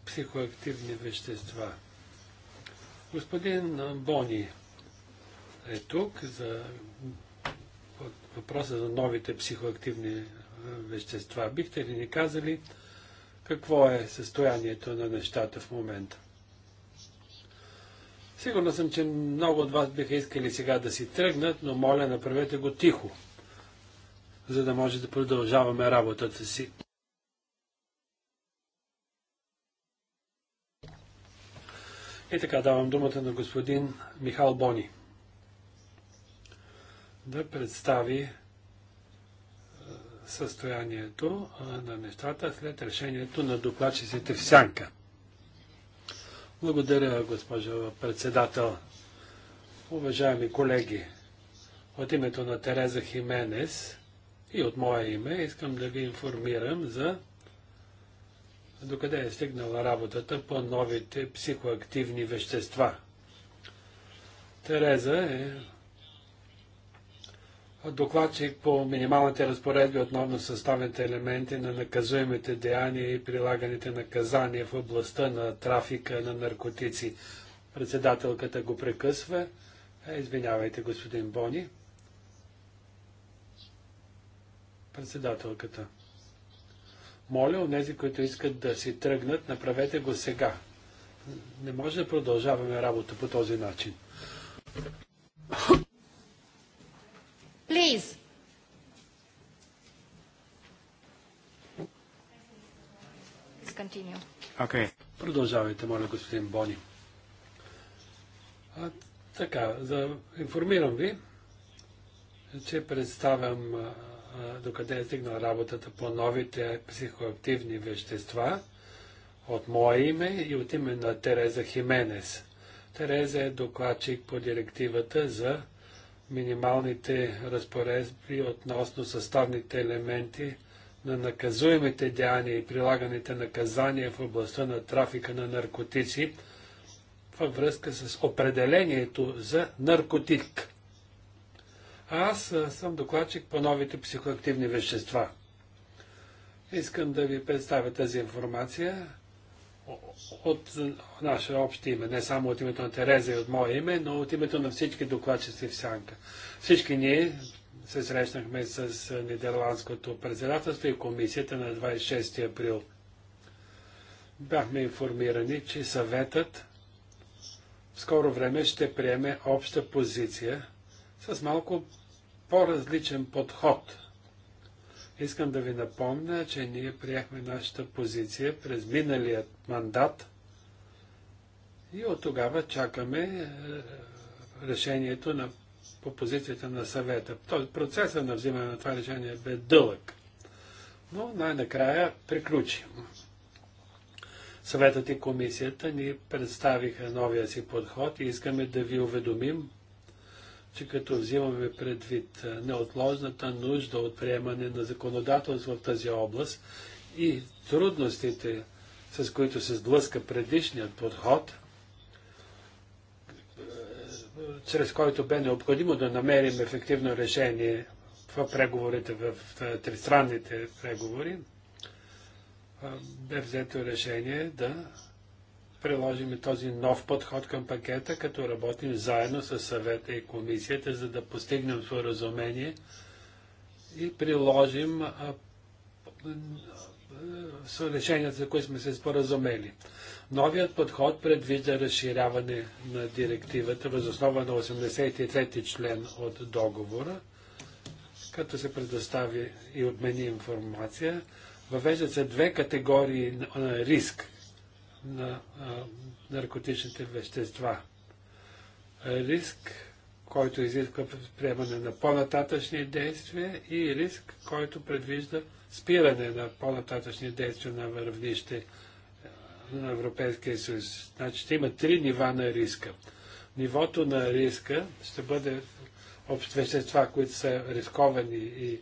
психоактивни вещества. Господин Бони е тук за въпроса за новите психоактивни вещества. Бихте ли ни казали какво е състоянието на нещата в момента? Сигурно съм, че много от вас биха искали сега да си тръгнат, но моля, направете го тихо, за да може да продължаваме работата си. И така давам думата на господин Михал Бони да представи е, състоянието е, на нещата след решението на докладчиците в Сянка. Благодаря, госпожо председател. Уважаеми колеги, от името на Тереза Хименес и от мое име искам да ви информирам за докъде е стигнала работата по новите психоактивни вещества. Тереза е докладчик по минималните разпоредби относно съставните елементи на наказуемите деяния и прилаганите наказания в областта на трафика на наркотици. Председателката го прекъсва. Е, извинявайте, господин Бони. Председателката моля, от тези, които искат да си тръгнат, направете го сега. Не може да продължаваме работа по този начин. Please. Okay. Продължавайте, моля, господин Бони. А, така, за, информирам ви, че представям докъде е стигнала работата по новите психоактивни вещества от мое име и от име на Тереза Хименес. Тереза е докладчик по директивата за минималните разпоредби относно съставните елементи на наказуемите деяния и прилаганите наказания в областта на трафика на наркотици във връзка с определението за наркотик. Аз съм докладчик по новите психоактивни вещества. Искам да ви представя тази информация от наше общо име, не само от името на Тереза и от мое име, но от името на всички докладчици в Сянка. Всички ние се срещнахме с Нидерландското председателство и комисията на 26 април. Бяхме информирани, че съветът в скоро време ще приеме обща позиция с малко по-различен подход. Искам да ви напомня, че ние приехме нашата позиция през миналият мандат и от тогава чакаме е, решението на, по позицията на съвета. Този процесът на взимане на това решение бе дълъг, но най-накрая приключи. Съветът и комисията ни представиха новия си подход и искаме да ви уведомим че като взимаме предвид неотложната нужда от приемане на законодателство в тази област и трудностите, с които се сблъска предишният подход, чрез който бе необходимо да намерим ефективно решение в преговорите, в тристранните преговори, бе взето решение да приложим този нов подход към пакета, като работим заедно с съвета и комисията, за да постигнем споразумение и приложим решенията, за които сме се споразумели. Новият подход предвижда разширяване на директивата въз основа на 83-ти член от договора, като се предостави и отмени информация. Въвеждат се две категории на риск на наркотичните вещества. Риск, който изисква приемане на по-нататъчни действия и риск, който предвижда спиране на по-нататъчни действия на равнище на Европейския съюз. Значи ще има три нива на риска. Нивото на риска ще бъде вещества, които са рисковани и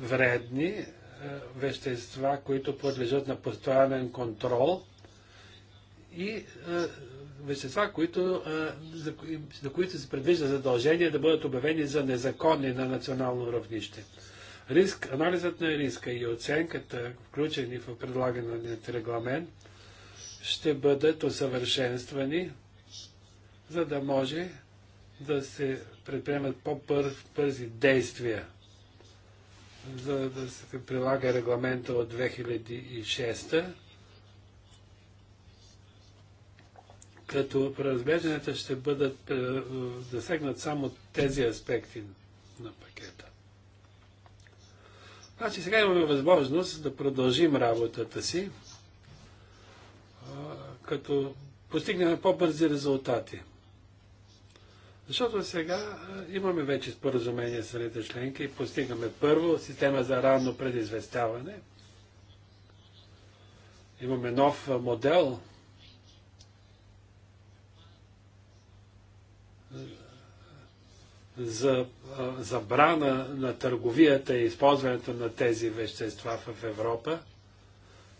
вредни, е, вещества, които подлежат на постоянен контрол и е, вещества, които, е, за, които се предвижда задължение да бъдат обявени за незаконни на национално равнище. Риск, анализът на риска и оценката, включени в предлаганият регламент, ще бъдат усъвършенствани, за да може да се предприемат по-бързи действия за да се прилага регламента от 2006 като преразглежданията ще бъдат е, засегнат само тези аспекти на пакета. Значи сега имаме възможност да продължим работата си, е, като постигнем по-бързи резултати. Защото сега имаме вече споразумение с страните членки и постигаме първо система за ранно предизвестяване. Имаме нов модел за забрана на търговията и използването на тези вещества в Европа,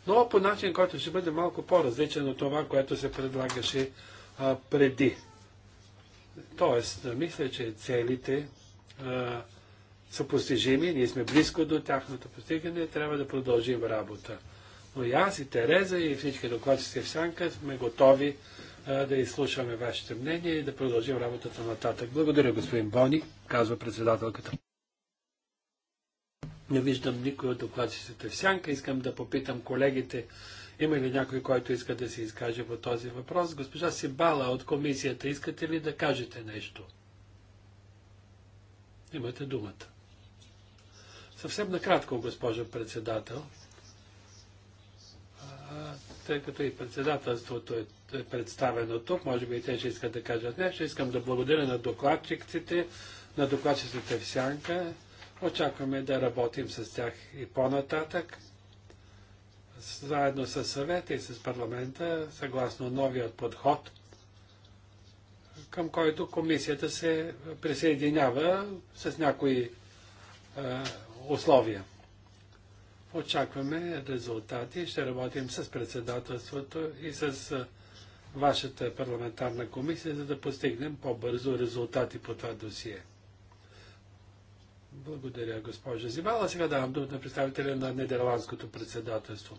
но по начин, който ще бъде малко по-различен от това, което се предлагаше преди. Тоест, мисля, че целите а, са постижими, ние сме близко до тяхното постигане, трябва да продължим работа. Но и аз, и Тереза, и всички докладчици в Сянка сме готови а, да изслушаме вашето мнение и да продължим работата нататък. Благодаря, господин Бони, казва председателката. Не виждам никой от докладчиците в Сянка. Искам да попитам колегите има ли някой, който иска да се изкаже по този въпрос? Госпожа Сибала от комисията, искате ли да кажете нещо? Имате думата. Съвсем накратко, госпожо председател, тъй като и председателството е, е представено тук, може би и те ще искат да кажат нещо. Искам да благодаря на докладчиците, на докладчиците в Сянка. Очакваме да работим с тях и по-нататък заедно с съвета и с парламента, съгласно новият подход, към който комисията се присъединява с някои е, условия. Очакваме резултати, ще работим с председателството и с е, вашата парламентарна комисия, за да постигнем по-бързо резултати по това досие. Благодаря, госпожа Зибала. Сега давам думата на представителя на Нидерландското председателство.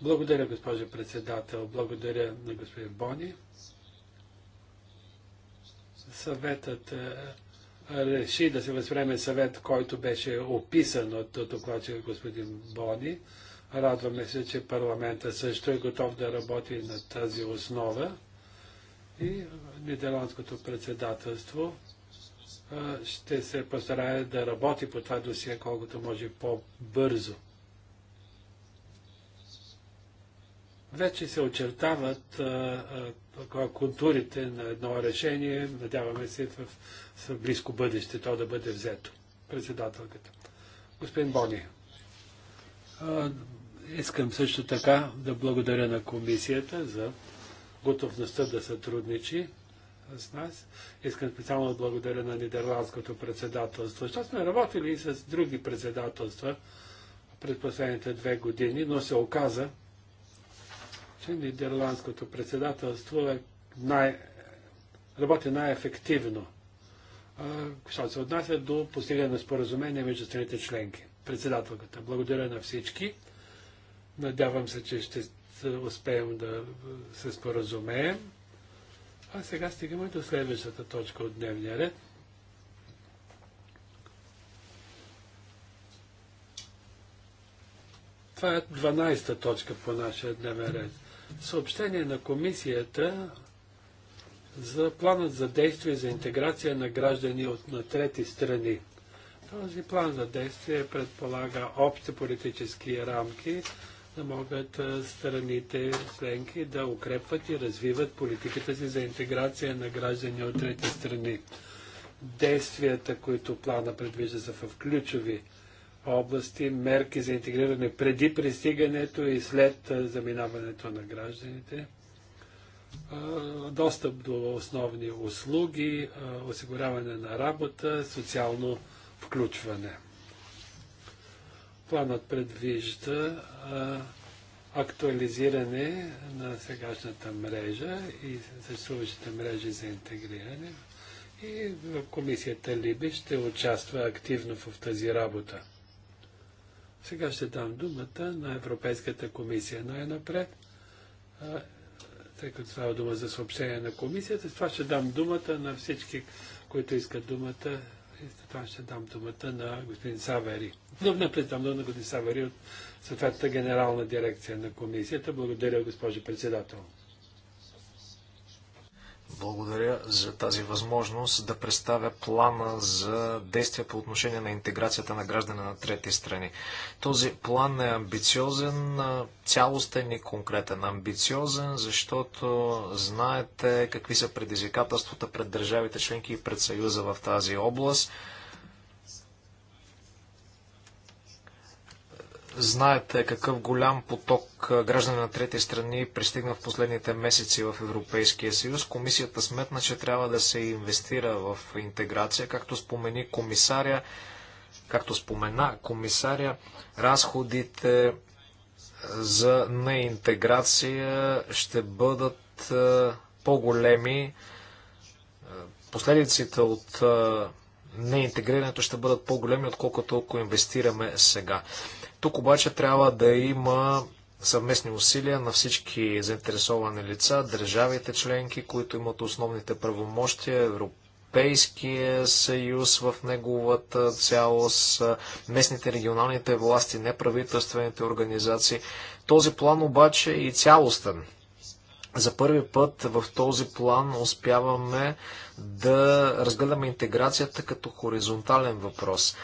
Благодаря, госпожа председател. Благодаря на господин Бони. Съветът е, реши да се възприеме съвет, който беше описан от докладчика господин Бони. Радваме се, че парламента също е готов да работи на тази основа. И Нидерландското председателство ще се постарая да работи по това досие колкото може по-бързо. Вече се очертават контурите на едно решение. Надяваме се в, в близко бъдеще то да бъде взето. Председателката. Господин Бони, а, искам също така да благодаря на комисията за готовността да сътрудничи с нас. Искам специално да благодаря на Нидерландското председателство, защото сме работили и с други председателства през последните две години, но се оказа, че Нидерландското председателство е най... работи най-ефективно, що се отнася до постигане на споразумение между страните членки. Председателката, благодаря на всички. Надявам се, че ще успеем да се споразумеем. А сега стигаме до следващата точка от дневния ред. Това е 12-та точка по нашия дневен ред. Съобщение на комисията за планът за действие за интеграция на граждани от на трети страни. Този план за действие предполага общи политически рамки да могат страните членки да укрепват и развиват политиката си за интеграция на граждани от трети страни. Действията, които плана предвижда са в ключови области, мерки за интегриране преди пристигането и след заминаването на гражданите, достъп до основни услуги, осигуряване на работа, социално включване. Планът предвижда а, актуализиране на сегашната мрежа и съществуващите мрежи за интегриране. И комисията Либи ще участва активно в тази работа. Сега ще дам думата на Европейската комисия най-напред. Тъй като става дума за съобщение на комисията, това ще дам думата на всички, които искат думата и това ще дам думата на господин Савери. Но не предам на господин Савери от съответната генерална дирекция на комисията. Благодаря, госпожо председател. Благодаря за тази възможност да представя плана за действия по отношение на интеграцията на граждани на трети страни. Този план е амбициозен, цялостен и конкретен. Амбициозен, защото знаете какви са предизвикателствата пред държавите членки и пред Съюза в тази област – Знаете какъв голям поток граждани на трети страни пристигна в последните месеци в Европейския съюз. Комисията сметна, че трябва да се инвестира в интеграция, както спомени комисаря, както спомена комисаря, разходите за неинтеграция ще бъдат по-големи. Последиците от неинтегрирането ще бъдат по-големи, отколкото ако инвестираме сега. Тук обаче трябва да има съвместни усилия на всички заинтересовани лица, държавите членки, които имат основните правомощия, Европейския съюз в неговата цялост, местните регионалните власти, неправителствените организации. Този план обаче е и цялостен. За първи път в този план успяваме да разгледаме интеграцията като хоризонтален въпрос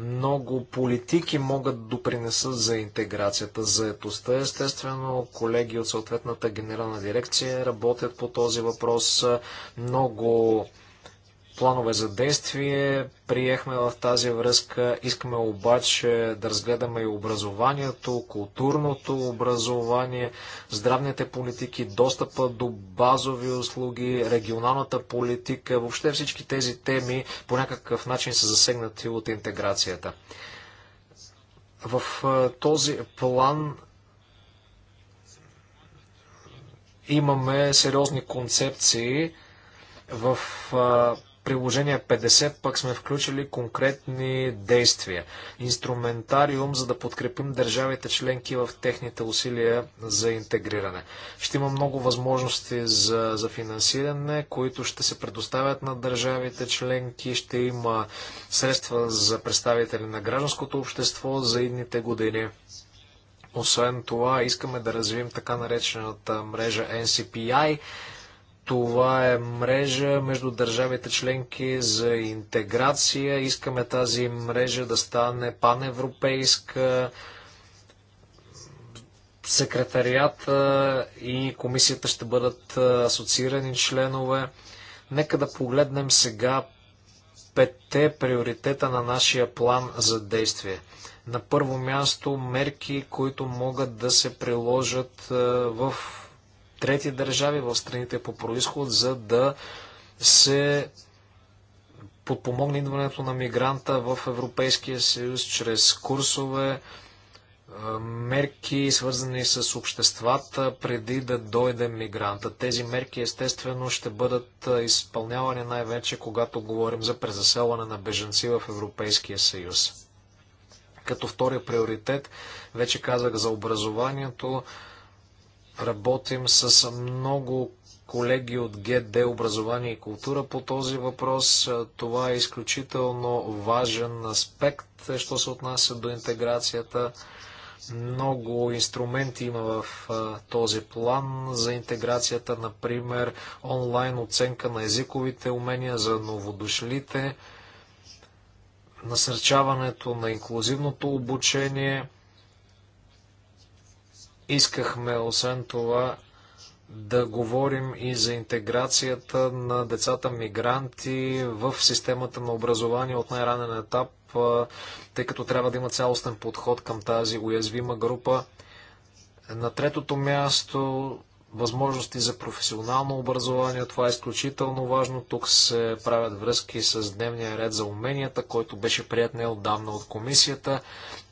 много политики могат да допринесат за интеграцията, за етостта. Естествено, колеги от съответната генерална дирекция работят по този въпрос. Много планове за действие приехме в тази връзка. Искаме обаче да разгледаме и образованието, културното образование, здравните политики, достъпа до базови услуги, регионалната политика. Въобще всички тези теми по някакъв начин са засегнати от интеграцията. В този план имаме сериозни концепции в приложение 50 пък сме включили конкретни действия. Инструментариум, за да подкрепим държавите членки в техните усилия за интегриране. Ще има много възможности за, за финансиране, които ще се предоставят на държавите членки. Ще има средства за представители на гражданското общество за идните години. Освен това, искаме да развием така наречената мрежа NCPI, това е мрежа между държавите членки за интеграция. Искаме тази мрежа да стане паневропейска. Секретарията и комисията ще бъдат асоциирани членове. Нека да погледнем сега петте приоритета на нашия план за действие. На първо място мерки, които могат да се приложат в трети държави, в страните по происход, за да се подпомогне идването на мигранта в Европейския съюз чрез курсове, е, мерки, свързани с обществата, преди да дойде мигранта. Тези мерки, естествено, ще бъдат е, изпълнявани най-вече, когато говорим за презаселване на беженци в Европейския съюз. Като втори приоритет, вече казах за образованието, Работим с много колеги от ГД Образование и култура по този въпрос. Това е изключително важен аспект, що се отнася до интеграцията. Много инструменти има в този план за интеграцията, например онлайн оценка на езиковите умения за новодошлите, насърчаването на инклюзивното обучение – Искахме, освен това, да говорим и за интеграцията на децата мигранти в системата на образование от най-ранен етап, тъй като трябва да има цялостен подход към тази уязвима група. На третото място възможности за професионално образование. Това е изключително важно. Тук се правят връзки с дневния ред за уменията, който беше прият неотдавна от комисията.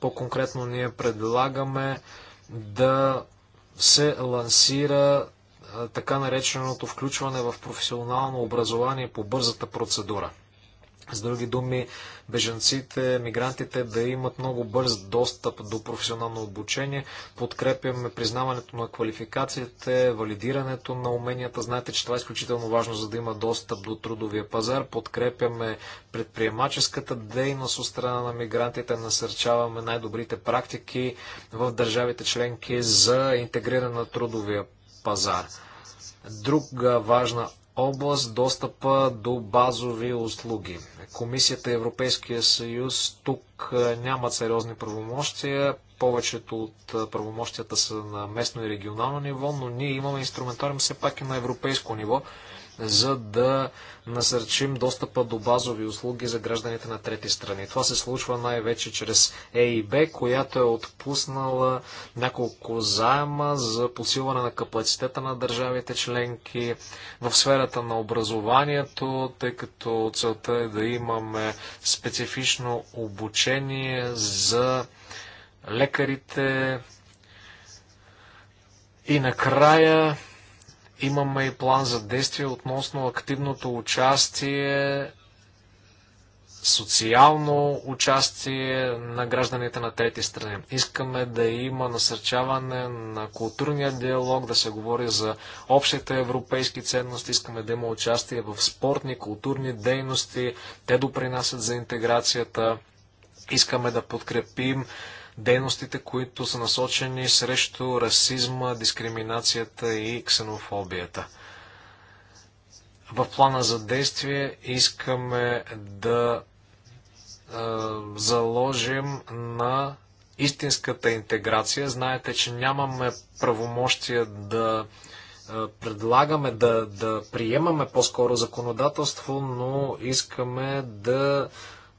По-конкретно ние предлагаме да се лансира така нареченото включване в професионално образование по бързата процедура. С други думи, беженците, мигрантите да имат много бърз достъп до професионално обучение. Подкрепяме признаването на квалификациите, валидирането на уменията. Знаете, че това е изключително важно, за да има достъп до трудовия пазар. Подкрепяме предприемаческата дейност от страна на мигрантите. Насърчаваме най-добрите практики в държавите членки за интегриране на трудовия пазар. Друга важна област достъпа до базови услуги. Комисията Европейския съюз тук е, нямат сериозни правомощия. Повечето от е, правомощията са на местно и регионално ниво, но ние имаме инструментариум все пак и на европейско ниво за да насърчим достъпа до базови услуги за гражданите на трети страни. Това се случва най-вече чрез ЕИБ, която е отпуснала няколко заема за посилване на капацитета на държавите членки в сферата на образованието, тъй като целта е да имаме специфично обучение за лекарите и накрая Имаме и план за действие относно активното участие, социално участие на гражданите на трети страни. Искаме да има насърчаване на културния диалог, да се говори за общите европейски ценности, искаме да има участие в спортни, културни дейности, те допринасят за интеграцията. Искаме да подкрепим дейностите, които са насочени срещу расизма, дискриминацията и ксенофобията. В плана за действие искаме да е, заложим на истинската интеграция. Знаете, че нямаме правомощия да предлагаме да, да приемаме по-скоро законодателство, но искаме да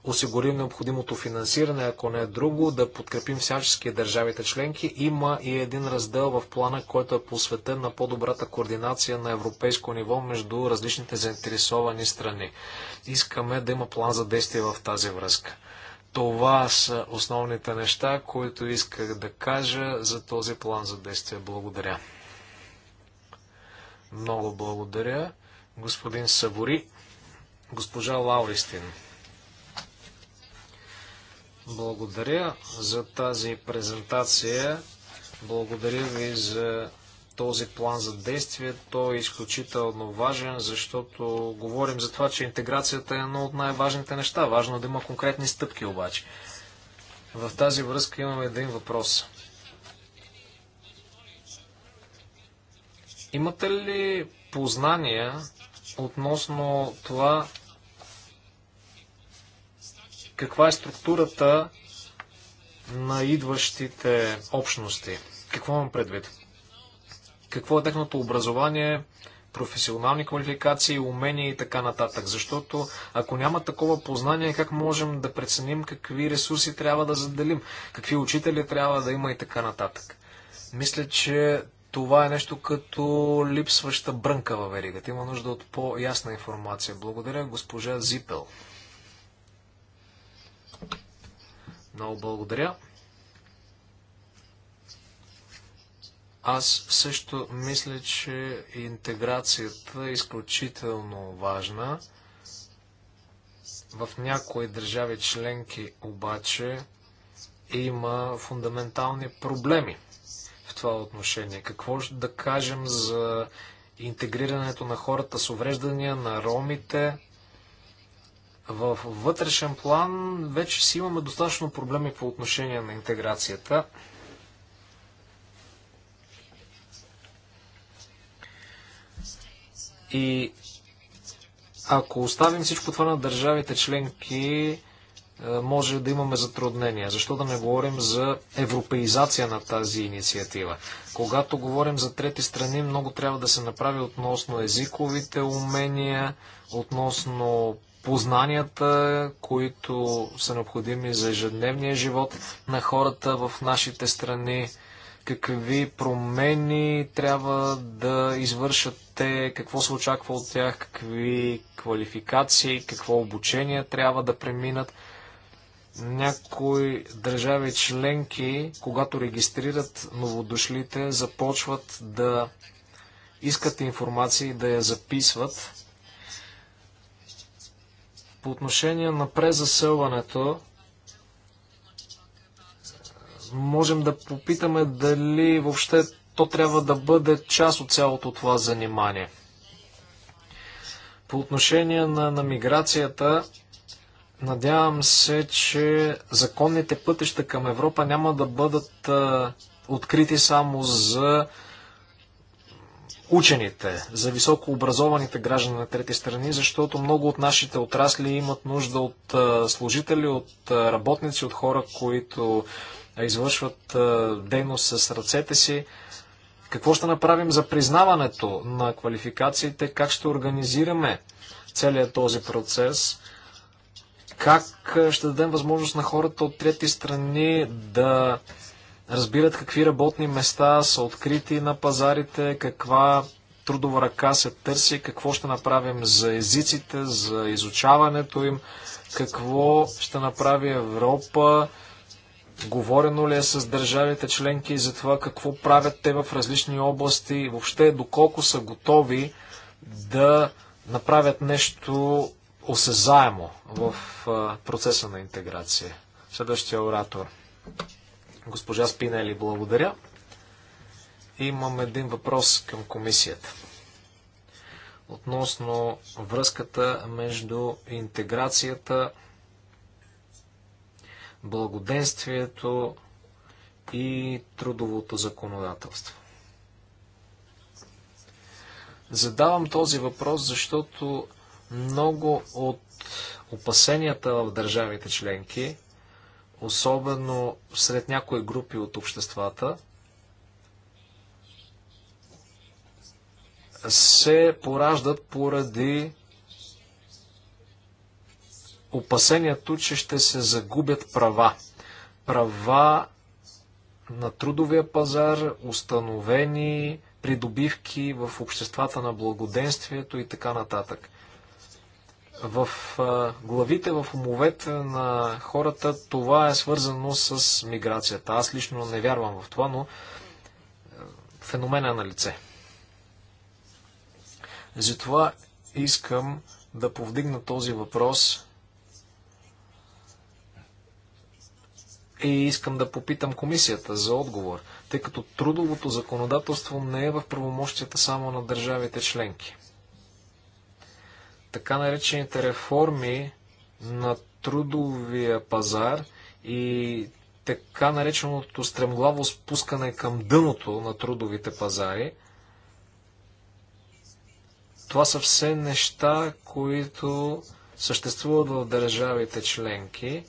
осигурим необходимото финансиране, ако не е друго, да подкрепим всячески държавите членки. Има и един раздел в плана, който е посветен на по-добрата координация на европейско ниво между различните заинтересовани страни. Искаме да има план за действие в тази връзка. Това са основните неща, които исках да кажа за този план за действие. Благодаря. Много благодаря. Господин Савори, госпожа Лауристин. Благодаря за тази презентация. Благодаря ви за този план за действие. Той е изключително важен, защото говорим за това, че интеграцията е едно от най-важните неща. Важно е да има конкретни стъпки обаче. В тази връзка имаме един въпрос. Имате ли познания относно това каква е структурата на идващите общности. Какво имам предвид? Какво е техното образование, професионални квалификации, умения и така нататък. Защото ако няма такова познание, как можем да преценим какви ресурси трябва да заделим, какви учители трябва да има и така нататък. Мисля, че това е нещо като липсваща брънка във веригата. Има нужда от по-ясна информация. Благодаря, госпожа Зипел. Много благодаря. Аз също мисля, че интеграцията е изключително важна. В някои държави членки обаче има фундаментални проблеми в това отношение. Какво да кажем за интегрирането на хората с увреждания, на ромите? В вътрешен план вече си имаме достатъчно проблеми по отношение на интеграцията. И ако оставим всичко това на държавите членки, е, може да имаме затруднения. Защо да не говорим за европеизация на тази инициатива? Когато говорим за трети страни, много трябва да се направи относно езиковите умения, относно познанията, които са необходими за ежедневния живот на хората в нашите страни, какви промени трябва да извършат те, какво се очаква от тях, какви квалификации, какво обучение трябва да преминат. Някои държави членки, когато регистрират новодошлите, започват да искат информация и да я записват по отношение на презаселването, можем да попитаме дали въобще то трябва да бъде част от цялото това занимание. По отношение на, на миграцията, надявам се, че законните пътища към Европа няма да бъдат а, открити само за учените, за високообразованите граждани на трети страни, защото много от нашите отрасли имат нужда от служители, от работници, от хора, които извършват дейност с ръцете си. Какво ще направим за признаването на квалификациите? Как ще организираме целият този процес? Как ще дадем възможност на хората от трети страни да разбират какви работни места са открити на пазарите, каква трудова ръка се търси, какво ще направим за езиците, за изучаването им, какво ще направи Европа, говорено ли е с държавите членки за това какво правят те в различни области, въобще доколко са готови да направят нещо осезаемо в процеса на интеграция. Следващия оратор. Госпожа Спинели, благодаря. Имам един въпрос към комисията. Относно връзката между интеграцията, благоденствието и трудовото законодателство. Задавам този въпрос, защото много от опасенията в държавите членки особено сред някои групи от обществата, се пораждат поради опасението, че ще се загубят права. Права на трудовия пазар, установени придобивки в обществата на благоденствието и така нататък в главите, в умовете на хората това е свързано с миграцията. Аз лично не вярвам в това, но феномена е на лице. Затова искам да повдигна този въпрос и искам да попитам комисията за отговор, тъй като трудовото законодателство не е в правомощията само на държавите членки така наречените реформи на трудовия пазар и така нареченото стремглаво спускане към дъното на трудовите пазари. Това са все неща, които съществуват в държавите членки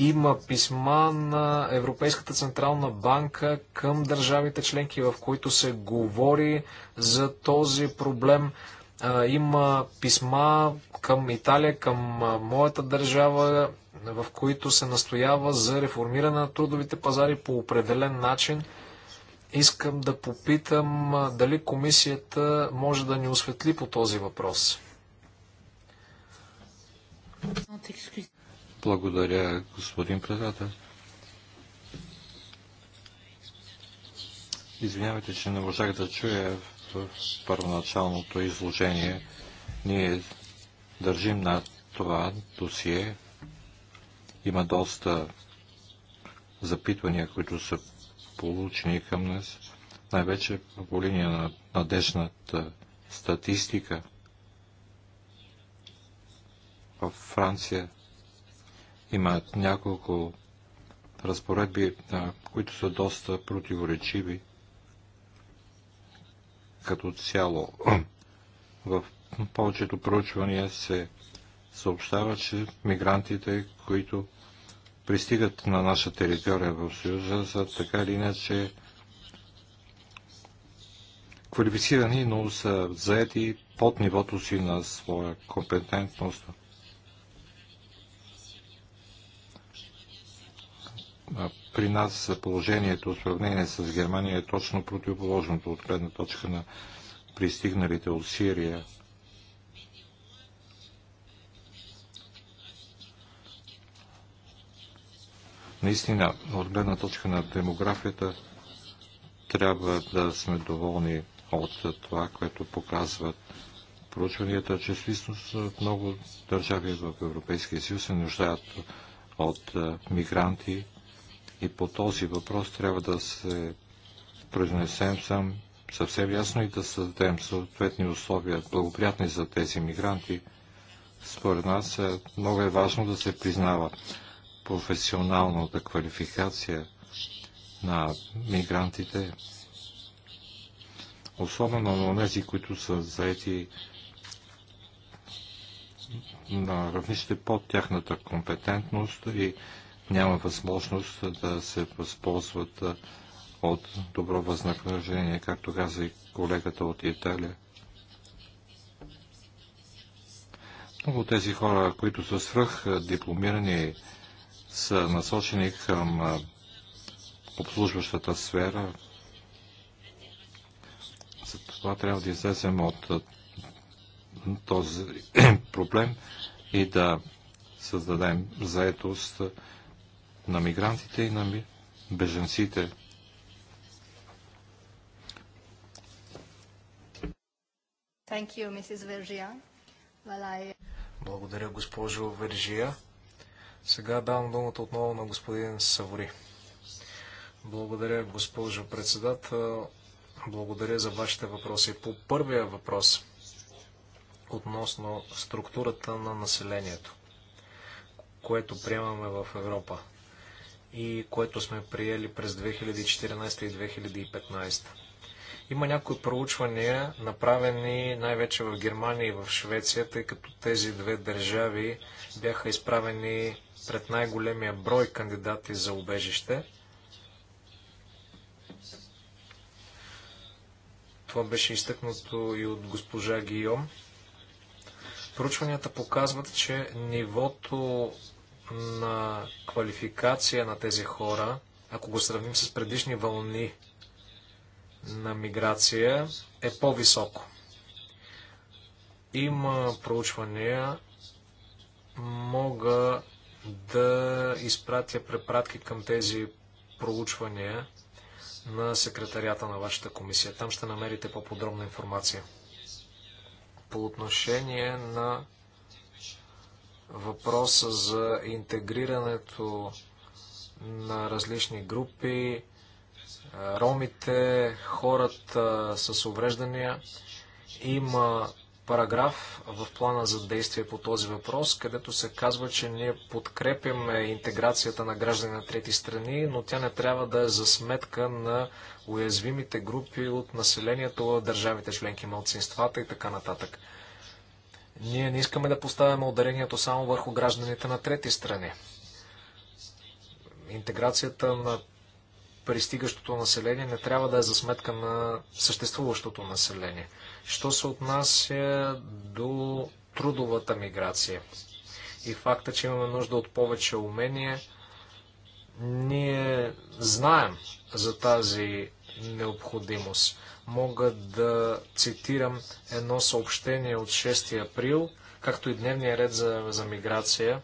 има писма на Европейската централна банка към държавите членки, в които се говори за този проблем. Има писма към Италия, към моята държава, в които се настоява за реформиране на трудовите пазари по определен начин. Искам да попитам дали комисията може да ни осветли по този въпрос. Благодаря, господин председател. Извинявайте, че не можах да чуя в първоначалното изложение. Ние държим на това досие. Има доста запитвания, които са получени към нас, най-вече по линия на надежната статистика. В Франция има няколко разпоредби, които са доста противоречиви като цяло. В повечето проучвания се съобщава, че мигрантите, които пристигат на наша територия в Съюза, са така или иначе квалифицирани, но са заети под нивото си на своя компетентност. при нас положението в сравнение с Германия е точно противоположното от гледна точка на пристигналите от Сирия. Наистина, от гледна точка на демографията, трябва да сме доволни от това, което показват проучванията, че всъщност много държави в Европейския съюз се нуждаят от мигранти, и по този въпрос трябва да се произнесем сам съвсем ясно и да създадем съответни условия, благоприятни за тези мигранти. Според нас е, много е важно да се признава професионалната квалификация на мигрантите, особено на тези, които са заети на равнище под тяхната компетентност и няма възможност да се възползват от добро възнаграждение, както каза и колегата от Италия. Много тези хора, които са свръх дипломирани, са насочени към обслужващата сфера. Затова трябва да излезем от този проблем и да създадем заетост на мигрантите и на беженците. You, well, I... Благодаря, госпожо Вержия. Сега давам думата отново на господин Савори. Благодаря, госпожо председател. Благодаря за вашите въпроси. По първия въпрос относно структурата на населението, което приемаме в Европа и което сме приели през 2014 и 2015. Има някои проучвания, направени най-вече в Германия и в Швеция, тъй като тези две държави бяха изправени пред най-големия брой кандидати за убежище. Това беше изтъкнато и от госпожа Гийом. Проучванията показват, че нивото на квалификация на тези хора, ако го сравним с предишни вълни на миграция, е по-високо. Има проучвания, мога да изпратя препратки към тези проучвания на секретарията на вашата комисия. Там ще намерите по-подробна информация. По отношение на въпроса за интегрирането на различни групи, ромите, хората с увреждания. Има параграф в плана за действие по този въпрос, където се казва, че ние подкрепяме интеграцията на граждани на трети страни, но тя не трябва да е за сметка на уязвимите групи от населението в държавите членки, малцинствата и така нататък. Ние не искаме да поставяме ударението само върху гражданите на трети страни. Интеграцията на пристигащото население не трябва да е за сметка на съществуващото население. Що се отнася до трудовата миграция и факта, че имаме нужда от повече умения, ние знаем за тази необходимост мога да цитирам едно съобщение от 6 април, както и дневния ред за, за миграция.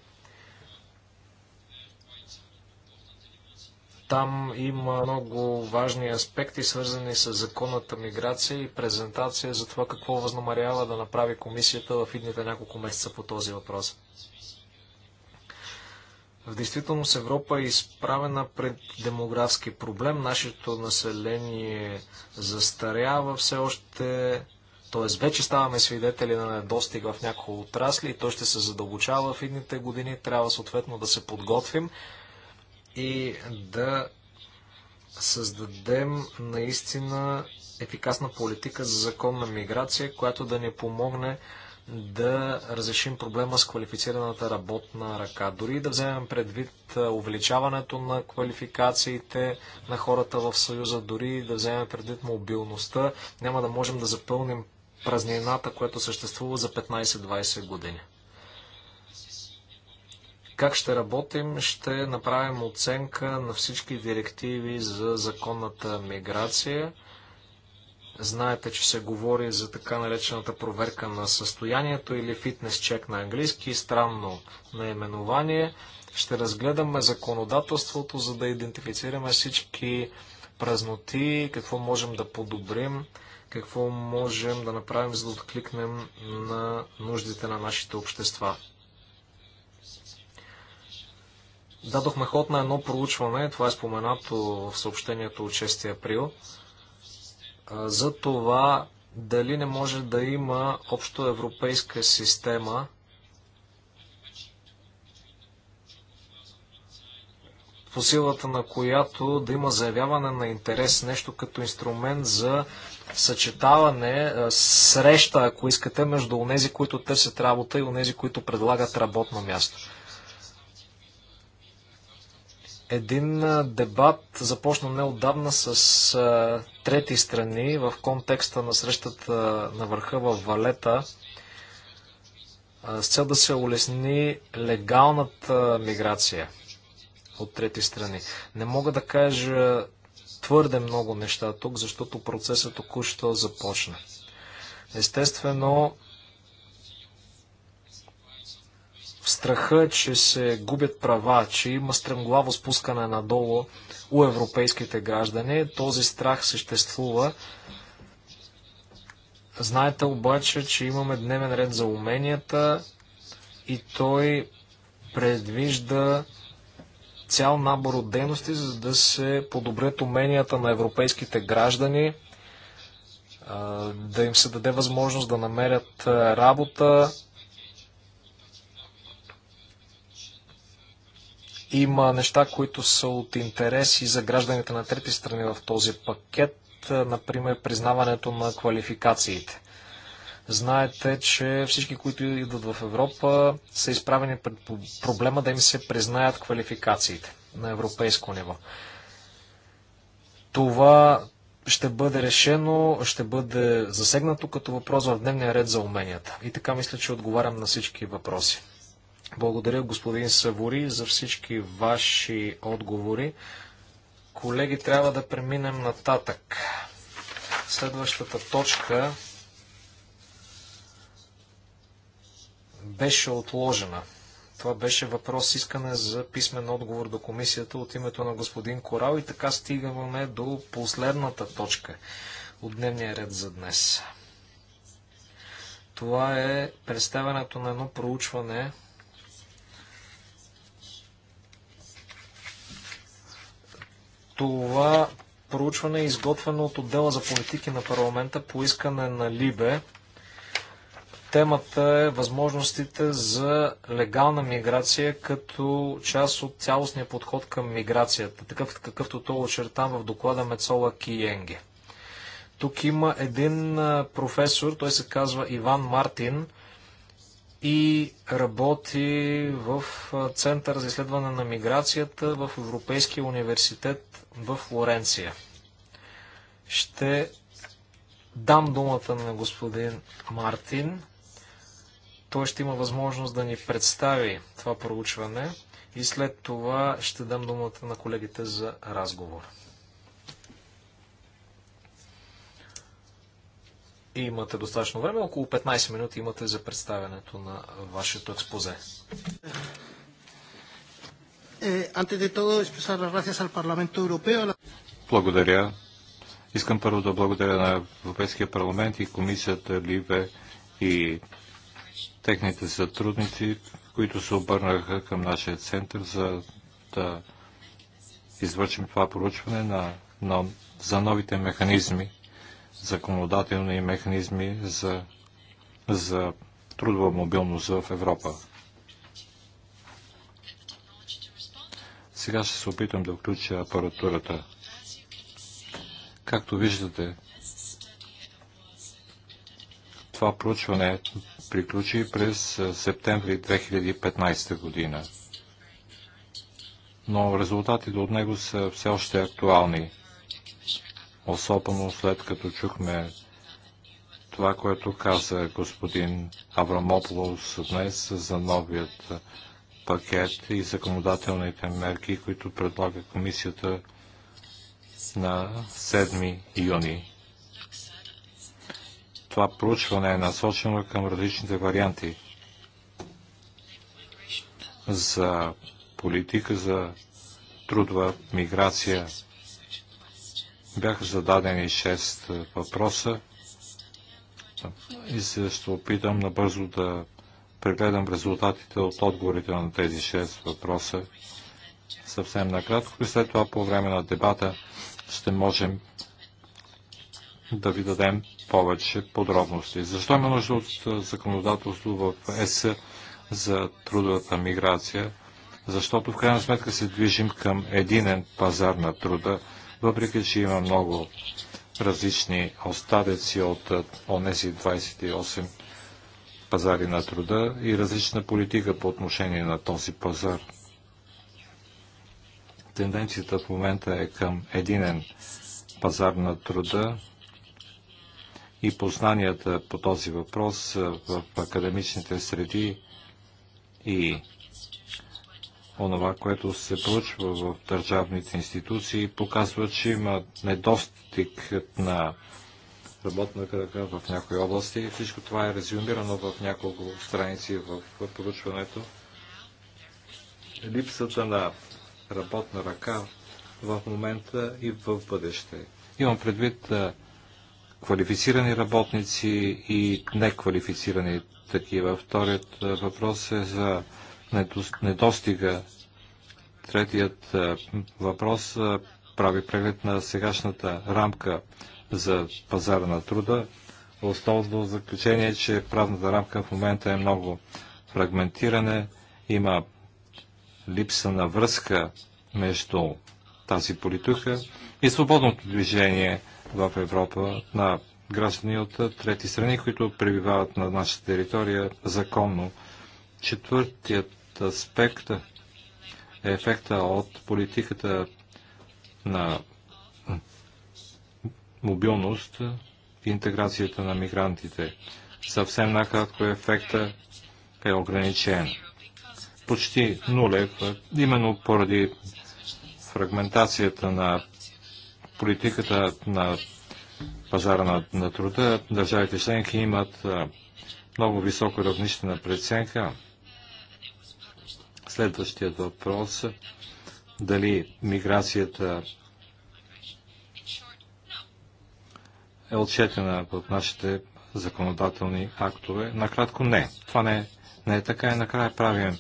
Там има много важни аспекти, свързани с законната миграция и презентация за това какво възнамарява да направи комисията в идните няколко месеца по този въпрос. В действителност Европа е изправена пред демографски проблем. Нашето население застарява все още, т.е. вече ставаме свидетели на недостиг в някои отрасли и то ще се задълбочава в едните години. Трябва съответно да се подготвим и да създадем наистина ефикасна политика за законна миграция, която да ни помогне да разрешим проблема с квалифицираната работна ръка. Дори да вземем предвид увеличаването на квалификациите на хората в Съюза, дори да вземем предвид мобилността, няма да можем да запълним празнината, която съществува за 15-20 години. Как ще работим? Ще направим оценка на всички директиви за законната миграция – Знаете, че се говори за така наречената проверка на състоянието или фитнес чек на английски, странно наименование. Ще разгледаме законодателството, за да идентифицираме всички празноти, какво можем да подобрим, какво можем да направим, за да откликнем на нуждите на нашите общества. Дадохме ход на едно проучване, това е споменато в съобщението от 6 април за това дали не може да има общо европейска система, по силата на която да има заявяване на интерес, нещо като инструмент за съчетаване, среща, ако искате, между онези, които търсят работа и онези, които предлагат работно място. Един дебат започна неодавна с трети страни в контекста на срещата на върха в Валета с цел да се улесни легалната миграция от трети страни. Не мога да кажа твърде много неща тук, защото процесът току-що започна. Естествено, в страха, че се губят права, че има стремглаво спускане надолу у европейските граждани. Този страх съществува. Знаете обаче, че имаме дневен ред за уменията и той предвижда цял набор от дейности, за да се подобрят уменията на европейските граждани, да им се даде възможност да намерят работа, Има неща, които са от интерес и за гражданите на трети страни в този пакет, например признаването на квалификациите. Знаете, че всички, които идват в Европа, са изправени пред проблема да им се признаят квалификациите на европейско ниво. Това ще бъде решено, ще бъде засегнато като въпрос в дневния ред за уменията. И така мисля, че отговарям на всички въпроси. Благодаря, господин Савори, за всички ваши отговори. Колеги, трябва да преминем нататък. Следващата точка беше отложена. Това беше въпрос искане за писмен отговор до комисията от името на господин Корал и така стигаме до последната точка от дневния ред за днес. Това е представянето на едно проучване Това проучване е изготвено от отдела за политики на парламента по искане на Либе. Темата е възможностите за легална миграция като част от цялостния подход към миграцията, такъв какъвто то е очертан в доклада Мецола Киенге. Тук има един професор, той се казва Иван Мартин и работи в Център за изследване на миграцията в Европейския университет в Флоренция. Ще дам думата на господин Мартин. Той ще има възможност да ни представи това проучване и след това ще дам думата на колегите за разговор. И имате достатъчно време, около 15 минути имате за представянето на вашето експозе. Eh, благодаря. Искам първо да благодаря на Европейския парламент и комисията Либе и техните сътрудници, които се обърнаха към нашия център за да извършим това проучване на, на, за новите механизми, законодателни механизми за, за трудова мобилност в Европа. Сега ще се опитам да включа апаратурата. Както виждате, това проучване приключи през септември 2015 година. Но резултатите от него са все още актуални. Особено след като чухме това, което каза господин Аврамополос днес за новият пакет и законодателните мерки, които предлага комисията на 7 юни. Това проучване е насочено към различните варианти за политика за трудова миграция. Бяха зададени 6 въпроса и се ще опитам набързо да прегледам резултатите от отговорите на тези 6 въпроса съвсем накратко и след това по време на дебата ще можем да ви дадем повече подробности. Защо има нужда от законодателство в ЕС за трудовата миграция? Защото в крайна сметка се движим към единен пазар на труда, въпреки че има много различни остатъци от онези 28 пазари на труда и различна политика по отношение на този пазар. Тенденцията в момента е към единен пазар на труда и познанията по този въпрос в академичните среди и онова, което се проучва в държавните институции, показва, че има недостиг на работна ръка в някои области. Всичко това е резюмирано в няколко страници в проучването. Липсата на работна ръка в момента и в бъдеще. Имам предвид квалифицирани работници и неквалифицирани такива. Вторият въпрос е за недостига. Третият въпрос прави преглед на сегашната рамка за пазара на труда. Основно заключение че правната рамка в момента е много фрагментиране. Има липса на връзка между тази политика и свободното движение в Европа на граждани от трети страни, които пребивават на нашата територия законно. Четвъртият аспект е ефекта от политиката на мобилност и интеграцията на мигрантите. Съвсем накратко ефекта е ограничен. Почти нулев, именно поради фрагментацията на политиката на пазара на, на труда, държавите членки имат много високо равнище на преценка. Следващият въпрос е дали миграцията е отчетена в нашите законодателни актове. Накратко не. Това не, не е така и накрая правим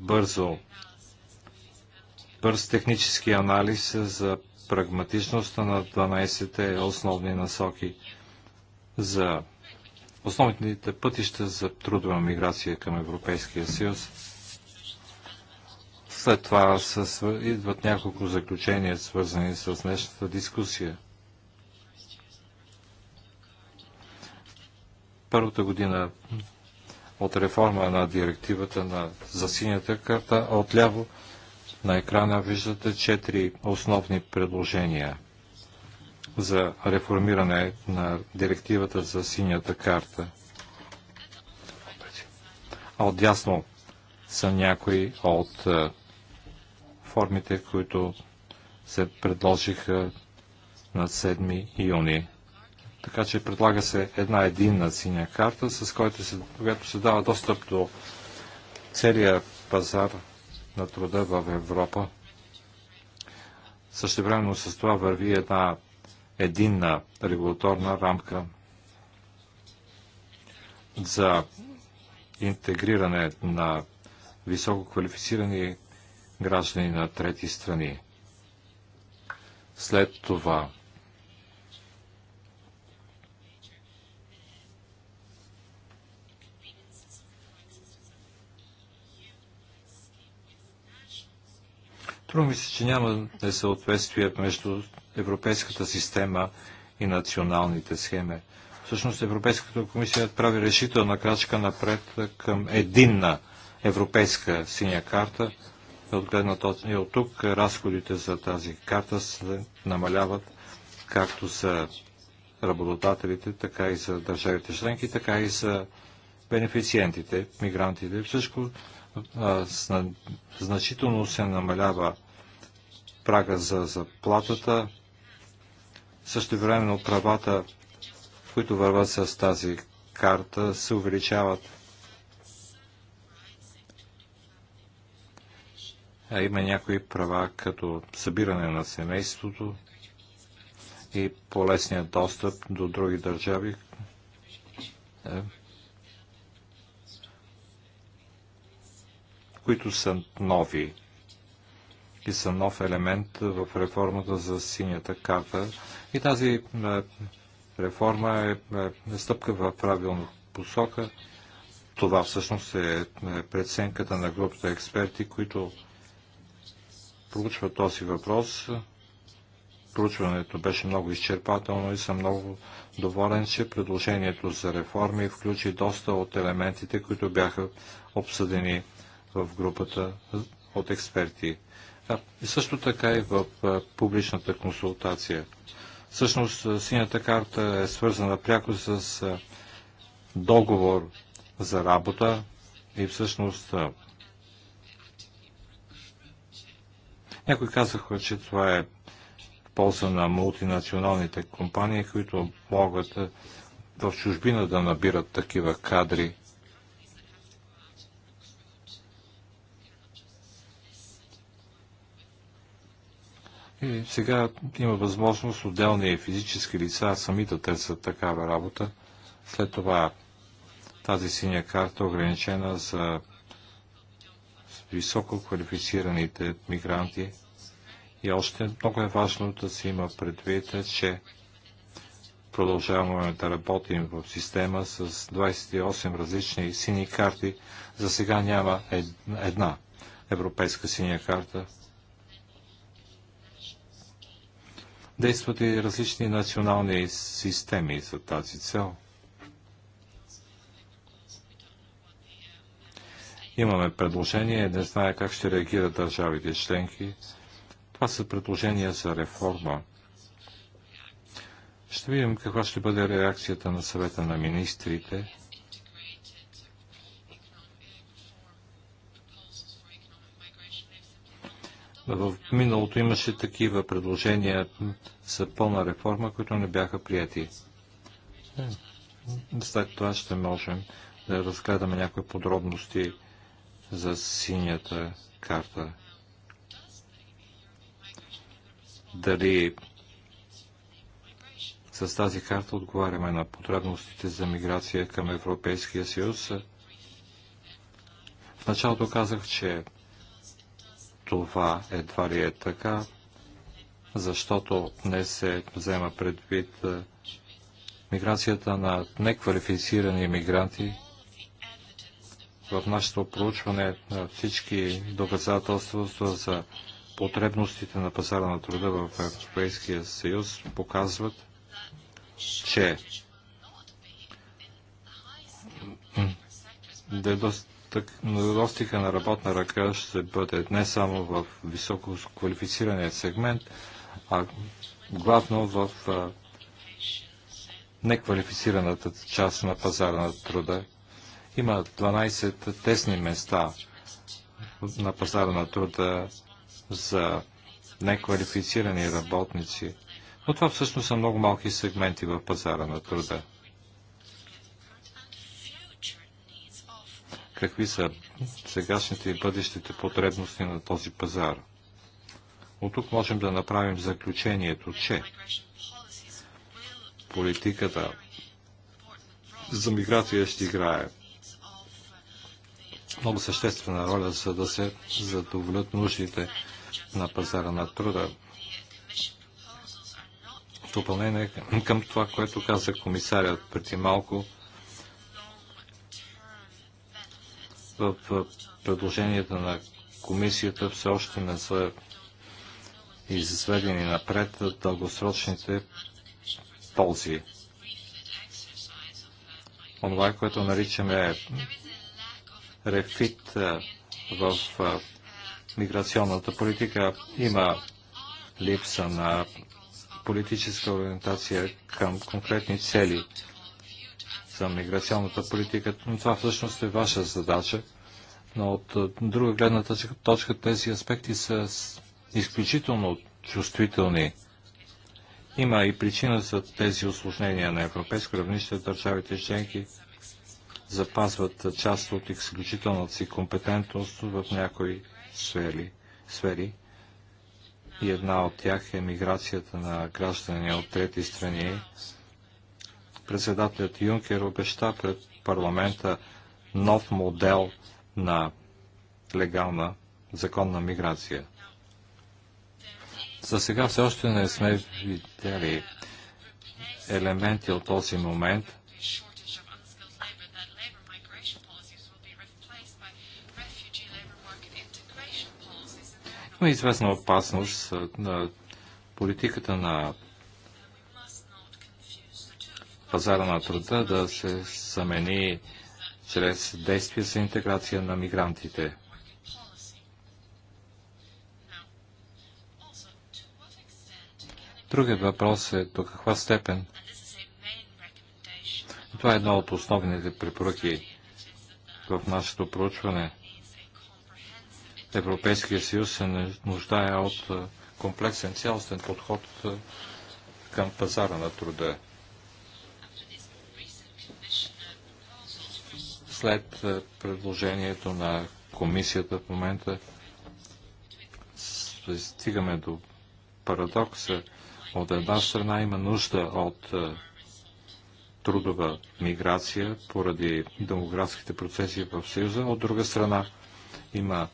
бързо бърз технически анализ за прагматичността на 12-те основни насоки за основните пътища за трудова миграция към Европейския съюз. След това идват няколко заключения, свързани с днешната дискусия – първата година от реформа на директивата на, за синята карта. Отляво на екрана виждате четири основни предложения за реформиране на директивата за синята карта. А отдясно са някои от е, формите, които се предложиха на 7 юни. Така че предлага се една единна синя карта, с която се, която се дава достъп до целия пазар на труда в Европа. Същевременно с това върви една единна регулаторна рамка за интегриране на високо квалифицирани граждани на трети страни. След това Трудно ми се, че няма несъответствие между европейската система и националните схеми. Всъщност Европейската комисия прави решителна крачка напред към единна европейска синя карта. От гледна точка и от тук разходите за тази карта се намаляват както за работодателите, така и за държавите членки, така и за бенефициентите, мигрантите. Всичко значително се намалява прага за заплатата, също времено правата, които върват с тази карта, се увеличават. А има някои права, като събиране на семейството и по-лесният достъп до други държави, е, които са нови и са нов елемент в реформата за синята карта. И тази е, реформа е, е, е стъпка в правилна посока. Това всъщност е преценката на групата експерти, които проучват този въпрос. Проучването беше много изчерпателно и съм много доволен, че предложението за реформи включи доста от елементите, които бяха обсъдени в групата от експерти. А, и също така и в публичната консултация. Всъщност синята карта е свързана пряко с договор за работа и всъщност някои казаха, че това е в полза на мултинационалните компании, които могат в чужбина да набират такива кадри – И сега има възможност отделни физически лица сами да търсят такава работа. След това тази синя карта е ограничена за високо квалифицираните мигранти. И още много е важно да се има предвид, че продължаваме да работим в система с 28 различни сини карти. За сега няма една европейска синя карта. Действат и различни национални системи за тази цел. Имаме предложение, не знае как ще реагират държавите членки. Това са предложения за реформа. Ще видим каква ще бъде реакцията на съвета на министрите. В миналото имаше такива предложения за пълна реформа, които не бяха прияти. Е, след това ще можем да разгледаме някои подробности за синята карта. Дали с тази карта отговаряме на потребностите за миграция към Европейския съюз. В началото казах, че това едва ли е така, защото не се взема предвид е, миграцията на неквалифицирани мигранти. В нашето проучване на всички доказателства за потребностите на пазара на труда в Европейския съюз показват, че е недостига на работна ръка ще бъде не само в високо квалифицирания сегмент, а главно в неквалифицираната част на пазара на труда. Има 12 тесни места на пазара на труда за неквалифицирани работници, но това всъщност са много малки сегменти в пазара на труда. какви са сегашните и бъдещите потребности на този пазар. От тук можем да направим заключението, че политиката за миграция ще играе много съществена роля, за да се задоволят нуждите на пазара на труда. В допълнение към това, което каза комисарят преди малко, в предложенията на комисията все още не са изведени напред дългосрочните ползи. Онова, което наричаме рефит в миграционната политика, има липса на политическа ориентация към конкретни цели за миграционната политика. Но това всъщност е ваша задача. Но от друга гледна точка тези аспекти са изключително чувствителни. Има и причина за тези осложнения на европейско равнище. Държавите членки запазват част от изключителната си компетентност в някои сфери. сфери. И една от тях е миграцията на граждани от трети страни председателят Юнкер обеща пред парламента нов модел на легална законна миграция. За сега все още не сме видели елементи от този момент. Има известна опасност на политиката на пазара на труда да се замени чрез действия за интеграция на мигрантите. Другият въпрос е до каква степен. Това е едно от основните препоръки в нашето проучване. Европейския съюз се нуждае от комплексен цялостен подход към пазара на труда. след е, предложението на комисията в момента стигаме до парадокса. От една страна има нужда от е, трудова миграция поради демографските процеси в Съюза, от друга страна има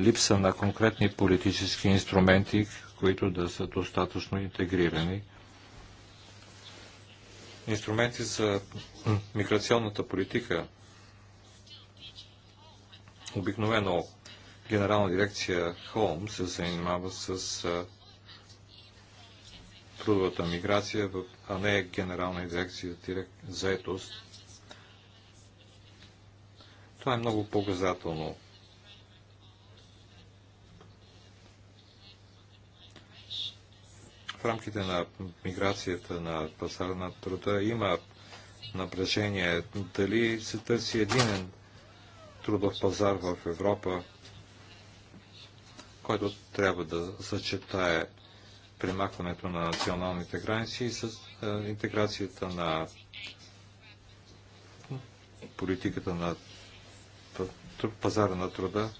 липса на конкретни политически инструменти, които да са достатъчно интегрирани. Инструменти за миграционната политика Обикновено Генерална дирекция Холм се занимава с трудовата миграция, а не Генерална дирекция заетост. Това е много показателно. В рамките на миграцията на пазарна труда има напрежение дали се търси единен трудов пазар в Европа, който трябва да съчетае примакването на националните граници и с е, интеграцията на политиката на пазара на труда.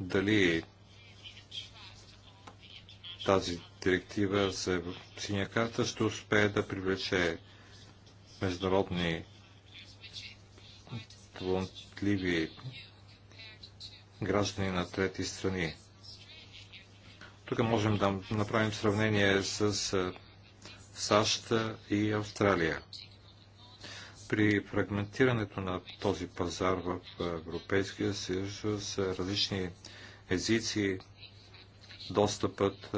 Дали тази директива за синя карта ще успее да привлече международни талантливи граждани на трети страни. Тук можем да направим сравнение с САЩ и Австралия. При фрагментирането на този пазар в Европейския съюз с различни езици, достъпът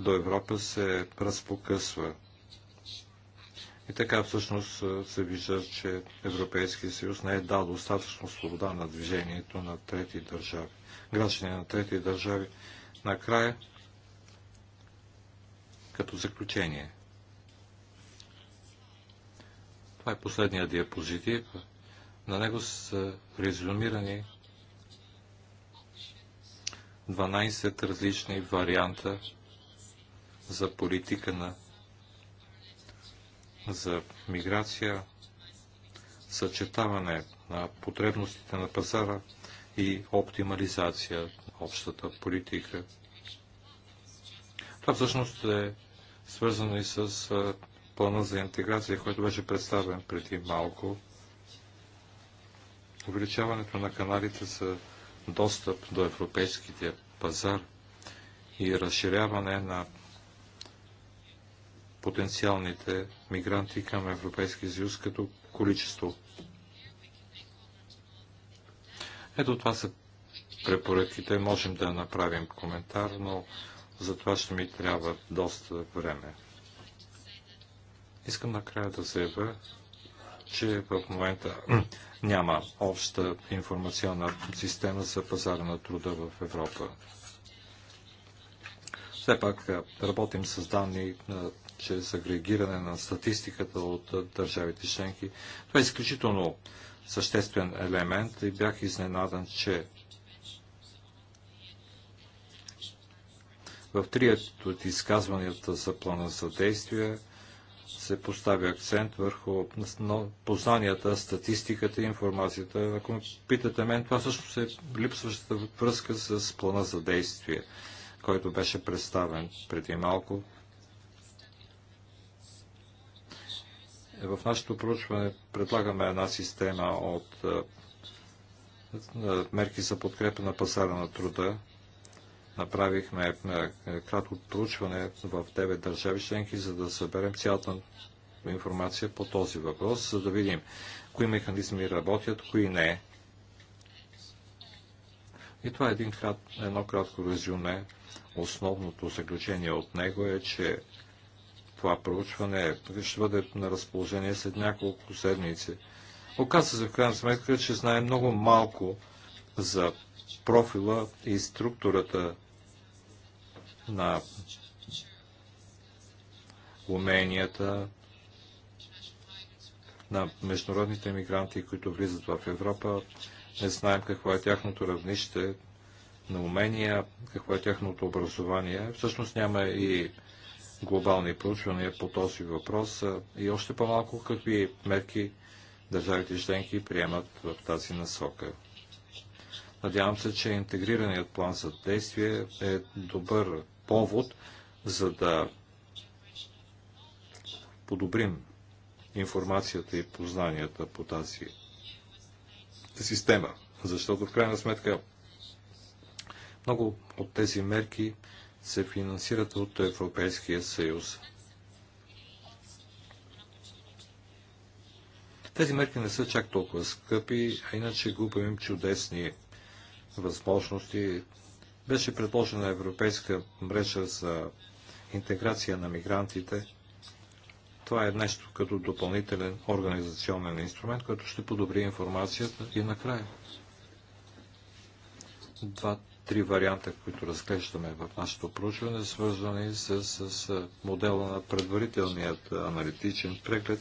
до Европа се разпокъсва. И така всъщност се вижда, че Европейския съюз не е дал достатъчно свобода на движението на трети държави, граждани на трети държави. Накрая, като заключение, това е последния диапозитив. На него са резюмирани 12 различни варианта за политика на за миграция, съчетаване на потребностите на пазара и оптимализация на общата политика. Това всъщност е свързано и с плана за интеграция, който беше представен преди малко. Увеличаването на каналите за достъп до европейските пазар и разширяване на потенциалните мигранти към Европейския съюз като количество. Ето това са препоръките. Можем да направим коментар, но за това ще ми трябва доста време. Искам накрая да заявя, че в момента няма обща информационна система за пазара на труда в Европа. Все пак работим с данни на чрез агрегиране на статистиката от държавите членки. Това е изключително съществен елемент и бях изненадан, че в трият от изказванията за плана за действие се поставя акцент върху познанията, статистиката и информацията. Ако питате мен, това също е липсващата връзка с плана за действие, който беше представен преди малко. В нашето проучване предлагаме една система от е, е, мерки за подкрепа на пазара на труда. Направихме е, кратко проучване в 9 държави членки, за да съберем цялата информация по този въпрос, за да видим кои механизми работят, кои не. И това е един крат, едно кратко резюме. Основното заключение от него е, че това проучване ще бъде на разположение след няколко седмици. Оказва се в крайна сметка, че знае много малко за профила и структурата на уменията на международните мигранти, които влизат в Европа. Не знаем какво е тяхното равнище на умения, какво е тяхното образование. Всъщност няма и глобални проучвания по този въпрос и още по-малко какви мерки държавите членки приемат в тази насока. Надявам се, че интегрираният план за действие е добър повод, за да подобрим информацията и познанията по тази система. Защото в крайна сметка много от тези мерки се финансират от Европейския съюз. Тези мерки не са чак толкова скъпи, а иначе губим чудесни възможности. Беше предложена Европейска мрежа за интеграция на мигрантите. Това е нещо като допълнителен организационен инструмент, който ще подобри информацията и накрая. Два три варианта, които разглеждаме в нашето проучване, свързани с, с, с модела на предварителният аналитичен преглед,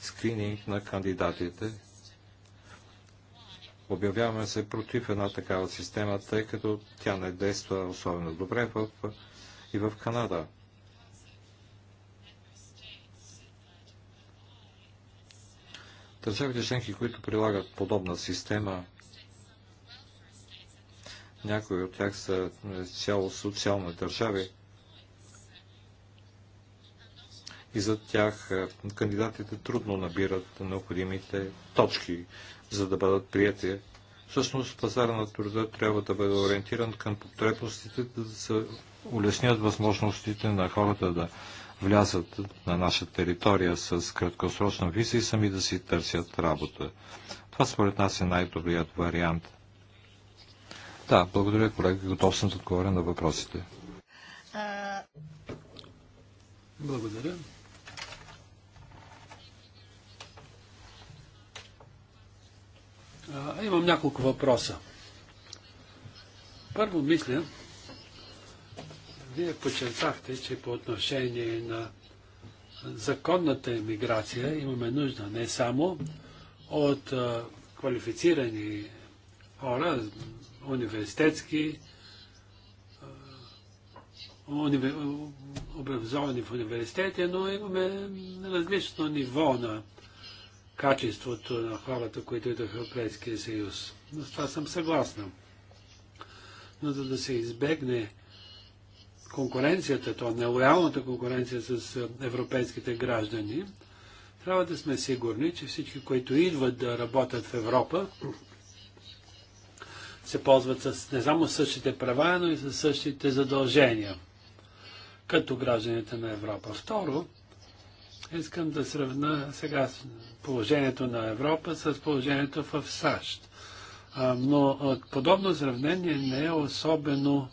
скрининг на кандидатите. Обявяваме се против една такава система, тъй като тя не действа особено добре в, и в Канада. Държавите членки, които прилагат подобна система, някои от тях са е, цяло социални държави. И за тях е, кандидатите трудно набират необходимите точки, за да бъдат прияти. Всъщност пазара на труда трябва да бъде ориентиран към потребностите, да се улеснят възможностите на хората да влязат на наша територия с краткосрочна виза и сами да си търсят работа. Това според нас е най-добрият вариант. Да, благодаря, колега. Готов съм да отговоря на въпросите. Благодаря. А, имам няколко въпроса. Първо мисля, вие подчертахте, че по отношение на законната емиграция имаме нужда не само от а, квалифицирани хора, университетски, образовани в университети, но имаме различно ниво на качеството на хората, които идваха в Европейския съюз. Но с това съм съгласна. Но за да се избегне конкуренцията, то нелоялната конкуренция с европейските граждани, трябва да сме сигурни, че всички, които идват да работят в Европа, се ползват с не само същите права, но и с същите задължения, като гражданите на Европа. Второ, искам да сравна сега положението на Европа с положението в САЩ. Но подобно сравнение не е особено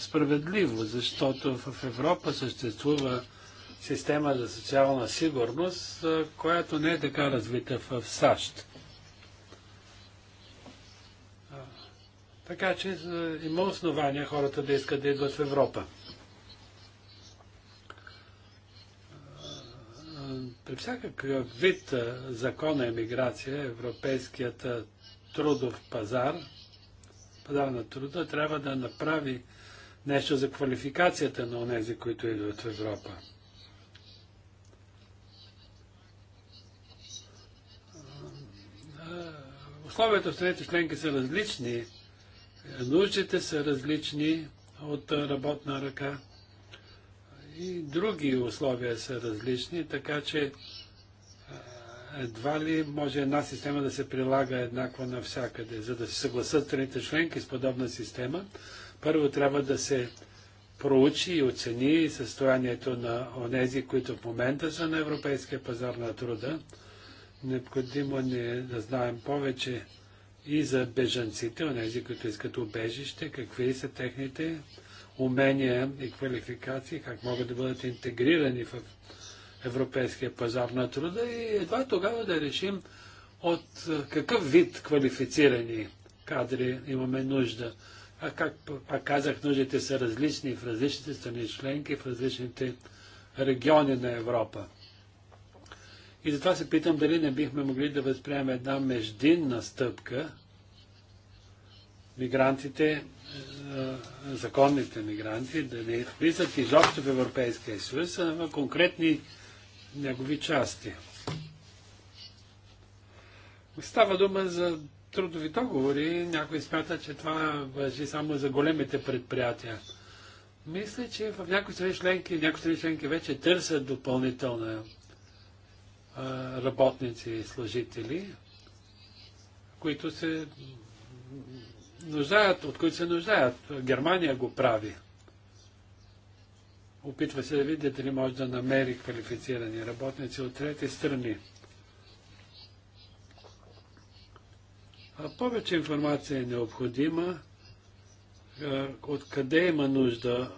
справедливо, защото в Европа съществува система за социална сигурност, която не е така развита в САЩ. Така че е, има основания хората да искат да идват в Европа. Е, при всякакъв вид е, закона емиграция, европейският трудов пазар, пазар на труда, трябва да направи нещо за квалификацията на онези, които идват в Европа. Условията в страните членки са различни Нуждите са различни от работна ръка и други условия са различни, така че едва ли може една система да се прилага еднакво навсякъде. За да се съгласат страните членки с подобна система, първо трябва да се проучи и оцени състоянието на онези, които в момента са на европейския пазар на труда. Необходимо ни е да знаем повече и за бежанците, онези, които искат убежище, какви са техните умения и квалификации, как могат да бъдат интегрирани в европейския пазар на труда и едва тогава да решим от какъв вид квалифицирани кадри имаме нужда. А как пак казах, нуждите са различни в различните страни членки, в различните региони на Европа. И затова се питам дали не бихме могли да възприемем една междинна стъпка. Мигрантите, е, законните мигранти, да не влизат изобщо в Европейския съюз, а в конкретни негови части. Става дума за трудови договори. Някой смята, че това въжи само за големите предприятия. Мисля, че в някои страни членки, някои страни членки вече търсят допълнителна работници и служители, които се нуждаят, от които се нуждаят. Германия го прави. Опитва се да види дали може да намери квалифицирани работници от трети страни. А повече информация е необходима, откъде има нужда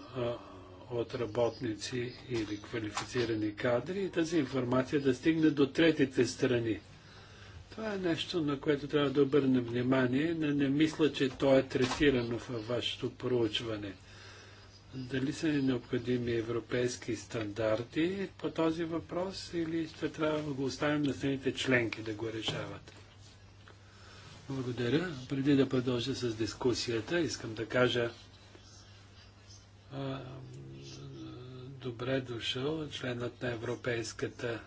от работници или квалифицирани кадри и тази информация да стигне до третите страни. Това е нещо, на което трябва да обърнем внимание. Не, не мисля, че то е третирано във вашето проучване. Дали са ни необходими европейски стандарти по този въпрос или ще трябва да го оставим на страните членки да го решават? Благодаря. Преди да продължа с дискусията, искам да кажа, Добре дошъл, членът на Европейската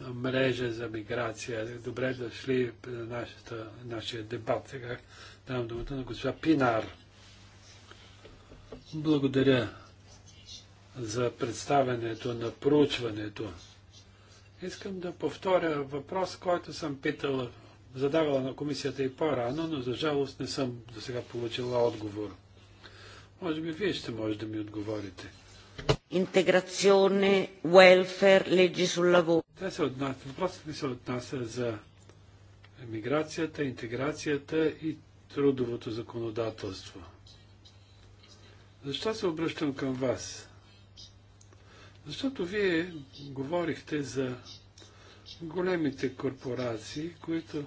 мрежа за миграция. Добре дошли на нашата, нашия дебат. Сега давам думата на госпожа Пинар. Благодаря за представенето на проучването. Искам да повторя въпрос, който съм питала, задавала на комисията и по-рано, но за жалост не съм до сега получила отговор. Може би вие ще може да ми отговорите. Интеграционе, уелфер, леджи сул Те се въпросът ми се отнася за миграцията, интеграцията и трудовото законодателство. Защо се обръщам към вас? Защото вие говорихте за големите корпорации, които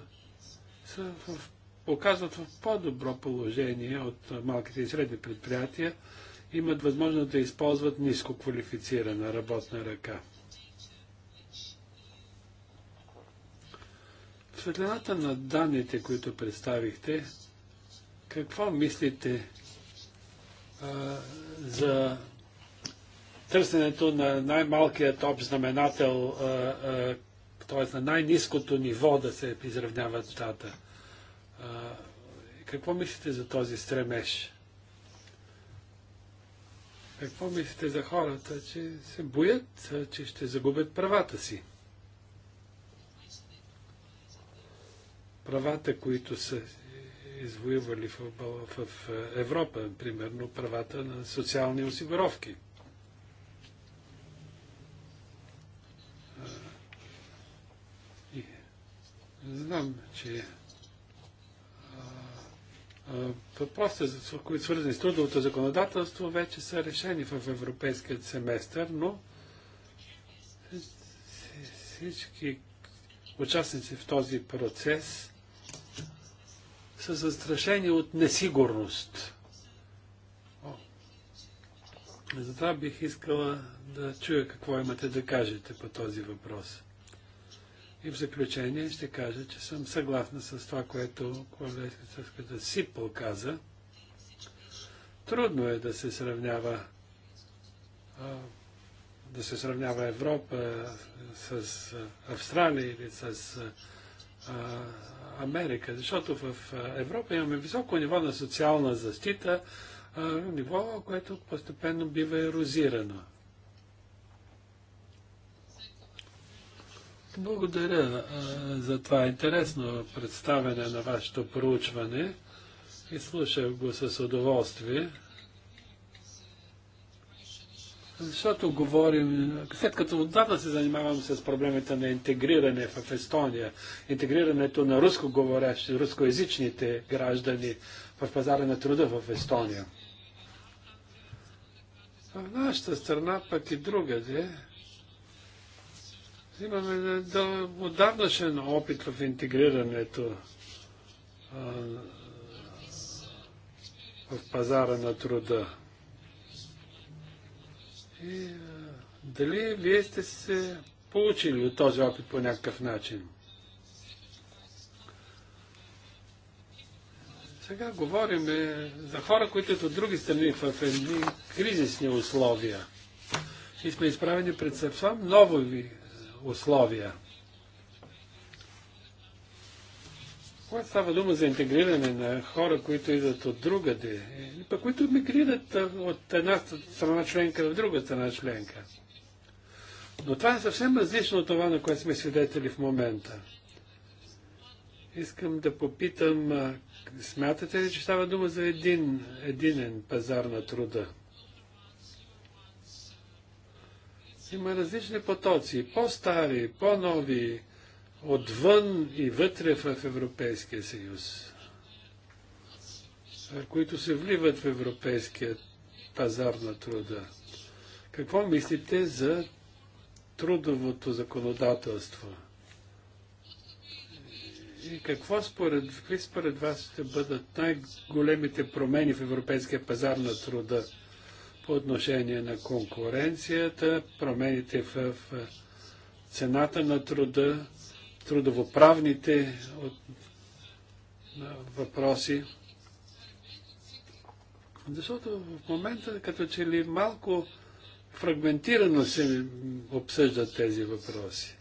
са в оказват в по-добро положение от малките и средни предприятия, имат възможност да използват ниско квалифицирана работна ръка. В светлината на данните, които представихте, какво мислите а, за търсенето на най-малкият общ знаменател, т.е. на най-низкото ниво да се изравняват дата? А, какво мислите за този стремеж? Какво мислите за хората, че се боят, че ще загубят правата си? Правата, които са извоювали в, в Европа, примерно правата на социални осигуровки. Знам, че въпросите, които свързани с трудовото законодателство, вече са решени в европейският семестър, но всички участници в този процес са застрашени от несигурност. Затова бих искала да чуя какво имате да кажете по този въпрос. И в заключение ще кажа, че съм съгласна с това, което колежката Сипъл каза. Трудно е да се сравнява да се сравнява Европа с Австралия или с Америка, защото в Европа имаме високо ниво на социална защита, ниво, което постепенно бива ерозирано. Благодаря за това интересно представяне на вашето проучване. И слушах го с удоволствие. Защото говорим, след като отдавна се занимавам с проблемите на интегриране в Естония, интегрирането на рускоговорящи, рускоязичните граждани в пазара на труда в Естония. В нашата страна, пък и другаде, Имаме да, отдавнашен опит в интегрирането в пазара на труда. И дали вие сте се получили от този опит по някакъв начин? Сега говорим за хора, които от други страни в едни кризисни условия. И сме изправени пред съвсем нови условия. Когато става дума за интегриране на хора, които идват от другаде, па които мигрират от една страна членка в друга страна членка. Но това е съвсем различно от това, на което сме свидетели в момента. Искам да попитам, смятате ли, че става дума за един, единен пазар на труда? има различни потоци, по-стари, по-нови, отвън и вътре в Европейския съюз, които се вливат в Европейския пазар на труда. Какво мислите за трудовото законодателство? И какво според, какви според вас ще бъдат най-големите промени в европейския пазар на труда? по отношение на конкуренцията, промените в, цената на труда, трудовоправните от, въпроси. Защото в момента като че ли малко фрагментирано се обсъждат тези въпроси.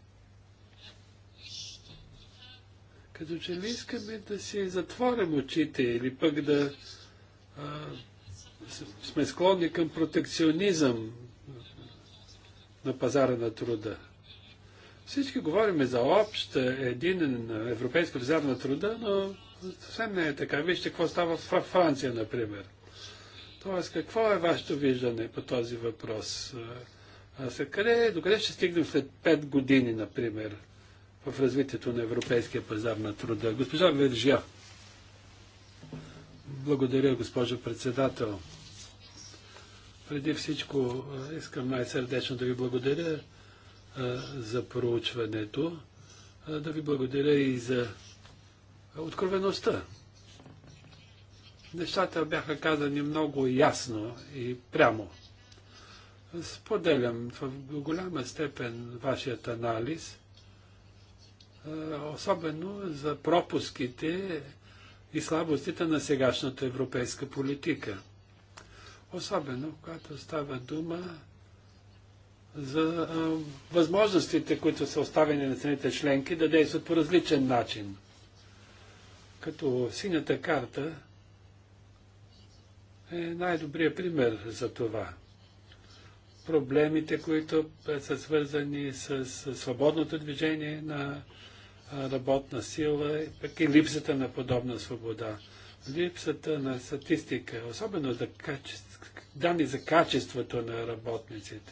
Като че ли искаме да си затворим очите или пък да а, сме склонни към протекционизъм на пазара на труда. Всички говорим за общ е, един европейски пазар на труда, но съвсем не е така. Вижте какво става в Франция, например. Тоест, какво е вашето виждане по този въпрос? А се къде, до къде ще стигнем след 5 години, например, в развитието на европейския пазар на труда? Госпожа Вержия. Благодаря, госпожо председател. Преди всичко искам най-сърдечно да ви благодаря за проучването, да ви благодаря и за откровеността. Нещата бяха казани много ясно и прямо. Споделям в голяма степен вашият анализ, особено за пропуските и слабостите на сегашната европейска политика – особено когато става дума за а, възможностите, които са оставени на страните членки да действат по различен начин. Като синята карта е най-добрият пример за това. Проблемите, които са свързани с, свободното движение на работна сила, пък и липсата на подобна свобода. Липсата на статистика, особено за качество данни за качеството на работниците,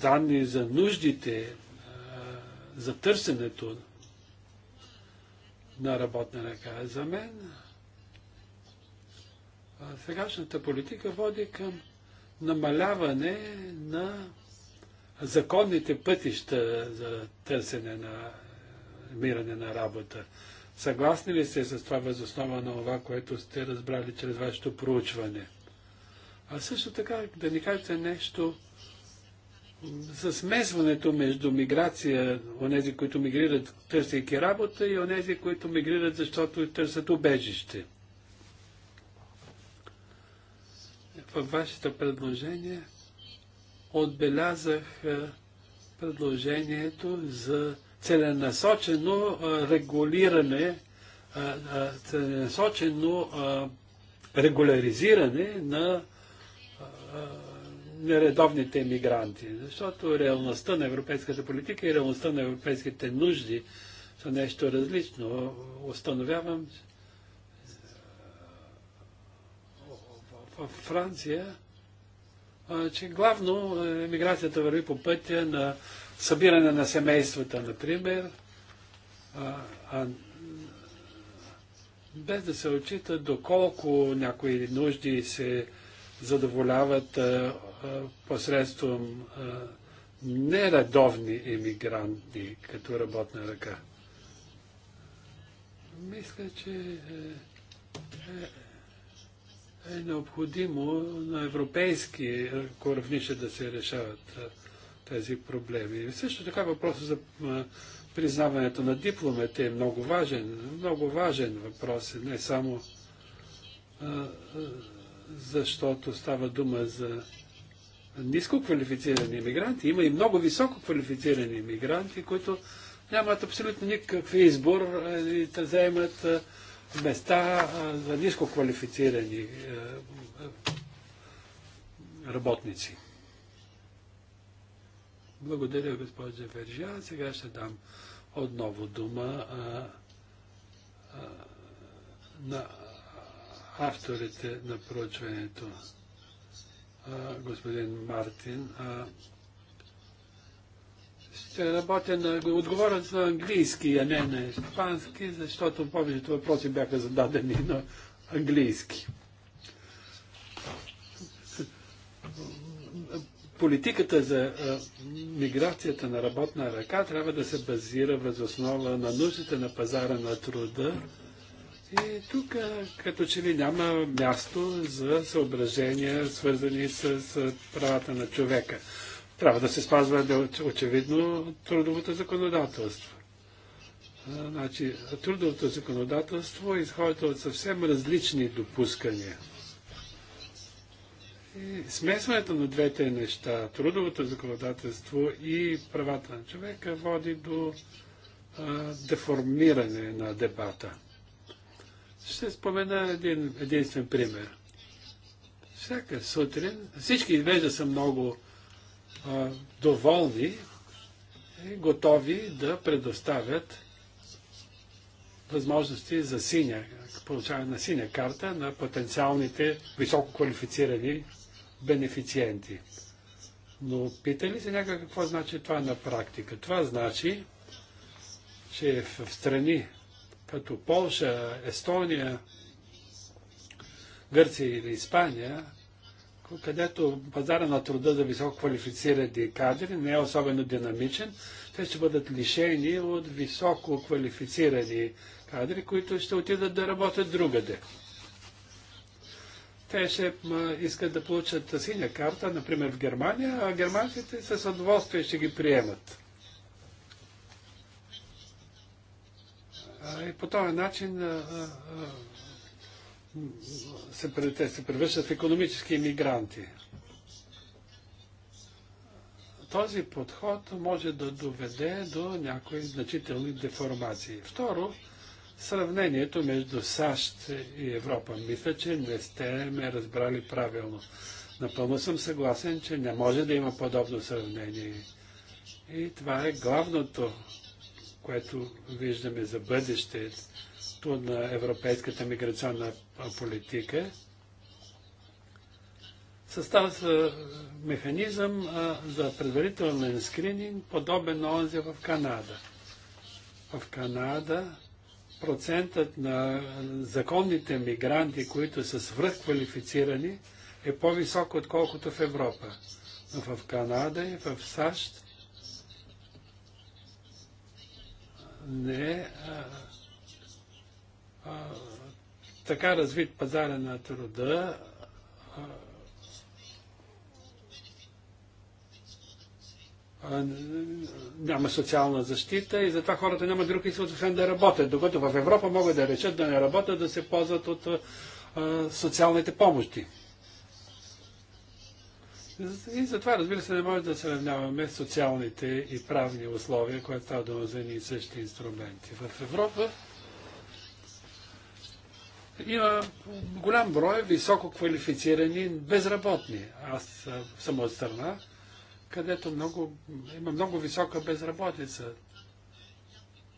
данни за нуждите, за търсенето на работна ръка. За мен сегашната политика води към намаляване на законните пътища за търсене на миране на работа. Съгласни ли сте с това възоснова на това, което сте разбрали чрез вашето проучване? А също така да ни кажете нещо за смесването между миграция, онези, които мигрират търсейки работа и онези, които мигрират, защото търсят убежище. В вашето предложение отбелязах предложението за целенасочено регулиране, целенасочено регуляризиране на нередовните мигранти, защото реалността на европейската политика и реалността на европейските нужди са нещо различно. Установявам в Франция, че главно миграцията върви по пътя на събиране на семействата, например, а, без да се отчита доколко някои нужди се задоволяват е, е, посредством е, нередовни емигранти като работна ръка. Мисля, че е, е, е необходимо на европейски равнище да се решават тези проблеми. И също така въпросът за признаването на дипломите е много важен. Много важен въпрос, не само а, защото става дума за ниско квалифицирани иммигранти. Има и много високо квалифицирани иммигранти, които нямат абсолютно никакъв избор и да вземат места за ниско квалифицирани е, е, работници. Благодаря, госпожа Вержа. Сега ще дам отново дума а, а, на авторите на проучването. Господин Мартин, ще работя на отговорът на английски, а не на испански, защото повечето въпроси бяха зададени на английски. Политиката за а, миграцията на работна ръка трябва да се базира въз основа на нуждите на пазара на труда, и е, тук като че ли няма място за съображения, свързани с, с правата на човека. Трябва да се спазва очевидно трудовото законодателство. Значи, трудовото законодателство изхожда от съвсем различни допускания. И смесването на двете неща, трудовото законодателство и правата на човека, води до а, деформиране на дебата. Ще спомена един единствен пример. Всяка сутрин всички изглежда са много а, доволни и готови да предоставят възможности за синя, получаване на синя карта на потенциалните високо квалифицирани бенефициенти. Но пита ли се някак какво значи това на практика? Това значи, че в страни, като Полша, Естония, Гърция или Испания, където пазара на труда за високо квалифицирани кадри не е особено динамичен, те ще бъдат лишени от високо квалифицирани кадри, които ще отидат да работят другаде. Те ще искат да получат синя карта, например в Германия, а германците с удоволствие ще ги приемат. И по този начин се, те се превръщат в економически иммигранти. Този подход може да доведе до някои значителни деформации. Второ, сравнението между САЩ и Европа. Мисля, че не сте ме разбрали правилно. Напълно съм съгласен, че не може да има подобно сравнение. И това е главното което виждаме за бъдещето на европейската миграционна политика, се механизъм за предварителен скрининг, подобен на онзи в Канада. В Канада процентът на законните мигранти, които са свръхквалифицирани, е по-висок, отколкото в Европа. Но в Канада и в САЩ не е така развит пазара на труда няма социална защита и затова хората няма друг изход, освен да работят. Докато в Европа могат да решат да не работят, да се ползват от социалните помощи. И затова, разбира се, не може да сравняваме социалните и правни условия, които става дума за едни и същи инструменти. В Европа има голям брой високо квалифицирани безработни. Аз съм от страна, където много, има много висока безработица.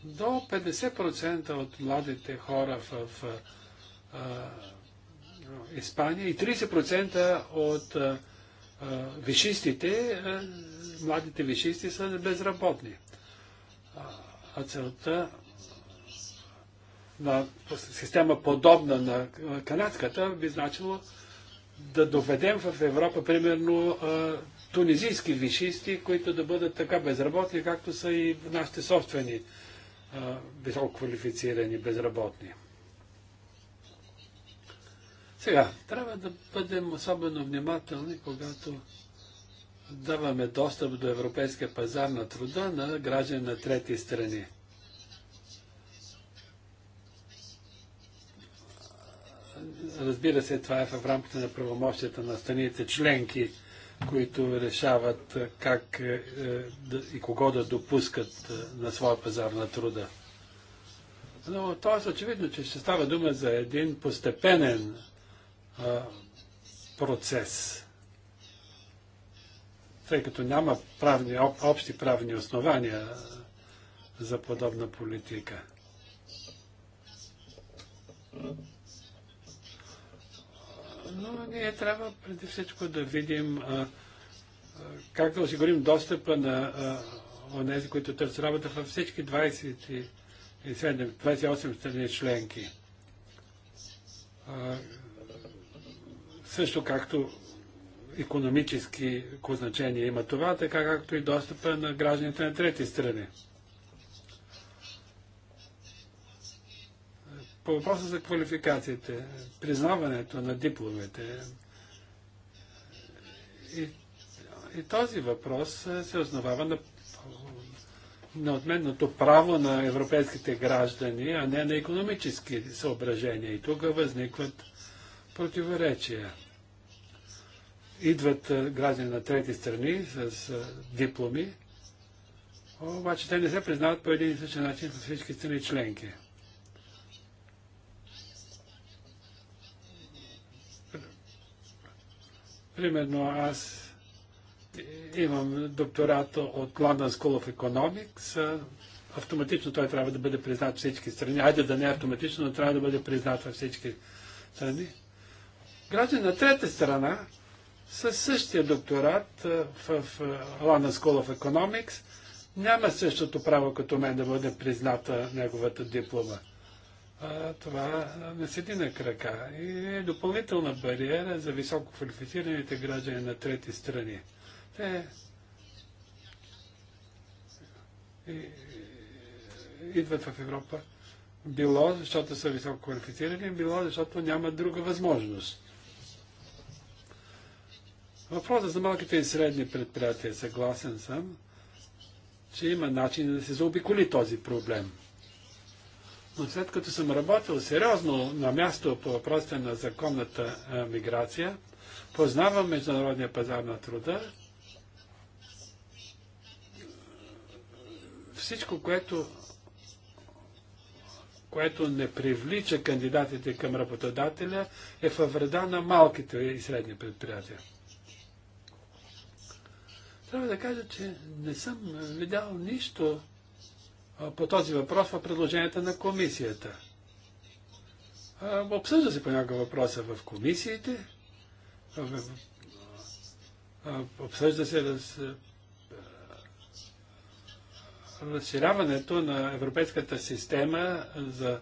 До 50% от младите хора в, в в Испания и 30% от а, вишистите, младите вишисти са безработни. А целта на система подобна на канадската би значило да доведем в Европа, примерно, тунизийски вишисти, които да бъдат така безработни, както са и нашите собствени високо квалифицирани безработни. Сега, трябва да бъдем особено внимателни, когато даваме достъп до европейския пазар на труда на граждани на трети страни. Разбира се, това е в рамките на правомощията на страните членки, които решават е, как е, и кого да допускат е, на своя пазар на труда. Но т.е. очевидно, че ще става дума за един постепенен процес. Тъй като няма правни, общи правни основания за подобна политика. Но ние трябва преди всичко да видим а, как да осигурим достъпа на онези, които търсят работа във всички 27, 28 страни членки. А, също както економически значение има това, така както и достъпа на гражданите на трети страни. По въпроса за квалификациите, признаването на дипломите и, и този въпрос се основава на на отменното право на европейските граждани, а не на економически съображения. И тук възникват противоречия. Идват граждани на трети страни с дипломи, обаче те не се признават по един и същи начин с всички страни членки. Примерно аз имам докторат от London School of Economics. Автоматично той трябва да бъде признат във всички страни. Айде да не автоматично, но трябва да бъде признат във всички страни граждани на трета страна със същия докторат в London School of Economics няма същото право като мен да бъде призната неговата диплома. А, това не седи на крака и е допълнителна бариера за високо квалифицираните граждани на трети страни. Те идват в Европа било защото са високо квалифицирани, било защото няма друга възможност. Въпросът за малките и средни предприятия, съгласен съм, че има начин да се заобиколи този проблем. Но след като съм работил сериозно на място по въпросите на законната миграция, познавам международния пазар на труда, всичко, което, което не привлича кандидатите към работодателя, е във вреда на малките и средни предприятия. Трябва да кажа, че не съм видял нищо по този въпрос в предложенията на комисията. Обсъжда се понякога въпроса в комисиите, обсъжда се раз... разширяването на европейската система за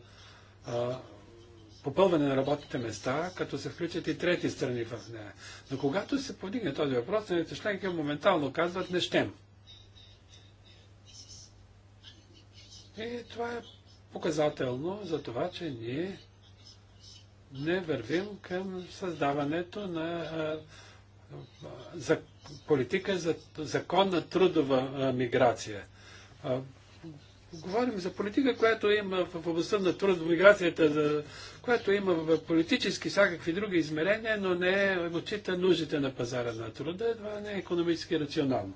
попълване на работните места, като се включат и трети страни в нея. Но когато се подигне този въпрос, страните членки моментално казват не щем. И това е показателно за това, че ние не вървим към създаването на а, за политика за законна трудова а, миграция. Говорим за политика, която има в областта на миграцията, за... която има в политически всякакви други измерения, но не е отчита нуждите на пазара на труда. Това не е економически рационално.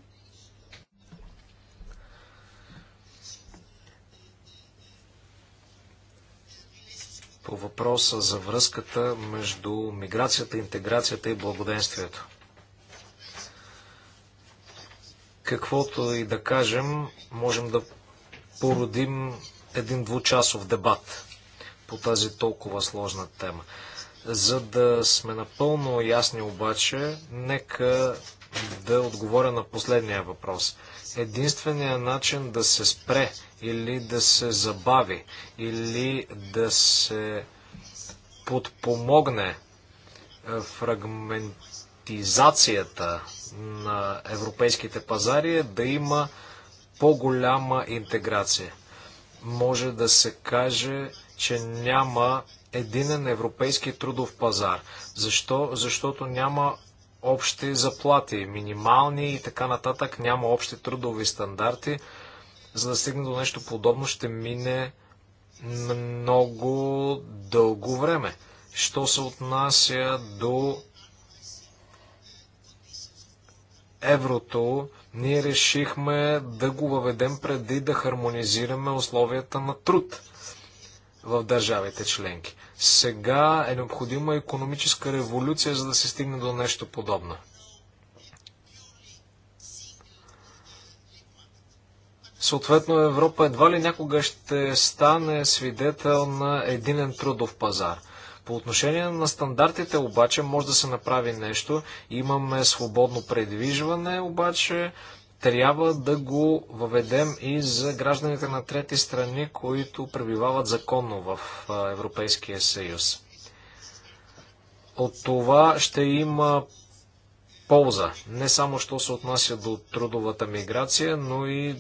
по въпроса за връзката между миграцията, интеграцията и благоденствието. Каквото и да кажем, можем да породим един двучасов дебат по тази толкова сложна тема. За да сме напълно ясни обаче, нека да отговоря на последния въпрос. Единственият начин да се спре или да се забави или да се подпомогне е, фрагментизацията на европейските пазари е да има по-голяма интеграция. Може да се каже, че няма единен европейски трудов пазар. Защо? Защото няма общи заплати, минимални и така нататък, няма общи трудови стандарти. За да стигне до нещо подобно, ще мине много дълго време. Що се отнася до еврото, ние решихме да го въведем преди да хармонизираме условията на труд в държавите членки. Сега е необходима економическа революция, за да се стигне до нещо подобно. Съответно, Европа едва ли някога ще стане свидетел на единен трудов пазар. По отношение на стандартите обаче може да се направи нещо. Имаме свободно предвижване обаче. Трябва да го въведем и за гражданите на трети страни, които пребивават законно в Европейския съюз. От това ще има полза, не само що се отнася до трудовата миграция, но и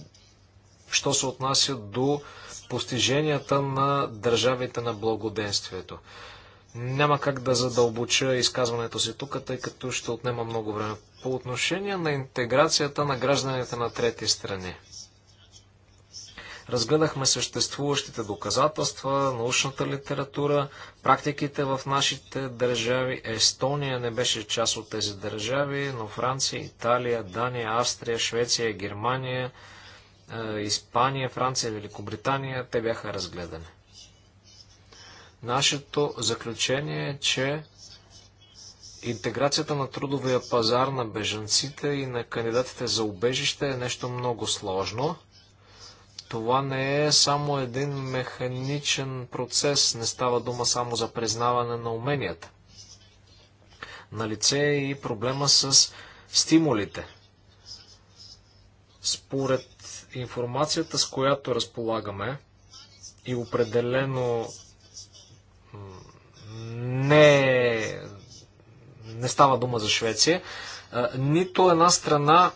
що се отнася до постиженията на държавите на благоденствието. Няма как да задълбоча изказването си тук, тъй като ще отнема много време. По отношение на интеграцията на гражданите на трети страни. Разгледахме съществуващите доказателства, научната литература, практиките в нашите държави. Естония не беше част от тези държави, но Франция, Италия, Дания, Австрия, Швеция, Германия, е, Испания, Франция, Великобритания, те бяха разгледани. Нашето заключение е, че интеграцията на трудовия пазар на бежанците и на кандидатите за убежище е нещо много сложно. Това не е само един механичен процес, не става дума само за признаване на уменията. На лице е и проблема с стимулите. Според информацията, с която разполагаме и определено не, не става дума за Швеция. Нито една страна,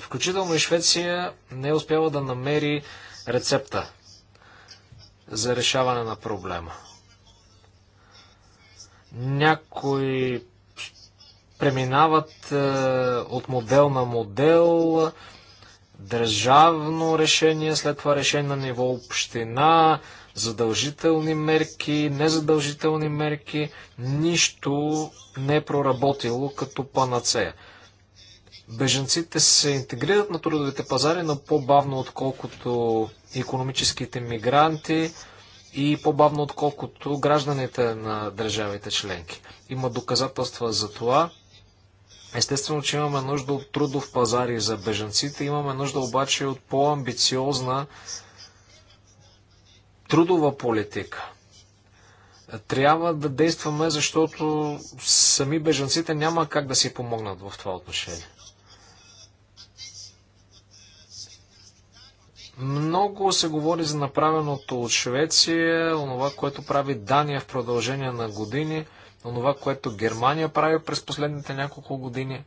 включително и Швеция, не е успяла да намери рецепта за решаване на проблема. Някои преминават от модел на модел, държавно решение, след това решение на ниво община, задължителни мерки, незадължителни мерки, нищо не е проработило като панацея. Беженците се интегрират на трудовите пазари, но по-бавно отколкото економическите мигранти и по-бавно отколкото гражданите на държавите членки. Има доказателства за това. Естествено, че имаме нужда от трудов пазари за беженците, имаме нужда обаче от по-амбициозна трудова политика. Трябва да действаме, защото сами бежанците няма как да си помогнат в това отношение. Много се говори за направеното от Швеция, онова, което прави Дания в продължение на години, онова, което Германия прави през последните няколко години.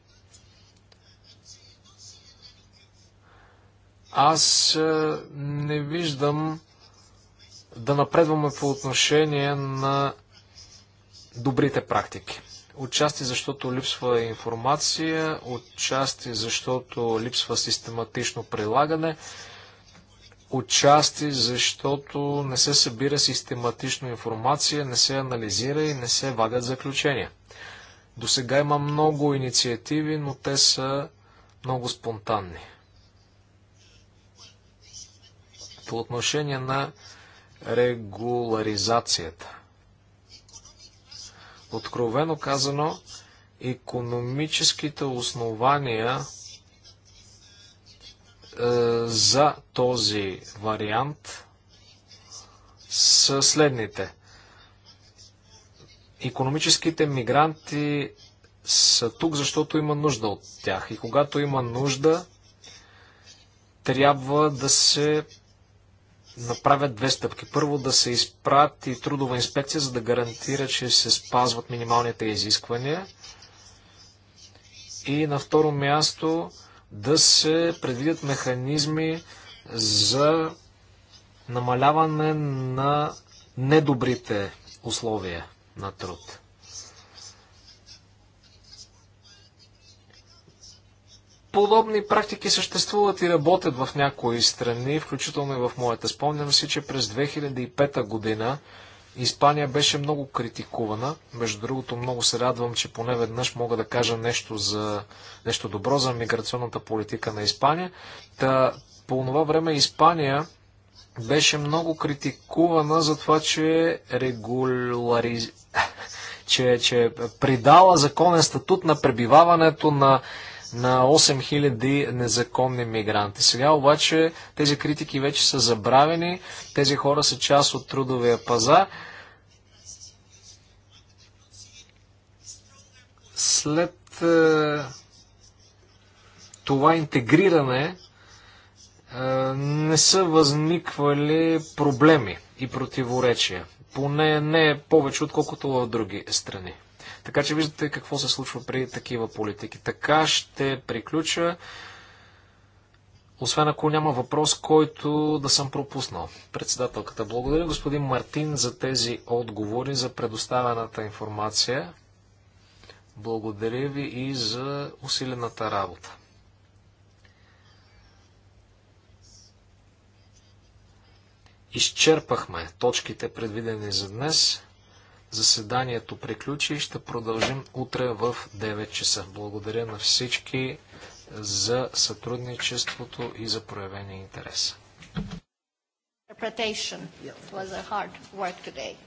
Аз е, не виждам да напредваме по отношение на добрите практики. Отчасти защото липсва информация, отчасти защото липсва систематично прилагане, отчасти защото не се събира систематично информация, не се анализира и не се вадят заключения. До сега има много инициативи, но те са много спонтанни. По отношение на регуларизацията. Откровено казано, економическите основания е, за този вариант са следните. Економическите мигранти са тук, защото има нужда от тях. И когато има нужда, трябва да се направят две стъпки. Първо да се изпрати трудова инспекция, за да гарантира, че се спазват минималните изисквания. И на второ място да се предвидят механизми за намаляване на недобрите условия на труд. подобни практики съществуват и работят в някои страни, включително и в моята. Спомням си, че през 2005 година Испания беше много критикувана. Между другото, много се радвам, че поне веднъж мога да кажа нещо, за, нещо добро за миграционната политика на Испания. Та, по това време Испания беше много критикувана за това, че регулариз... че, че е придала законен статут на пребиваването на на 8000 незаконни мигранти. Сега обаче тези критики вече са забравени, тези хора са част от трудовия пазар. След е, това интегриране е, не са възниквали проблеми и противоречия. Поне не е повече, отколкото в други страни. Така че виждате какво се случва при такива политики. Така ще приключа, освен ако няма въпрос, който да съм пропуснал. Председателката, благодаря господин Мартин за тези отговори, за предоставената информация. Благодаря ви и за усилената работа. Изчерпахме точките предвидени за днес. Заседанието приключи и ще продължим утре в 9 часа. Благодаря на всички за сътрудничеството и за проявения интерес. Interpretation. was a hard work today.